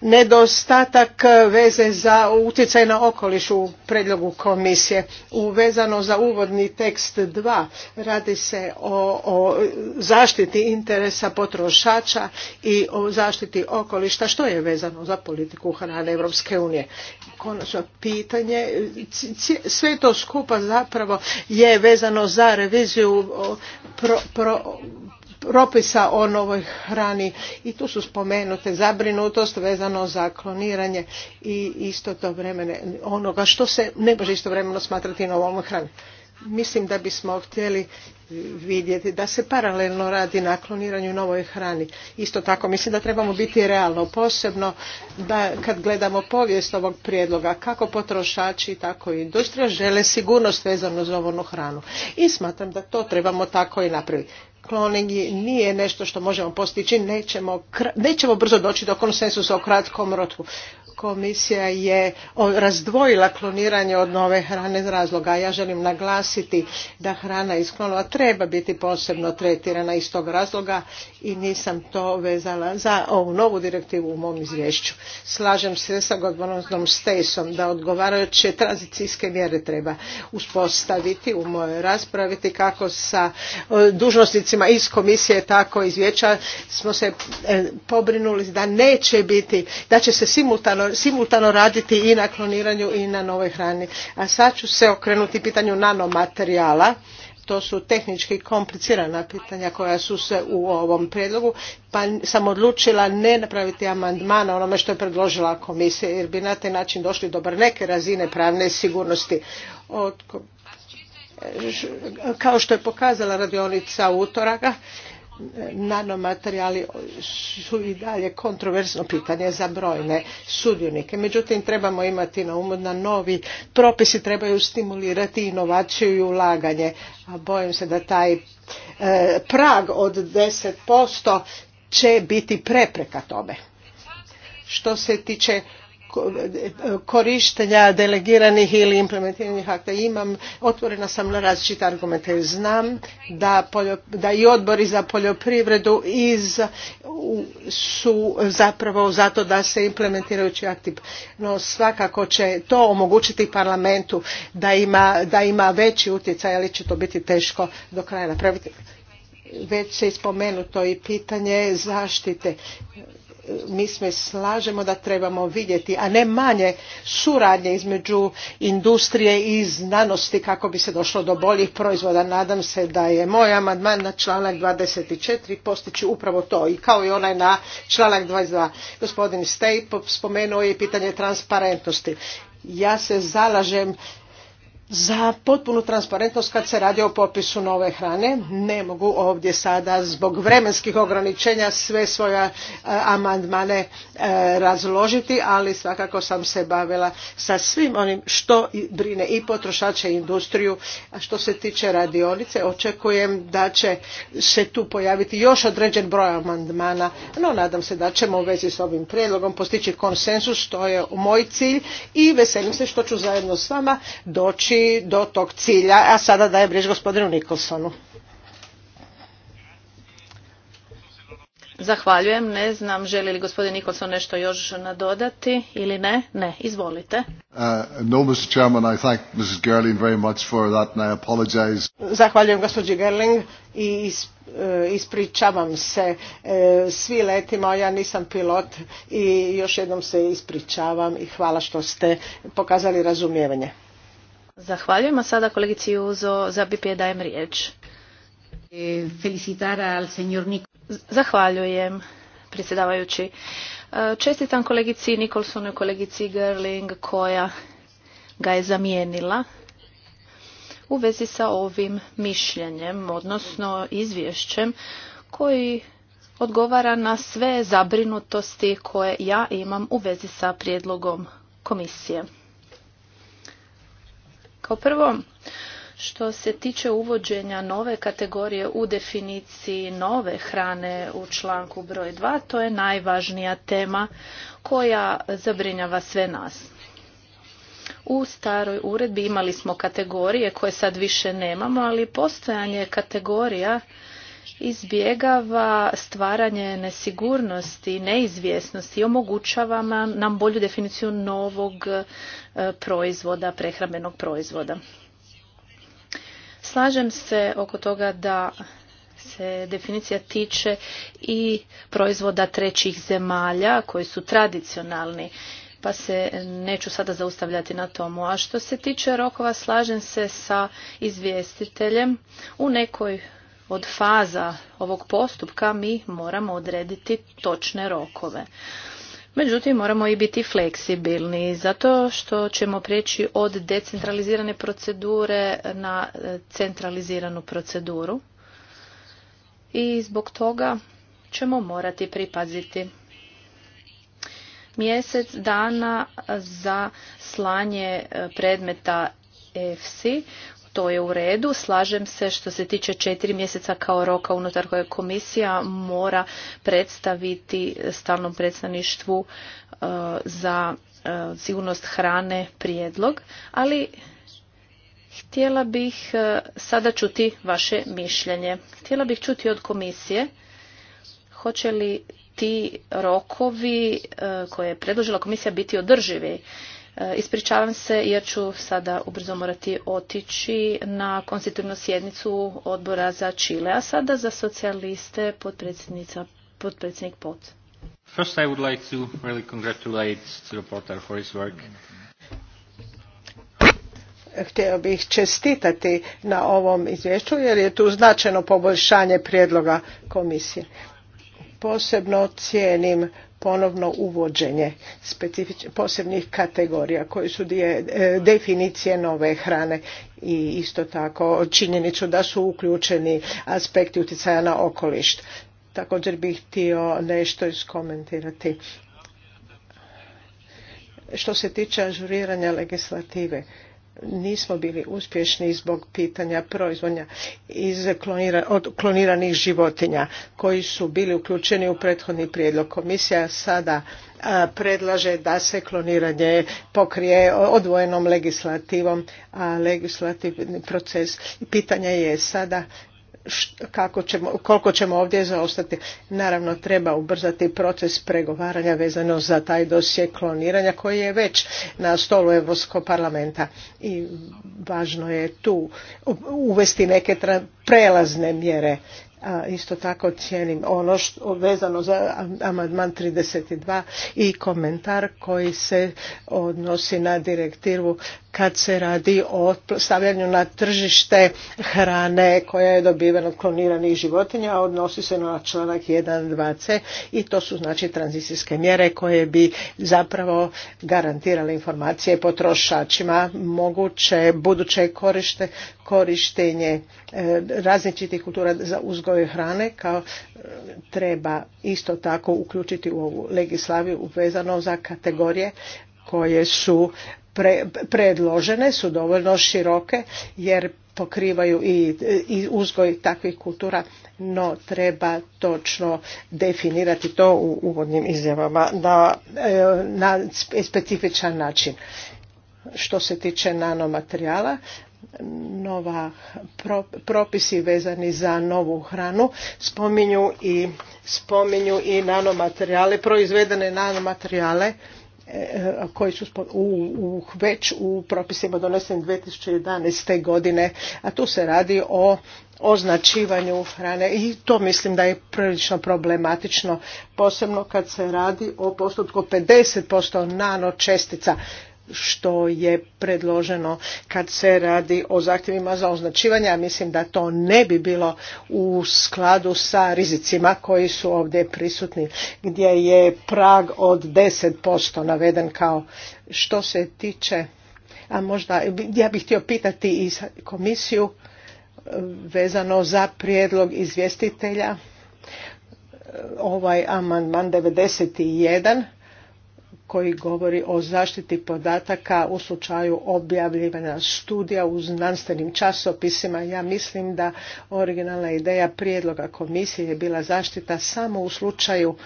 nedostatak veze za utjecaj na okoliš u predlogu komisije uvezano za uvodni tekst 2 radi se o, zaštiti interesa potrošača i o zaštiti okolišta. što je vezano za politiku hrane Europske unije konačno pitanje sve to skupa zapravo je vezano za reviziju pro, propisa o novoj hrani i tu su spomenute zabrinutost vezano za kloniranje i isto to vremene onoga što se ne može vremeno smatrati novom hranom. Mislim da bismo htjeli vidjeti da se paralelno radi na kloniranju novoj hrani. Isto tako mislim da trebamo biti realno, posebno da kad gledamo povijest ovog prijedloga, kako potrošači, tako i industrija žele sigurnost vezano za ovu hranu. I smatram da to trebamo tako i napraviti kloning nije nešto što možemo postići, nećemo, nećemo brzo doći do konsensusa o kratkom roku komisija je razdvojila kloniranje od nove hrane iz razloga. Ja želim naglasiti da hrana iz klonova treba biti posebno tretirana iz tog razloga i nisam to vezala za ovu novu direktivu u mom izvješću. Slažem se sa gospodinom stesom da odgovarajuće tranzicijske mjere treba uspostaviti u mojoj raspraviti kako sa dužnosnicima iz komisije tako iz vijeća smo se e, pobrinuli da neće biti, da će se simultano simultano raditi i na kloniranju i na novoj hrani. A sad ću se okrenuti pitanju nanomaterijala. To su tehnički komplicirana pitanja koja su se u ovom prijedlogu, pa sam odlučila ne napraviti amandman onome što je predložila komisija, jer bi na taj način došli do bar neke razine pravne sigurnosti. Od, kao što je pokazala radionica utoraga, nanomaterijali su i dalje kontroverzno pitanje za brojne sudionike. Međutim, trebamo imati na umu da novi propisi trebaju stimulirati inovaciju i ulaganje, a bojim se da taj e, prag od 10% će biti prepreka tome. Što se tiče korištenja delegiranih ili implementiranih akta imam, otvorena sam na različite argumente. Znam da, da i odbori za poljoprivredu iz, su zapravo zato da se implementirajući akti, no svakako će to omogućiti parlamentu da ima, da ima veći utjecaj, ali će to biti teško do kraja napraviti. Već se ispomenuto i pitanje zaštite mi se slažemo da trebamo vidjeti, a ne manje suradnje između industrije i znanosti kako bi se došlo do boljih proizvoda. Nadam se da je moj amandman na članak 24 postići upravo to i kao i onaj na članak 22. Gospodin Stejp spomenuo je pitanje transparentnosti. Ja se zalažem za potpunu transparentnost kad se radi o popisu nove hrane. Ne mogu ovdje sada zbog vremenskih ograničenja sve svoje e, amandmane e, razložiti, ali svakako sam se bavila sa svim onim što brine i potrošače i industriju. A što se tiče radionice, očekujem da će se tu pojaviti još određen broj amandmana, no nadam se da ćemo u vezi s ovim prijedlogom postići konsensus, to je moj cilj i veselim se što ću zajedno s vama doći do tog cilja. A sada dajem riječ gospodinu Nikolsonu. Zahvaljujem. Ne znam, želi li gospodin Nikolson nešto još nadodati ili ne? Ne, izvolite. Zahvaljujem gospođi Gerling i uh, ispričavam se. Uh, svi letimo, ja nisam pilot i još jednom se ispričavam i hvala što ste pokazali razumijevanje. Zahvaljujem, a sada kolegici Juzo za BP dajem riječ. E, Zahvaljujem, predsjedavajući. E, čestitam kolegici Nikolsonu i kolegici Gerling koja ga je zamijenila u vezi sa ovim mišljenjem, odnosno izvješćem koji odgovara na sve zabrinutosti koje ja imam u vezi sa prijedlogom komisije. Kao prvo, što se tiče uvođenja nove kategorije u definiciji nove hrane u članku broj 2, to je najvažnija tema koja zabrinjava sve nas. U staroj uredbi imali smo kategorije koje sad više nemamo, ali postojanje kategorija izbjegava stvaranje nesigurnosti, neizvjesnosti i omogućava nam bolju definiciju novog e, proizvoda, prehrambenog proizvoda. Slažem se oko toga da se definicija tiče i proizvoda trećih zemalja koji su tradicionalni pa se neću sada zaustavljati na tomu. A što se tiče rokova, slažem se sa izvjestiteljem. U nekoj od faza ovog postupka mi moramo odrediti točne rokove. Međutim, moramo i biti fleksibilni, zato što ćemo prijeći od decentralizirane procedure na e, centraliziranu proceduru i zbog toga ćemo morati pripaziti mjesec dana za slanje e, predmeta EFSI to je u redu. Slažem se što se tiče četiri mjeseca kao roka unutar koje komisija mora predstaviti stalnom predstavništvu e, za e, sigurnost hrane prijedlog, ali htjela bih e, sada čuti vaše mišljenje. Htjela bih čuti od komisije hoće li ti rokovi koje je predložila komisija biti održivi E, ispričavam se jer ću sada ubrzo morati otići na konstitutivnu sjednicu odbora za Čile, a sada za socijaliste potpredsjednica potpredsjednik Pot. First I would Htio bih čestitati na ovom izvješću jer je tu značajno poboljšanje prijedloga komisije. Posebno cijenim ponovno uvođenje posebnih kategorija koji su e, definicije nove hrane i isto tako činjenicu da su uključeni aspekti utjecaja na okoliš. Također bih htio nešto iskomentirati. Što se tiče ažuriranja legislative, nismo bili uspješni zbog pitanja proizvodnja iz od kloniranih životinja koji su bili uključeni u prethodni prijedlog. Komisija sada predlaže da se kloniranje pokrije odvojenom legislativom, a legislativni proces pitanje je sada kako ćemo, koliko ćemo ovdje zaostati. Naravno treba ubrzati proces pregovaranja vezano za taj dosje kloniranja koji je već na stolu Europskog parlamenta i važno je tu uvesti neke prelazne mjere a isto tako cijenim ono što vezano za amandman 32 i komentar koji se odnosi na direktivu kad se radi o stavljanju na tržište hrane koja je dobivena od kloniranih životinja, a odnosi se na članak 1, c i to su znači tranzicijske mjere koje bi zapravo garantirale informacije potrošačima moguće buduće korištenje e, različitih kultura za uzgoj hrane kao e, treba isto tako uključiti u ovu legislaviju vezano za kategorije koje su predložene su dovoljno široke jer pokrivaju i, uzgoj takvih kultura no treba točno definirati to u uvodnim izjavama na, e, na specifičan način što se tiče nanomaterijala nova propisi vezani za novu hranu spominju i spominju i nanomaterijale proizvedene nanomaterijale e, koji su u, u, već u propisima donesenim 2011. godine, a tu se radi o označivanju hrane i to mislim da je prilično problematično, posebno kad se radi o postupku 50% nanočestica što je predloženo kad se radi o zahtjevima za označivanje, a mislim da to ne bi bilo u skladu sa rizicima koji su ovdje prisutni, gdje je prag od 10% naveden kao što se tiče, a možda ja bih htio pitati i komisiju vezano za prijedlog izvjestitelja ovaj amandman 91 koji govori o zaštiti podataka u slučaju objavljivanja studija u znanstvenim časopisima. Ja mislim da originalna ideja prijedloga komisije je bila zaštita samo u slučaju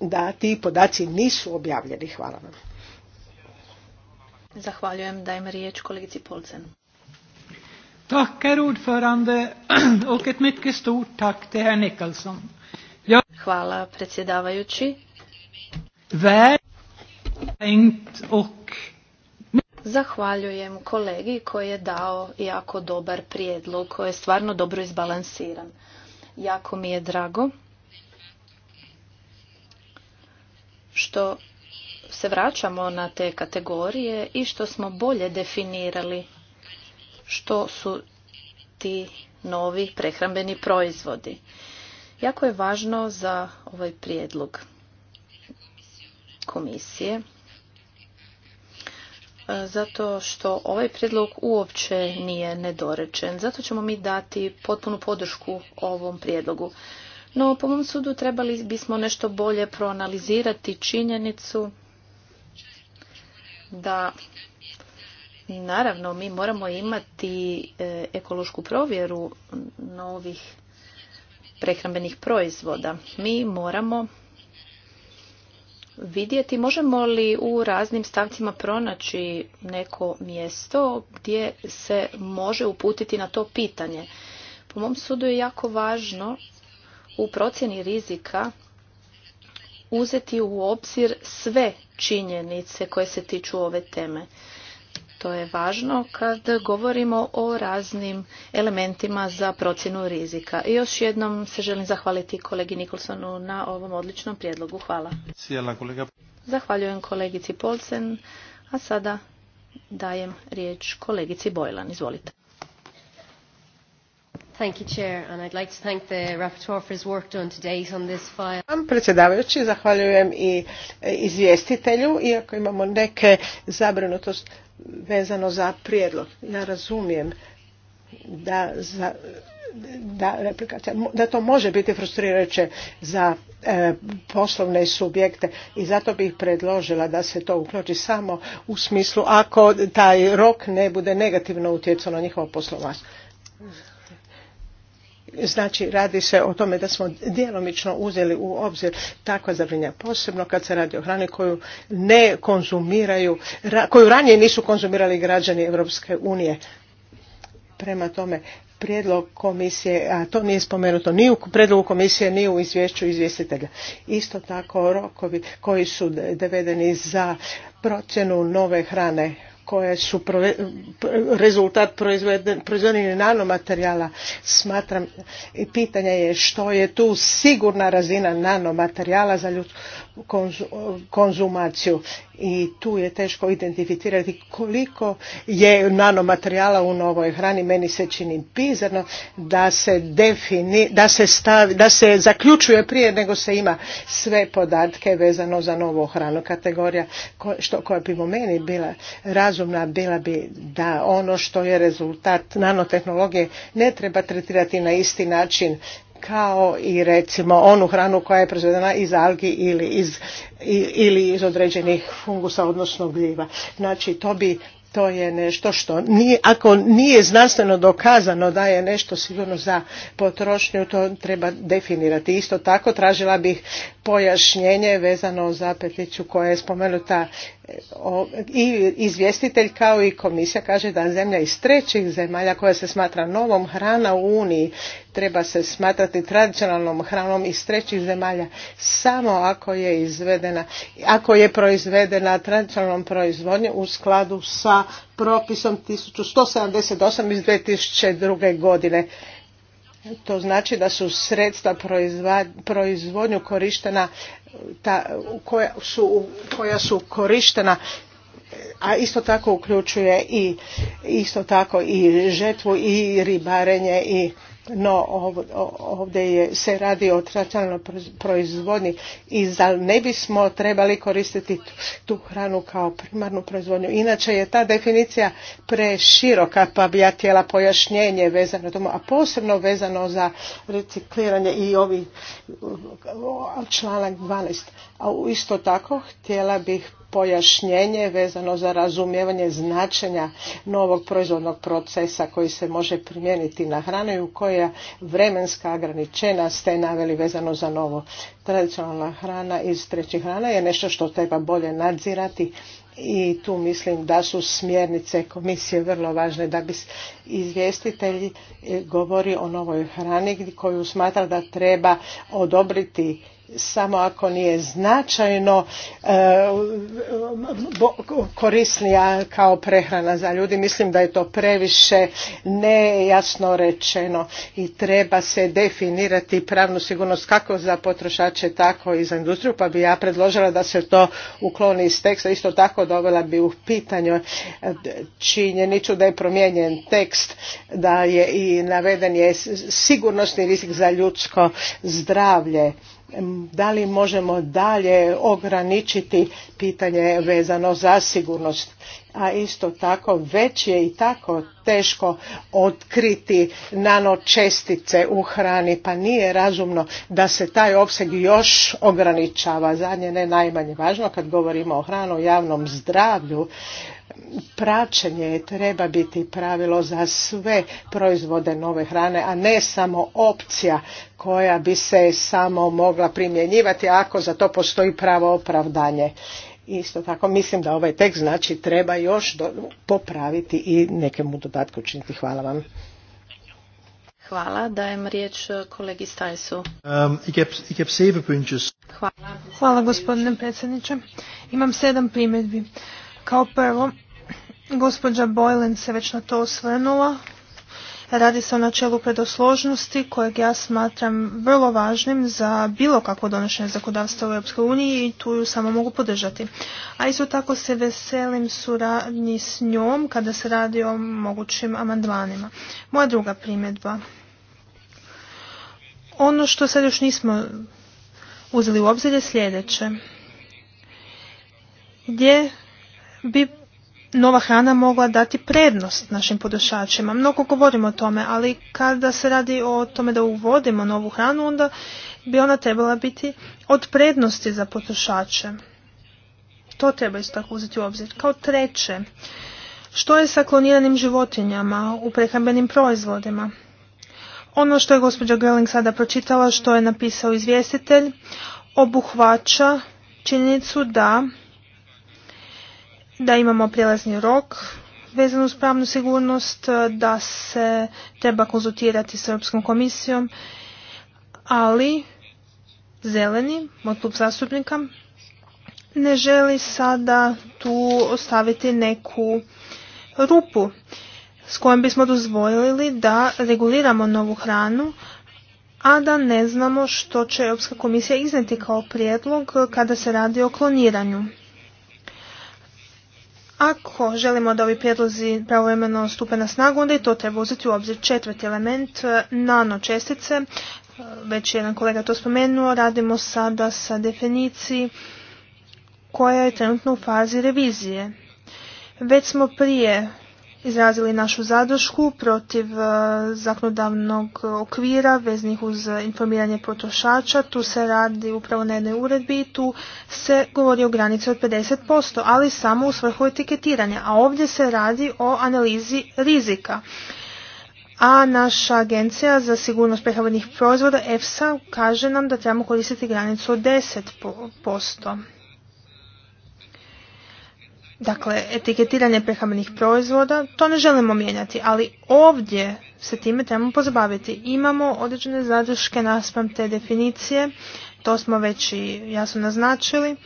da ti podaci nisu objavljeni. Hvala vam. Zahvaljujem. Dajem riječ kolegici Polcen. herr ordförande och ett mycket stort tack till herr Hvala predsjedavajući. Zahvaljujem kolegi koji je dao jako dobar prijedlog, koji je stvarno dobro izbalansiran. Jako mi je drago što se vraćamo na te kategorije i što smo bolje definirali što su ti novi prehrambeni proizvodi. Jako je važno za ovaj prijedlog komisije e, zato što ovaj prijedlog uopće nije nedorečen. Zato ćemo mi dati potpunu podršku ovom prijedlogu. No, po mom sudu trebali bismo nešto bolje proanalizirati činjenicu da naravno mi moramo imati e, ekološku provjeru novih prehrambenih proizvoda. Mi moramo vidjeti možemo li u raznim stavcima pronaći neko mjesto gdje se može uputiti na to pitanje. Po mom sudu je jako važno u procjeni rizika uzeti u obzir sve činjenice koje se tiču ove teme. To je važno kad govorimo o raznim elementima za procjenu rizika. I još jednom se želim zahvaliti kolegi Nikolsonu na ovom odličnom prijedlogu. Hvala. Zahvaljujem kolegici Polsen, a sada dajem riječ kolegici Bojlan. Izvolite. Thank Predsjedavajući, zahvaljujem i e, izvjestitelju, iako imamo neke zabrinutost vezano za prijedlog. Ja razumijem da da, to može biti frustrirajuće za e, poslovne subjekte i zato bih predložila da se to uključi samo u smislu ako taj rok ne bude negativno utjecao na njihovo poslovanje. Znači, radi se o tome da smo djelomično uzeli u obzir takva zabrinja, posebno kad se radi o hrani koju ne konzumiraju, koju ranije nisu konzumirali građani Europske unije. Prema tome, prijedlog komisije, a to nije spomenuto ni u prijedlogu komisije, ni u izvješću izvjestitelja. Isto tako rokovi koji su devedeni za procjenu nove hrane koje su rezultat proizvedenih nanomaterijala. Smatram i pitanje je što je tu sigurna razina nanomaterijala za ljudsku, konzumaciju i tu je teško identificirati koliko je nanomaterijala u novoj hrani. Meni se čini bizarno da se, defini, da se, stavi, da se zaključuje prije nego se ima sve podatke vezano za novu hranu. Kategorija što, koja bi u meni bila razumna bila bi da ono što je rezultat nanotehnologije ne treba tretirati na isti način kao i recimo onu hranu koja je proizvedena iz algi ili iz, ili iz određenih fungusa odnosno gljiva. Znači to bi to je nešto što nije, ako nije znanstveno dokazano da je nešto sigurno za potrošnju, to treba definirati. Isto tako tražila bih pojašnjenje vezano za peticu koja je spomenuta i izvjestitelj kao i komisija kaže da zemlja iz trećih zemalja koja se smatra novom hrana u Uniji treba se smatrati tradicionalnom hranom iz trećih zemalja samo ako je izvedena, ako je proizvedena tradicionalnom proizvodnjom u skladu sa propisom 1178 iz 2002. godine. To znači da su sredstva proizvodnju korištena, ta, koja, su, koja su korištena a isto tako uključuje i isto tako i žetvu i ribarenje i no ovdje se radi o tradicionalnoj proizvodnji i za ne bismo trebali koristiti tu hranu kao primarnu proizvodnju. Inače je ta definicija preširoka pa bi ja htjela pojašnjenje vezano tomu, a posebno vezano za recikliranje i ovi članak 12. A isto tako htjela bih pojašnjenje vezano za razumijevanje značenja novog proizvodnog procesa koji se može primijeniti na hranu i u koja vremenska ograničena, ste naveli vezano za novo. Tradicionalna hrana iz trećih hrana je nešto što treba bolje nadzirati i tu mislim da su smjernice komisije vrlo važne da bi izvjestitelj eh, govori o novoj hrani koju smatra da treba odobriti samo ako nije značajno e, korisnija kao prehrana za ljudi. Mislim da je to previše nejasno rečeno i treba se definirati pravnu sigurnost kako za potrošače tako i za industriju pa bi ja predložila da se to ukloni iz teksta. Isto tako dovela bi u pitanju e, činjenicu da je promijenjen tekst da je i naveden je sigurnosni rizik za ljudsko zdravlje da li možemo dalje ograničiti pitanje vezano za sigurnost a isto tako već je i tako teško otkriti nanočestice u hrani pa nije razumno da se taj opseg još ograničava zadnje ne najmanje važno kad govorimo o hranu o javnom zdravlju praćenje treba biti pravilo za sve proizvode nove hrane, a ne samo opcija koja bi se samo mogla primjenjivati ako za to postoji pravo opravdanje. Isto tako mislim da ovaj tekst znači treba još popraviti i nekemu dodatku učiniti. Hvala vam. Hvala. Dajem riječ e, kolegi Stajsu. Um, Hvala. Hvala gospodine predsjedniče. Imam sedam primjedbi. Kao prvo, Gospođa Bojlen se već na to osvrnula. Radi se o načelu predosložnosti kojeg ja smatram vrlo važnim za bilo kakvo donošenje zakonodavstva u EU i tu ju samo mogu podržati. A isto tako se veselim suradnji s njom kada se radi o mogućim amandmanima. Moja druga primjedba. Ono što sad još nismo uzeli u obzir je sljedeće. Gdje bi nova hrana mogla dati prednost našim potrošačima. Mnogo govorimo o tome, ali kada se radi o tome da uvodimo novu hranu, onda bi ona trebala biti od prednosti za potrošače. To treba isto tako uzeti u obzir. Kao treće, što je sa kloniranim životinjama u prehrambenim proizvodima? Ono što je gospođa Gröling sada pročitala, što je napisao izvjestitelj, obuhvaća činjenicu da da imamo prijelazni rok vezan uz pravnu sigurnost, da se treba konzultirati s Europskom komisijom, ali zeleni od klub zastupnika ne želi sada tu ostaviti neku rupu s kojom bismo dozvolili da reguliramo novu hranu, a da ne znamo što će Europska komisija izneti kao prijedlog kada se radi o kloniranju. Ako želimo da ovi prijedlozi pravovremeno stupe na snagu, onda i to treba uzeti u obzir. Četvrti element, e, nanočestice, e, već jedan kolega to spomenuo, radimo sada sa definiciji koja je trenutno u fazi revizije. Već smo prije izrazili našu zadršku protiv e, zakonodavnog okvira veznih uz informiranje potrošača. Tu se radi upravo na jednoj uredbi i tu se govori o granici od 50%, ali samo u svrhu etiketiranja. A ovdje se radi o analizi rizika. A naša agencija za sigurnost prehrambenih proizvoda EFSA kaže nam da trebamo koristiti granicu od 10%. Dakle, etiketiranje prehrambenih proizvoda, to ne želimo mijenjati, ali ovdje se time trebamo pozabaviti. Imamo određene zadrške naspram te definicije, to smo već i jasno naznačili.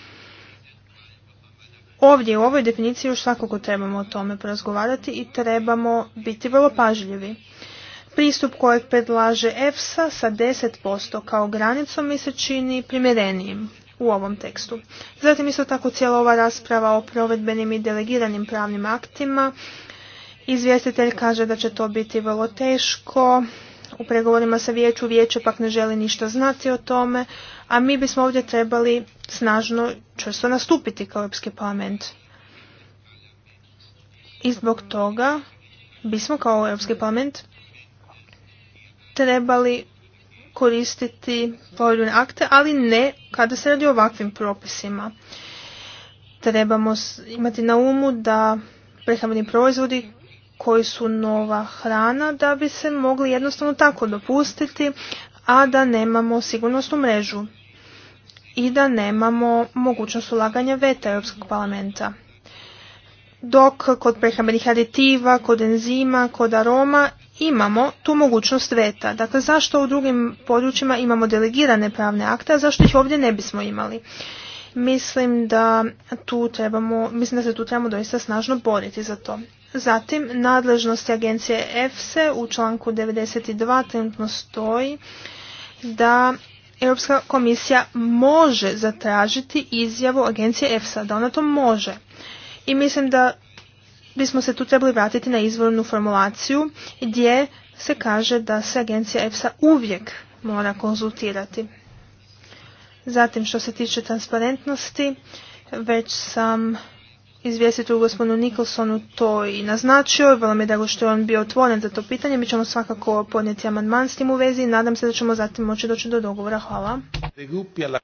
Ovdje u ovoj definiciji još svakako trebamo o tome porazgovarati i trebamo biti vrlo pažljivi. Pristup kojeg predlaže EFSA sa 10% kao granicom mi se čini primjerenijim u ovom tekstu. Zatim isto tako cijela ova rasprava o provedbenim i delegiranim pravnim aktima. Izvjestitelj kaže da će to biti vrlo teško, u pregovorima sa vijeću, vijeće pak ne želi ništa znati o tome, a mi bismo ovdje trebali snažno čvrsto nastupiti kao Europski parlament. I zbog toga bismo kao Europski parlament trebali koristiti pojedine akte, ali ne kada se radi o ovakvim propisima. Trebamo imati na umu da prehrambeni proizvodi koji su nova hrana da bi se mogli jednostavno tako dopustiti, a da nemamo sigurnosnu mrežu i da nemamo mogućnost ulaganja veta Europskog parlamenta. Dok kod prehrambenih aditiva, kod enzima, kod aroma imamo tu mogućnost veta. Dakle, zašto u drugim područjima imamo delegirane pravne akte, a zašto ih ovdje ne bismo imali? Mislim da, tu trebamo, mislim da se tu trebamo doista snažno boriti za to. Zatim, nadležnosti agencije EFSE u članku 92 trenutno stoji da Europska komisija može zatražiti izjavu agencije EFSA, da ona to može. I mislim da bismo se tu trebali vratiti na izvornu formulaciju gdje se kaže da se agencija EFSA uvijek mora konzultirati. Zatim što se tiče transparentnosti, već sam izvjestitelju gospodinu Nicholsonu to i naznačio. Vrlo mi je drago što je on bio otvoren za to pitanje. Mi ćemo svakako podnijeti amandman s tim u vezi i nadam se da ćemo zatim moći doći do dogovora. Hvala.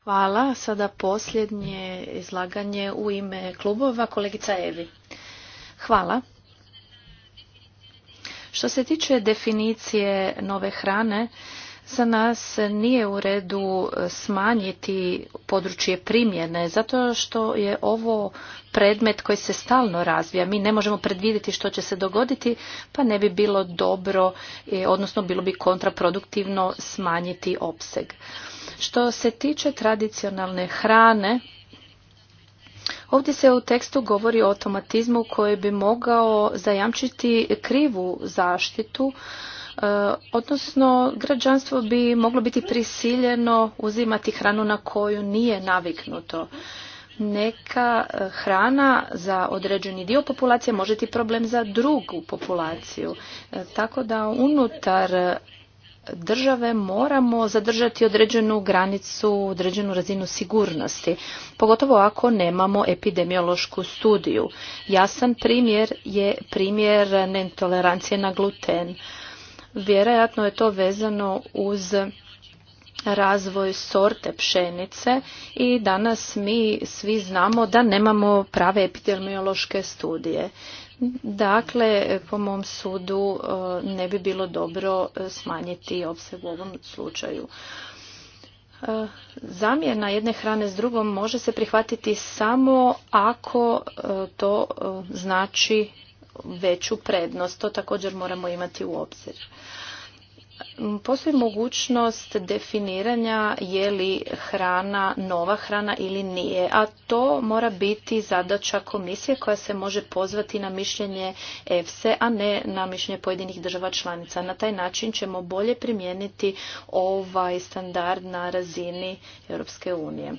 Hvala. Sada posljednje izlaganje u ime klubova kolegica Evi. Hvala. Što se tiče definicije nove hrane, za nas nije u redu smanjiti područje primjene, zato što je ovo predmet koji se stalno razvija. Mi ne možemo predvidjeti što će se dogoditi, pa ne bi bilo dobro, e, odnosno bilo bi kontraproduktivno smanjiti opseg. Što se tiče tradicionalne hrane, Ovdje se u tekstu govori o automatizmu koji bi mogao zajamčiti krivu zaštitu, e, odnosno građanstvo bi moglo biti prisiljeno uzimati hranu na koju nije naviknuto. Neka e, hrana za određeni dio populacije može biti problem za drugu populaciju. E, tako da unutar države moramo zadržati određenu granicu, određenu razinu sigurnosti, pogotovo ako nemamo epidemiološku studiju. Jasan primjer je primjer netolerancije na gluten. Vjerojatno je to vezano uz razvoj sorte pšenice i danas mi svi znamo da nemamo prave epidemiološke studije. Dakle, po mom sudu e, ne bi bilo dobro e, smanjiti opseg u ovom slučaju. E, zamjena jedne hrane s drugom može se prihvatiti samo ako to znači veću prednost. To također moramo imati u obzir postoji mogućnost definiranja je li hrana nova hrana ili nije, a to mora biti zadaća komisije koja se može pozvati na mišljenje EFSE, a ne na mišljenje pojedinih država članica. Na taj način ćemo bolje primijeniti ovaj standard na razini Europske unije.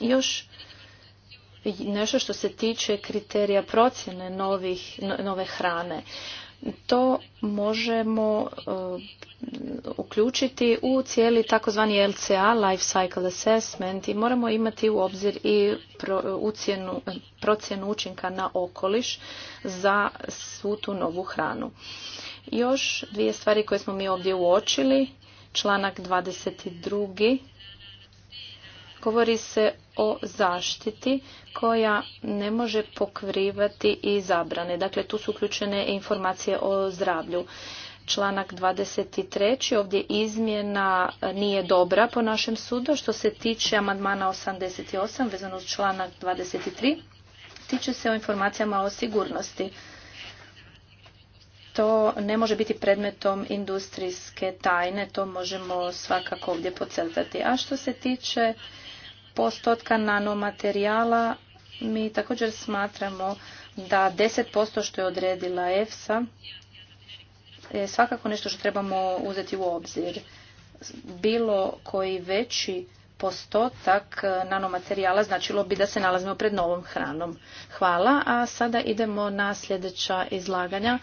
Još nešto što se tiče kriterija procjene nove hrane to možemo e, uključiti u cijeli takozvani LCA, Life Cycle Assessment, i moramo imati u obzir i procjenu učinka na okoliš za svu tu novu hranu. Još dvije stvari koje smo mi ovdje uočili, članak 22. Govori se o zaštiti koja ne može pokrivati i zabrane. Dakle, tu su uključene informacije o zdravlju. Članak 23. Ovdje izmjena nije dobra po našem sudu. Što se tiče amandmana 88 vezano uz članak 23, tiče se o informacijama o sigurnosti to ne može biti predmetom industrijske tajne, to možemo svakako ovdje pocrtati. A što se tiče postotka nanomaterijala mi također smatramo da 10% što je odredila EFSA je svakako nešto što trebamo uzeti u obzir. Bilo koji veći postotak nanomaterijala značilo bi da se nalazimo pred novom hranom. Hvala, a sada idemo na sljedeća izlaganja.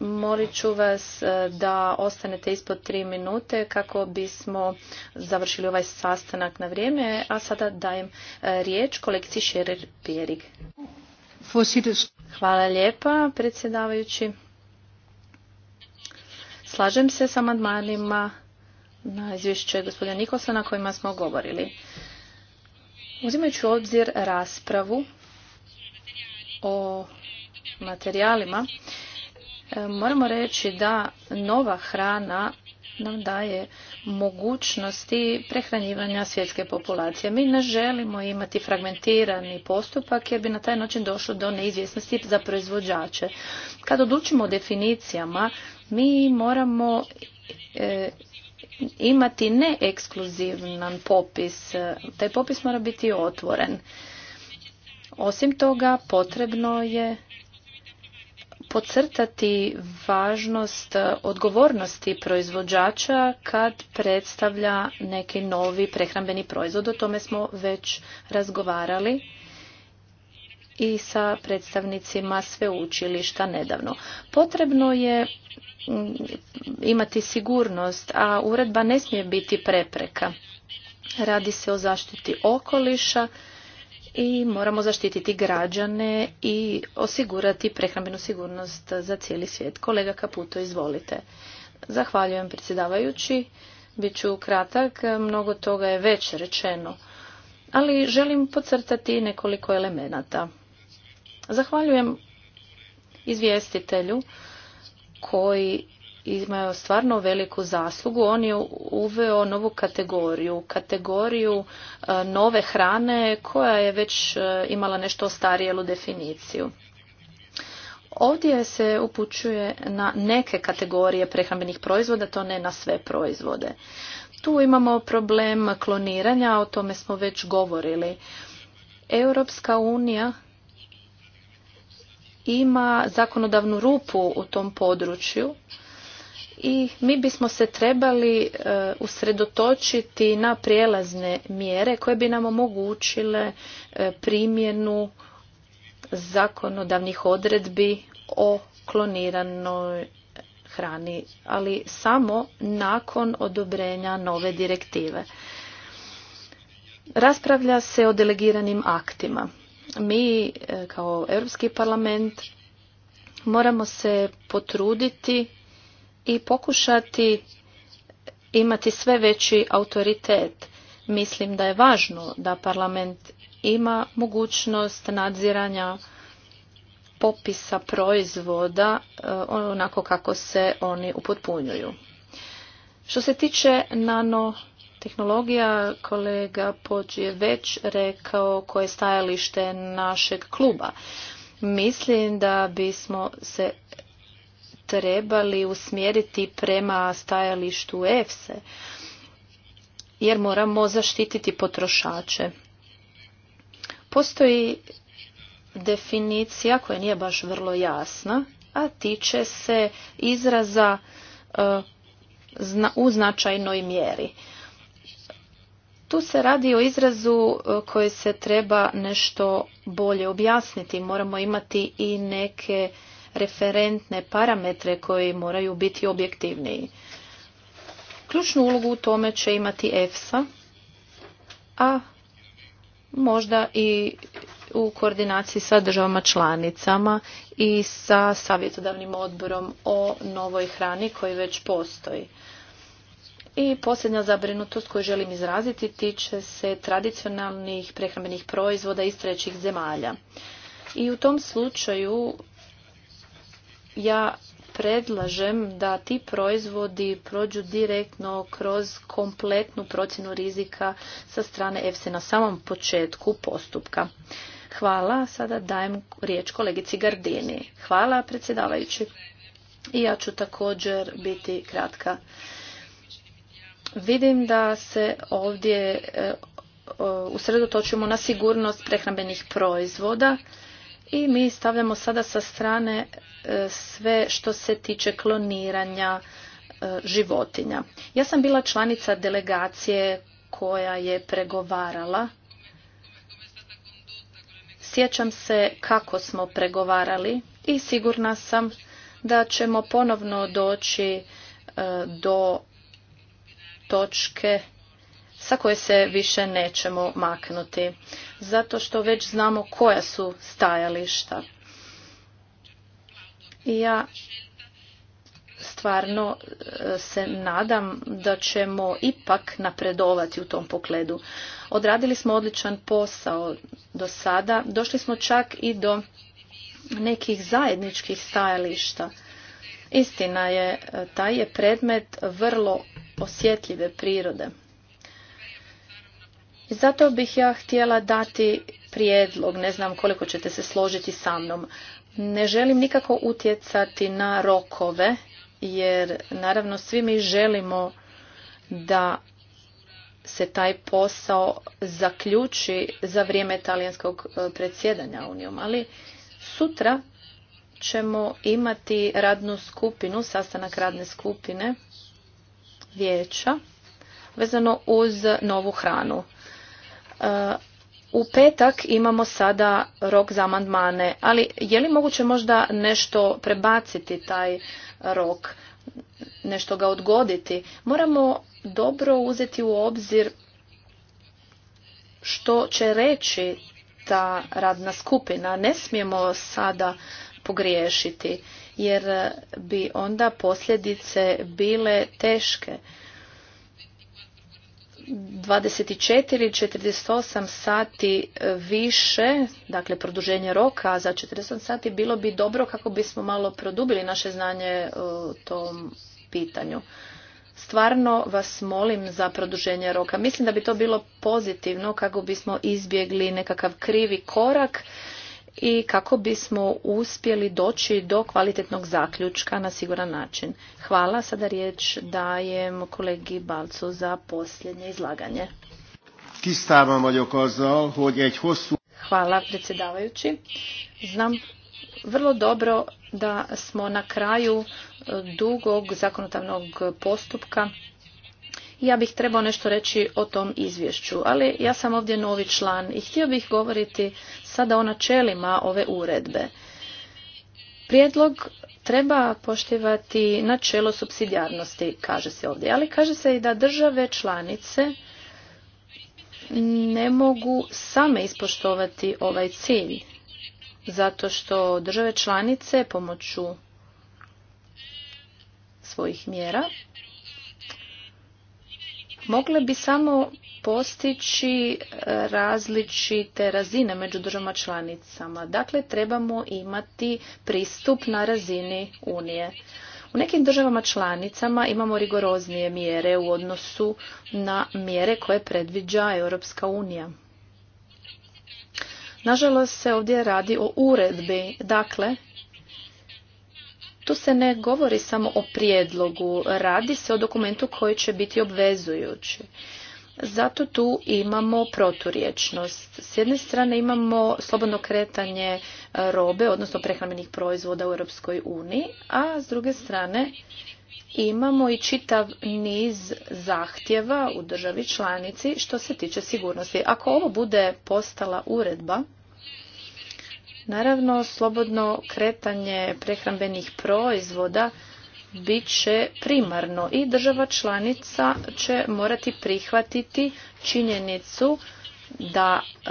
Molit ću vas e, da ostanete ispod tri minute kako bismo završili ovaj sastanak na vrijeme, a sada dajem e, riječ kolegici Šerer pjerig Hvala lijepa, predsjedavajući. Slažem se sa amandmanima na izvješće gospodina Nikosa na kojima smo govorili. Uzimajući u obzir raspravu o materijalima, E, moramo reći da nova hrana nam daje mogućnosti prehranjivanja svjetske populacije. Mi ne želimo imati fragmentirani postupak jer bi na taj način došlo do neizvjesnosti za proizvođače. Kad odlučimo o definicijama, mi moramo e, imati imati neekskluzivan popis. Taj popis mora biti otvoren. Osim toga, potrebno je podcrtati važnost e, odgovornosti proizvođača kad predstavlja neki novi prehrambeni proizvod. O tome smo već razgovarali i sa predstavnicima sveučilišta nedavno. Potrebno je imati sigurnost, a uredba ne smije biti prepreka. Radi se o zaštiti okoliša, i moramo zaštititi građane i osigurati prehrambenu sigurnost za cijeli svijet. Kolega Kaputo, izvolite. Zahvaljujem predsjedavajući. Biću kratak, mnogo toga je već rečeno, ali želim podcrtati nekoliko elemenata. Zahvaljujem izvjestitelju koji imao stvarno veliku zaslugu. On je uveo novu kategoriju, kategoriju e, nove hrane koja je već e, imala nešto starijelu definiciju. Ovdje se upućuje na neke kategorije prehrambenih proizvoda, to ne na sve proizvode. Tu imamo problem kloniranja, o tome smo već govorili. Europska unija ima zakonodavnu rupu u tom području i mi bismo se trebali e, usredotočiti na prijelazne mjere koje bi nam omogućile e, primjenu zakonodavnih odredbi o kloniranoj hrani, ali samo nakon odobrenja nove direktive. Raspravlja se o delegiranim aktima. Mi e, kao Europski parlament moramo se potruditi i pokušati imati sve veći autoritet. Mislim da je važno da parlament ima mogućnost nadziranja popisa proizvoda eh, onako kako se oni upotpunjuju. Što se tiče nanotehnologija, kolega Pođ je već rekao koje stajalište našeg kluba. Mislim da bismo se trebali usmjeriti prema stajalištu EFSE, jer moramo zaštititi potrošače. Postoji definicija koja nije baš vrlo jasna, a tiče se izraza e, u značajnoj mjeri. Tu se radi o izrazu e, koji se treba nešto bolje objasniti. Moramo imati i neke referentne parametre koji moraju biti objektivniji. Ključnu ulogu u tome će imati EFSA, a možda i u koordinaciji sa državama članicama i sa savjetodavnim odborom o novoj hrani koji već postoji. I posljednja zabrinutost koju želim izraziti tiče se tradicionalnih prehrambenih proizvoda iz trećih zemalja. I u tom slučaju ja predlažem da ti proizvodi prođu direktno kroz kompletnu procjenu rizika sa strane EFSE na samom početku postupka. Hvala, sada dajem riječ kolegici Gardini. Hvala predsjedavajući. I ja ću također biti kratka. Vidim da se ovdje e, usredotočimo na sigurnost prehrambenih proizvoda i mi stavljamo sada sa strane e, sve što se tiče kloniranja e, životinja. Ja sam bila članica delegacije koja je pregovarala. Sjećam se kako smo pregovarali i sigurna sam da ćemo ponovno doći e, do točke sa koje se više nećemo maknuti, zato što već znamo koja su stajališta. I ja stvarno e, se nadam da ćemo ipak napredovati u tom pogledu. Odradili smo odličan posao do sada, došli smo čak i do nekih zajedničkih stajališta. Istina je, e, taj je predmet vrlo osjetljive prirode. I zato bih ja htjela dati prijedlog, ne znam koliko ćete se složiti sa mnom. Ne želim nikako utjecati na rokove, jer naravno svi mi želimo da se taj posao zaključi za vrijeme talijanskog e, predsjedanja Unijom. Ali sutra ćemo imati radnu skupinu, sastanak radne skupine vijeća vezano uz novu hranu. U petak imamo sada rok za amandmane, ali je li moguće možda nešto prebaciti taj rok, nešto ga odgoditi? Moramo dobro uzeti u obzir što će reći ta radna skupina. Ne smijemo sada pogriješiti jer bi onda posljedice bile teške. 24 ili 48 sati više, dakle produženje roka za 48 sati bilo bi dobro kako bismo malo produbili naše znanje o tom pitanju. Stvarno vas molim za produženje roka. Mislim da bi to bilo pozitivno kako bismo izbjegli nekakav krivi korak i kako bismo uspjeli doći do kvalitetnog zaključka na siguran način. Hvala, sada riječ dajem kolegi Balcu za posljednje izlaganje. Hvala predsjedavajući. Znam vrlo dobro da smo na kraju e, dugog zakonodavnog postupka ja bih trebao nešto reći o tom izvješću, ali ja sam ovdje novi član i htio bih govoriti sada o načelima ove uredbe. Prijedlog treba poštivati načelo subsidijarnosti, kaže se ovdje, ali kaže se i da države članice ne mogu same ispoštovati ovaj cilj, zato što države članice pomoću svojih mjera mogle bi samo postići e, različite razine među državama članicama. Dakle, trebamo imati pristup na razini Unije. U nekim državama članicama imamo rigoroznije mjere u odnosu na mjere koje predviđa Europska unija. Nažalost se ovdje radi o uredbi, dakle tu se ne govori samo o prijedlogu, radi se o dokumentu koji će biti obvezujući. Zato tu imamo proturječnost. S jedne strane imamo slobodno kretanje e, robe, odnosno prehrambenih proizvoda u Europskoj uniji, a s druge strane imamo i čitav niz zahtjeva u državi članici što se tiče sigurnosti. Ako ovo bude postala uredba, Naravno, slobodno kretanje prehrambenih proizvoda bit će primarno i država članica će morati prihvatiti činjenicu da e,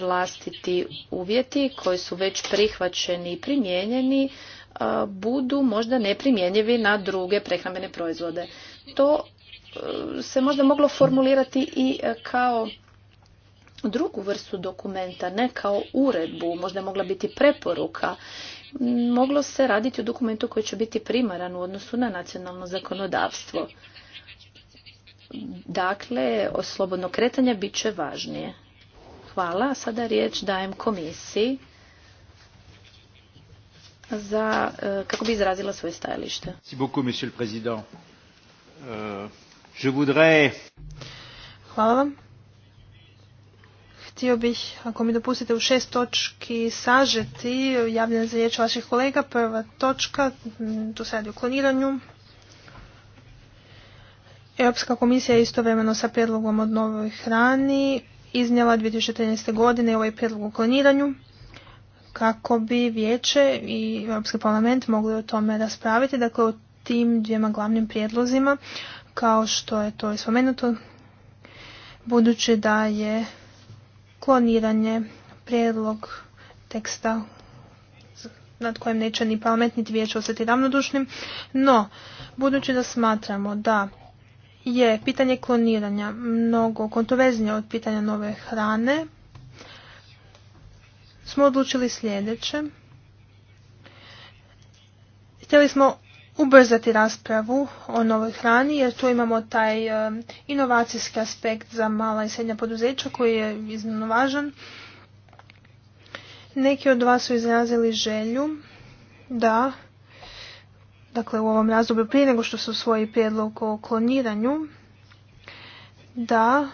vlastiti uvjeti koji su već prihvaćeni i primijenjeni e, budu možda neprimjenjivi na druge prehrambene proizvode. To e, se možda moglo formulirati i kao drugu vrstu dokumenta, ne kao uredbu, možda je mogla biti preporuka. Moglo se raditi u dokumentu koji će biti primaran u odnosu na nacionalno zakonodavstvo. Dakle, slobodno kretanje bit će važnije. Hvala. Sada riječ dajem komisiji za, e, kako bi izrazila svoje stajalište. Euh, Hvala vam htio bih, ako mi dopustite, u šest točki sažeti javljanje za riječ vaših kolega. Prva točka, mm, tu sada radi o kloniranju. Europska komisija je istovremeno sa prijedlogom od novoj hrani iznijela 2013. godine ovaj prijedlog o kloniranju kako bi vijeće i Europski parlament mogli o tome raspraviti, dakle o tim dvijema glavnim prijedlozima kao što je to i spomenuto budući da je kloniranje, prijedlog teksta nad kojem neće ni parlament niti vijeće ravnodušnim, no budući da smatramo da je pitanje kloniranja mnogo kontroverznije od pitanja nove hrane, smo odlučili sljedeće. Htjeli smo ubrzati raspravu o novoj hrani jer tu imamo taj inovacijski aspekt za mala i srednja poduzeća koji je iznimno važan. Neki od vas su izrazili želju da dakle u ovom razdoblju prije nego što se usvoji prijedlog o kloniranju da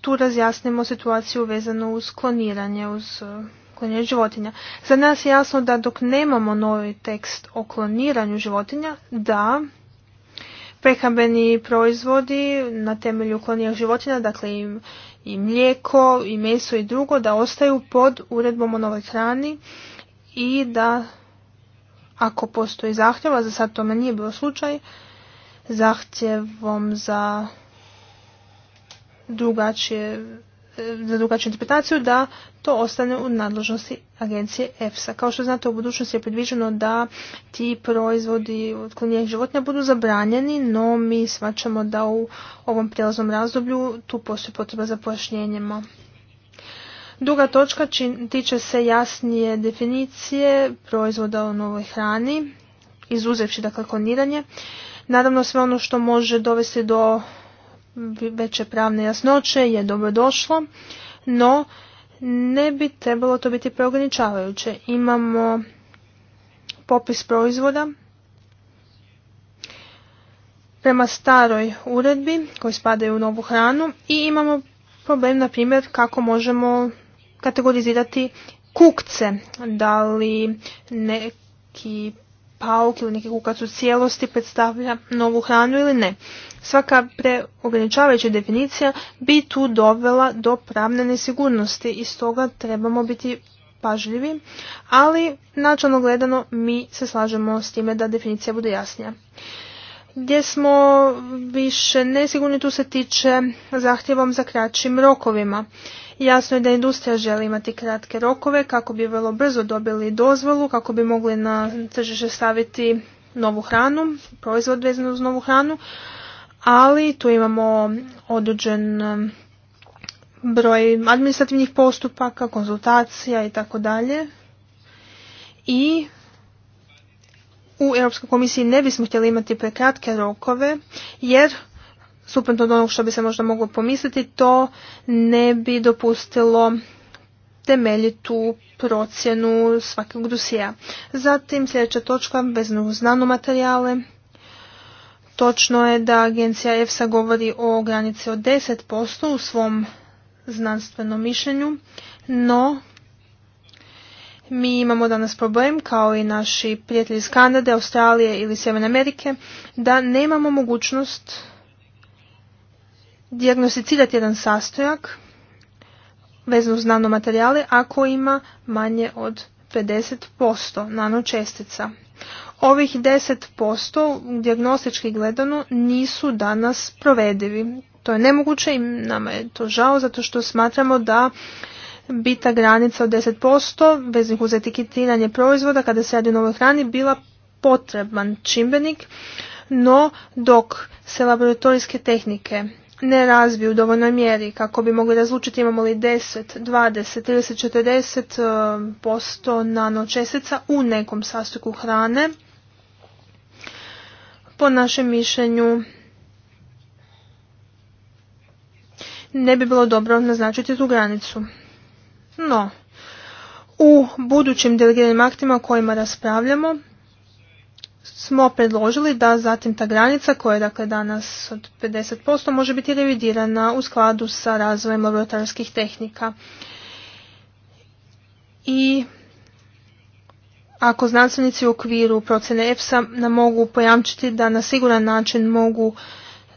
tu razjasnimo situaciju vezanu uz kloniranje, uz konje životinja. Za nas je jasno da dok nemamo novi tekst o kloniranju životinja, da prehrambeni proizvodi na temelju kloniranih životinja, dakle i, mlijeko, i meso i drugo, da ostaju pod uredbom o novoj hrani i da ako postoji zahtjeva, za sad tome nije bilo slučaj, zahtjevom za drugačije za drugačiju interpretaciju da to ostane u nadležnosti agencije EFSA. Kao što znate u budućnosti je predviđeno da ti proizvodi od klinijeg životinja budu zabranjeni, no mi svačamo da u ovom prijelaznom razdoblju tu postoji potreba za pojašnjenjima. Druga točka tiče se jasnije definicije proizvoda u novoj hrani, izuzevši dakle kloniranje. Naravno sve ono što može dovesti do veće pravne jasnoće je dobro došlo, no ne bi trebalo to biti preograničavajuće. Imamo popis proizvoda prema staroj uredbi koji spadaju u novu hranu i imamo problem, na primjer, kako možemo kategorizirati kukce, da li neki pauk ili neki kukac u cijelosti predstavlja novu hranu ili ne. Svaka preograničavajuća definicija bi tu dovela do pravne nesigurnosti i stoga trebamo biti pažljivi, ali načalno gledano mi se slažemo s time da definicija bude jasnija. Gdje smo više nesigurni tu se tiče zahtjevom za kraćim rokovima. Jasno je da industrija želi imati kratke rokove kako bi vrlo brzo dobili dozvolu, kako bi mogli na tržište staviti novu hranu, proizvod vezan uz novu hranu, ali tu imamo određen um, broj administrativnih postupaka, konzultacija i tako dalje. I u Europskoj komisiji ne bismo htjeli imati prekratke rokove, jer suprotno od onog što bi se možda moglo pomisliti, to ne bi dopustilo temeljitu procjenu svakog dosija. Zatim sljedeća točka vezano uz materijale Točno je da agencija EFSA govori o granici od 10% u svom znanstvenom mišljenju, no mi imamo danas problem, kao i naši prijatelji iz Kanade, Australije ili Sjeverne Amerike, da nemamo mogućnost dijagnosticirati jedan sastojak vezno uz nanomaterijale ako ima manje od 50% nanočestica. Ovih 10% dijagnostički gledano nisu danas provedivi. To je nemoguće i nama je to žao zato što smatramo da bi ta granica od 10% veznih uz etiketiranje proizvoda kada se radi o novoj hrani bila potreban čimbenik, no dok se laboratorijske tehnike ne razviju u dovoljnoj mjeri kako bi mogli razlučiti imamo li 10, 20, 30, 40 posto nanočestica u nekom sastojku hrane, po našem mišljenju ne bi bilo dobro naznačiti tu granicu. No, u budućim delegiranim aktima kojima raspravljamo smo predložili da zatim ta granica koja je dakle danas od 50% može biti revidirana u skladu sa razvojem laboratorskih tehnika. I ako znanstvenici u okviru procjene EFSA nam mogu pojamčiti da na siguran način mogu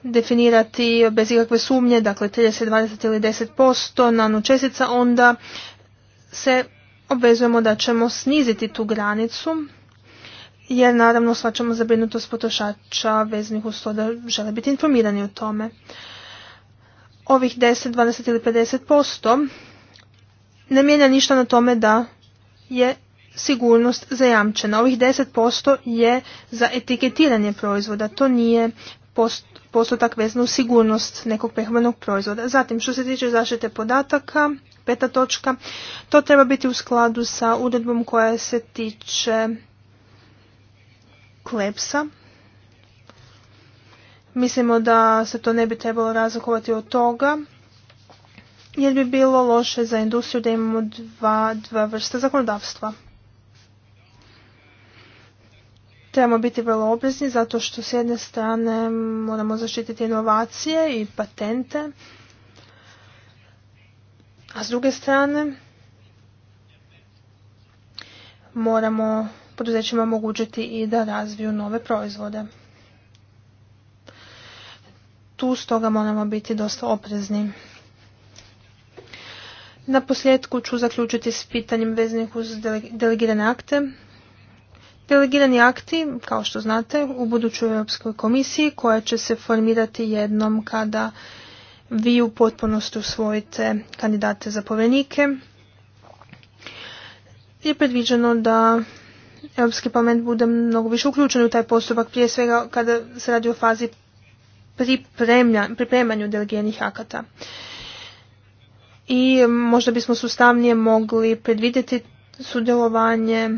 definirati bez ikakve sumnje, dakle 30, 20 ili 10% nanočestica, onda se obvezujemo da ćemo sniziti tu granicu, jer naravno svačamo zabrinutost potrošača veznih uz to da žele biti informirani o tome. Ovih 10, 20 ili 50% ne mijenja ništa na tome da je sigurnost zajamčena. Ovih 10% je za etiketiranje proizvoda, to nije postotak vezan u sigurnost nekog prehrambenog proizvoda. Zatim, što se tiče zaštite podataka, peta točka, to treba biti u skladu sa uredbom koja se tiče klepsa. Mislimo da se to ne bi trebalo razlikovati od toga, jer bi bilo loše za industriju da imamo dva, dva vrsta zakonodavstva. Trebamo biti vrlo oprezni zato što s jedne strane moramo zaštititi inovacije i patente, a s druge strane moramo poduzećima omogućiti i da razviju nove proizvode. Tu stoga moramo biti dosta oprezni. Na posljedku ću zaključiti s pitanjem veznih uz delegirane akte. Delegirani akti, kao što znate, u budućoj Europskoj komisiji koja će se formirati jednom kada vi u potpunosti usvojite kandidate za povjerenike. je predviđeno da Europski parlament bude mnogo više uključen u taj postupak, prije svega kada se radi o fazi pripremanju delegiranih akata. I možda bismo sustavnije mogli predvidjeti sudjelovanje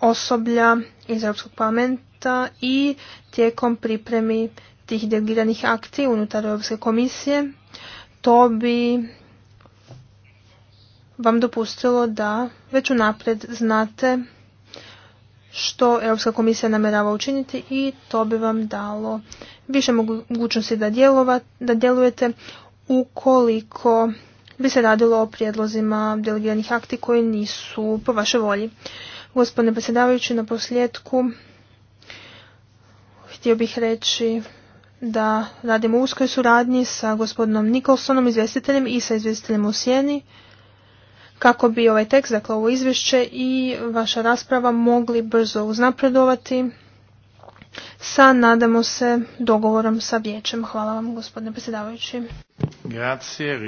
osoblja iz Europskog parlamenta i tijekom pripremi tih delegiranih akti unutar Europske komisije, to bi vam dopustilo da već unaprijed znate što Europska komisija namjerava učiniti i to bi vam dalo više mogućnosti da, djelova, da djelujete ukoliko bi se radilo o prijedlozima delegiranih akti koji nisu po vašoj volji. Gospodine predsjedavajući, na posljedku htio bih reći da radimo u uskoj suradnji sa gospodinom Nikolsonom, izvjestiteljem i sa izvjestiteljem u Sjeni, kako bi ovaj tekst, dakle ovo izvješće i vaša rasprava mogli brzo uznapredovati sa, nadamo se, dogovorom sa vijećem. Hvala vam, gospodine predsjedavajući. Grazie,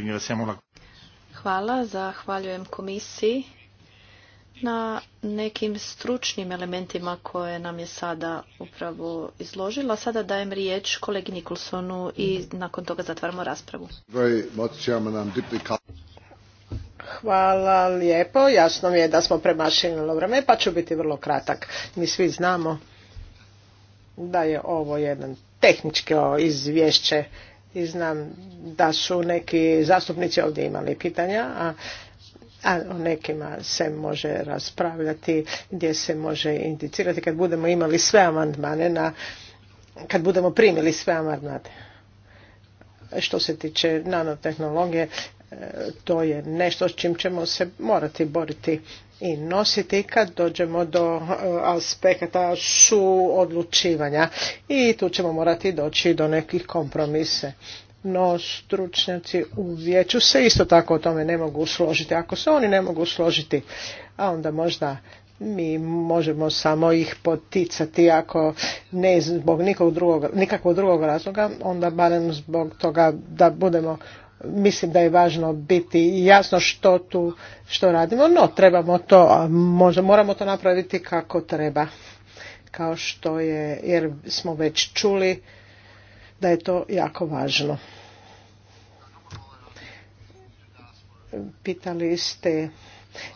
Hvala, zahvaljujem komisiji na nekim stručnim elementima koje nam je sada upravo izložila. Sada dajem riječ kolegi Nikolsonu i nakon toga zatvaramo raspravu. Hvala lijepo. Jasno mi je da smo premašili vreme, pa ću biti vrlo kratak. Mi svi znamo da je ovo jedan tehničko izvješće i znam da su neki zastupnici ovdje imali pitanja, a a o nekima se može raspravljati, gdje se može indicirati kad budemo imali sve amandmane na kad budemo primili sve amandmane. Što se tiče nanotehnologije, e, to je nešto s čim ćemo se morati boriti i nositi kad dođemo do e, aspekata su odlučivanja i tu ćemo morati doći do nekih kompromise no stručnjaci u vijeću se isto tako o tome ne mogu složiti. Ako se oni ne mogu složiti, a onda možda mi možemo samo ih poticati ako ne zbog nikog drugog, nikakvog drugog razloga, onda barem zbog toga da budemo mislim da je važno biti jasno što tu što radimo, no trebamo to, možda moramo to napraviti kako treba, kao što je, jer smo već čuli da je to jako važno. Pitali ste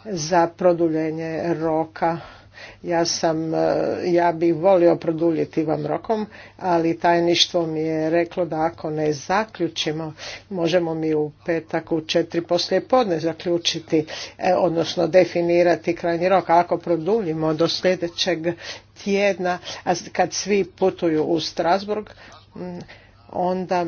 za produljenje roka ja sam, ja bih volio produljiti vam rokom, ali tajništvo mi je reklo da ako ne zaključimo, možemo mi u petak u četiri poslije podne zaključiti, e, odnosno definirati krajnji rok. ako produljimo do sljedećeg tjedna, kad svi putuju u Strasburg, onda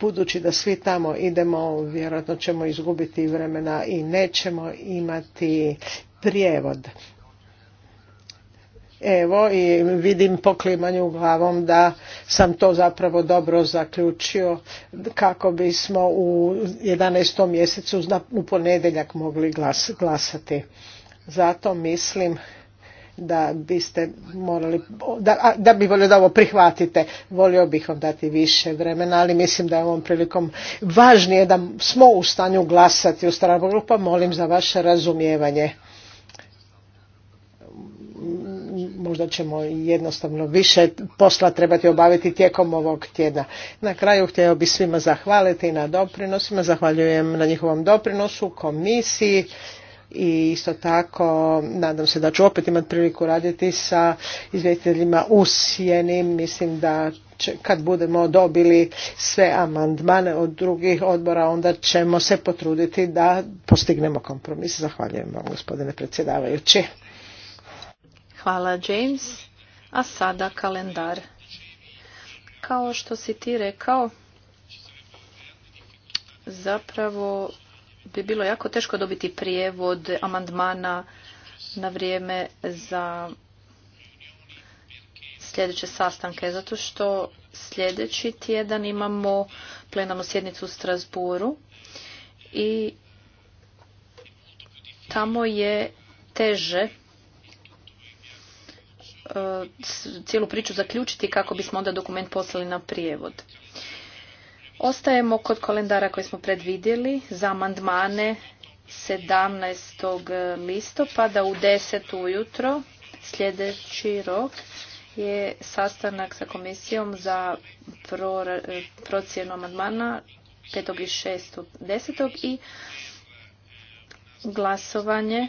budući da svi tamo idemo vjerojatno ćemo izgubiti vremena i nećemo imati prijevod. Evo i vidim po klimanju glavom da sam to zapravo dobro zaključio kako bismo u 11. mjesecu u ponedjeljak mogli glasati. Zato mislim da biste morali, da, da bi volio da ovo prihvatite. Volio bih vam dati više vremena, ali mislim da je ovom prilikom važnije da smo u stanju glasati u stranu grupa, molim za vaše razumijevanje. Možda ćemo jednostavno više posla trebati obaviti tijekom ovog tjedna. Na kraju htio bih svima zahvaliti na doprinosima, zahvaljujem na njihovom doprinosu, komisiji i isto tako nadam se da ću opet imati priliku raditi sa izvjetiteljima u Mislim da kad budemo dobili sve amandmane od drugih odbora onda ćemo se potruditi da postignemo kompromis. Zahvaljujem vam gospodine predsjedavajući. Hvala James. A sada kalendar. Kao što si ti rekao, zapravo bi bilo jako teško dobiti prijevod amandmana na vrijeme za sljedeće sastanke, zato što sljedeći tjedan imamo plenarnu sjednicu u Strasburu i tamo je teže e, cijelu priču zaključiti kako bismo onda dokument poslali na prijevod. Ostajemo kod kolendara koji smo predvidjeli za amandmane 17. Eh, listopada u 10. ujutro. Sljedeći rok je sastanak sa komisijom za eh, procjenu amandmana 5. i 6. 10. i glasovanje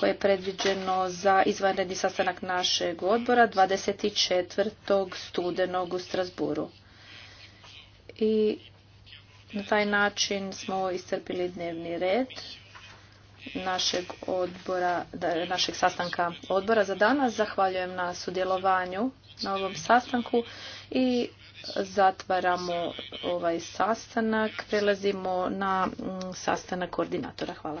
koje je predviđeno za izvanredni sastanak našeg odbora 24. studenog u Strasburu i na taj način smo iscrpili dnevni red našeg odbora, našeg sastanka odbora za danas. Zahvaljujem na sudjelovanju na ovom sastanku i zatvaramo ovaj sastanak. Prelazimo na mm, sastanak koordinatora. Hvala.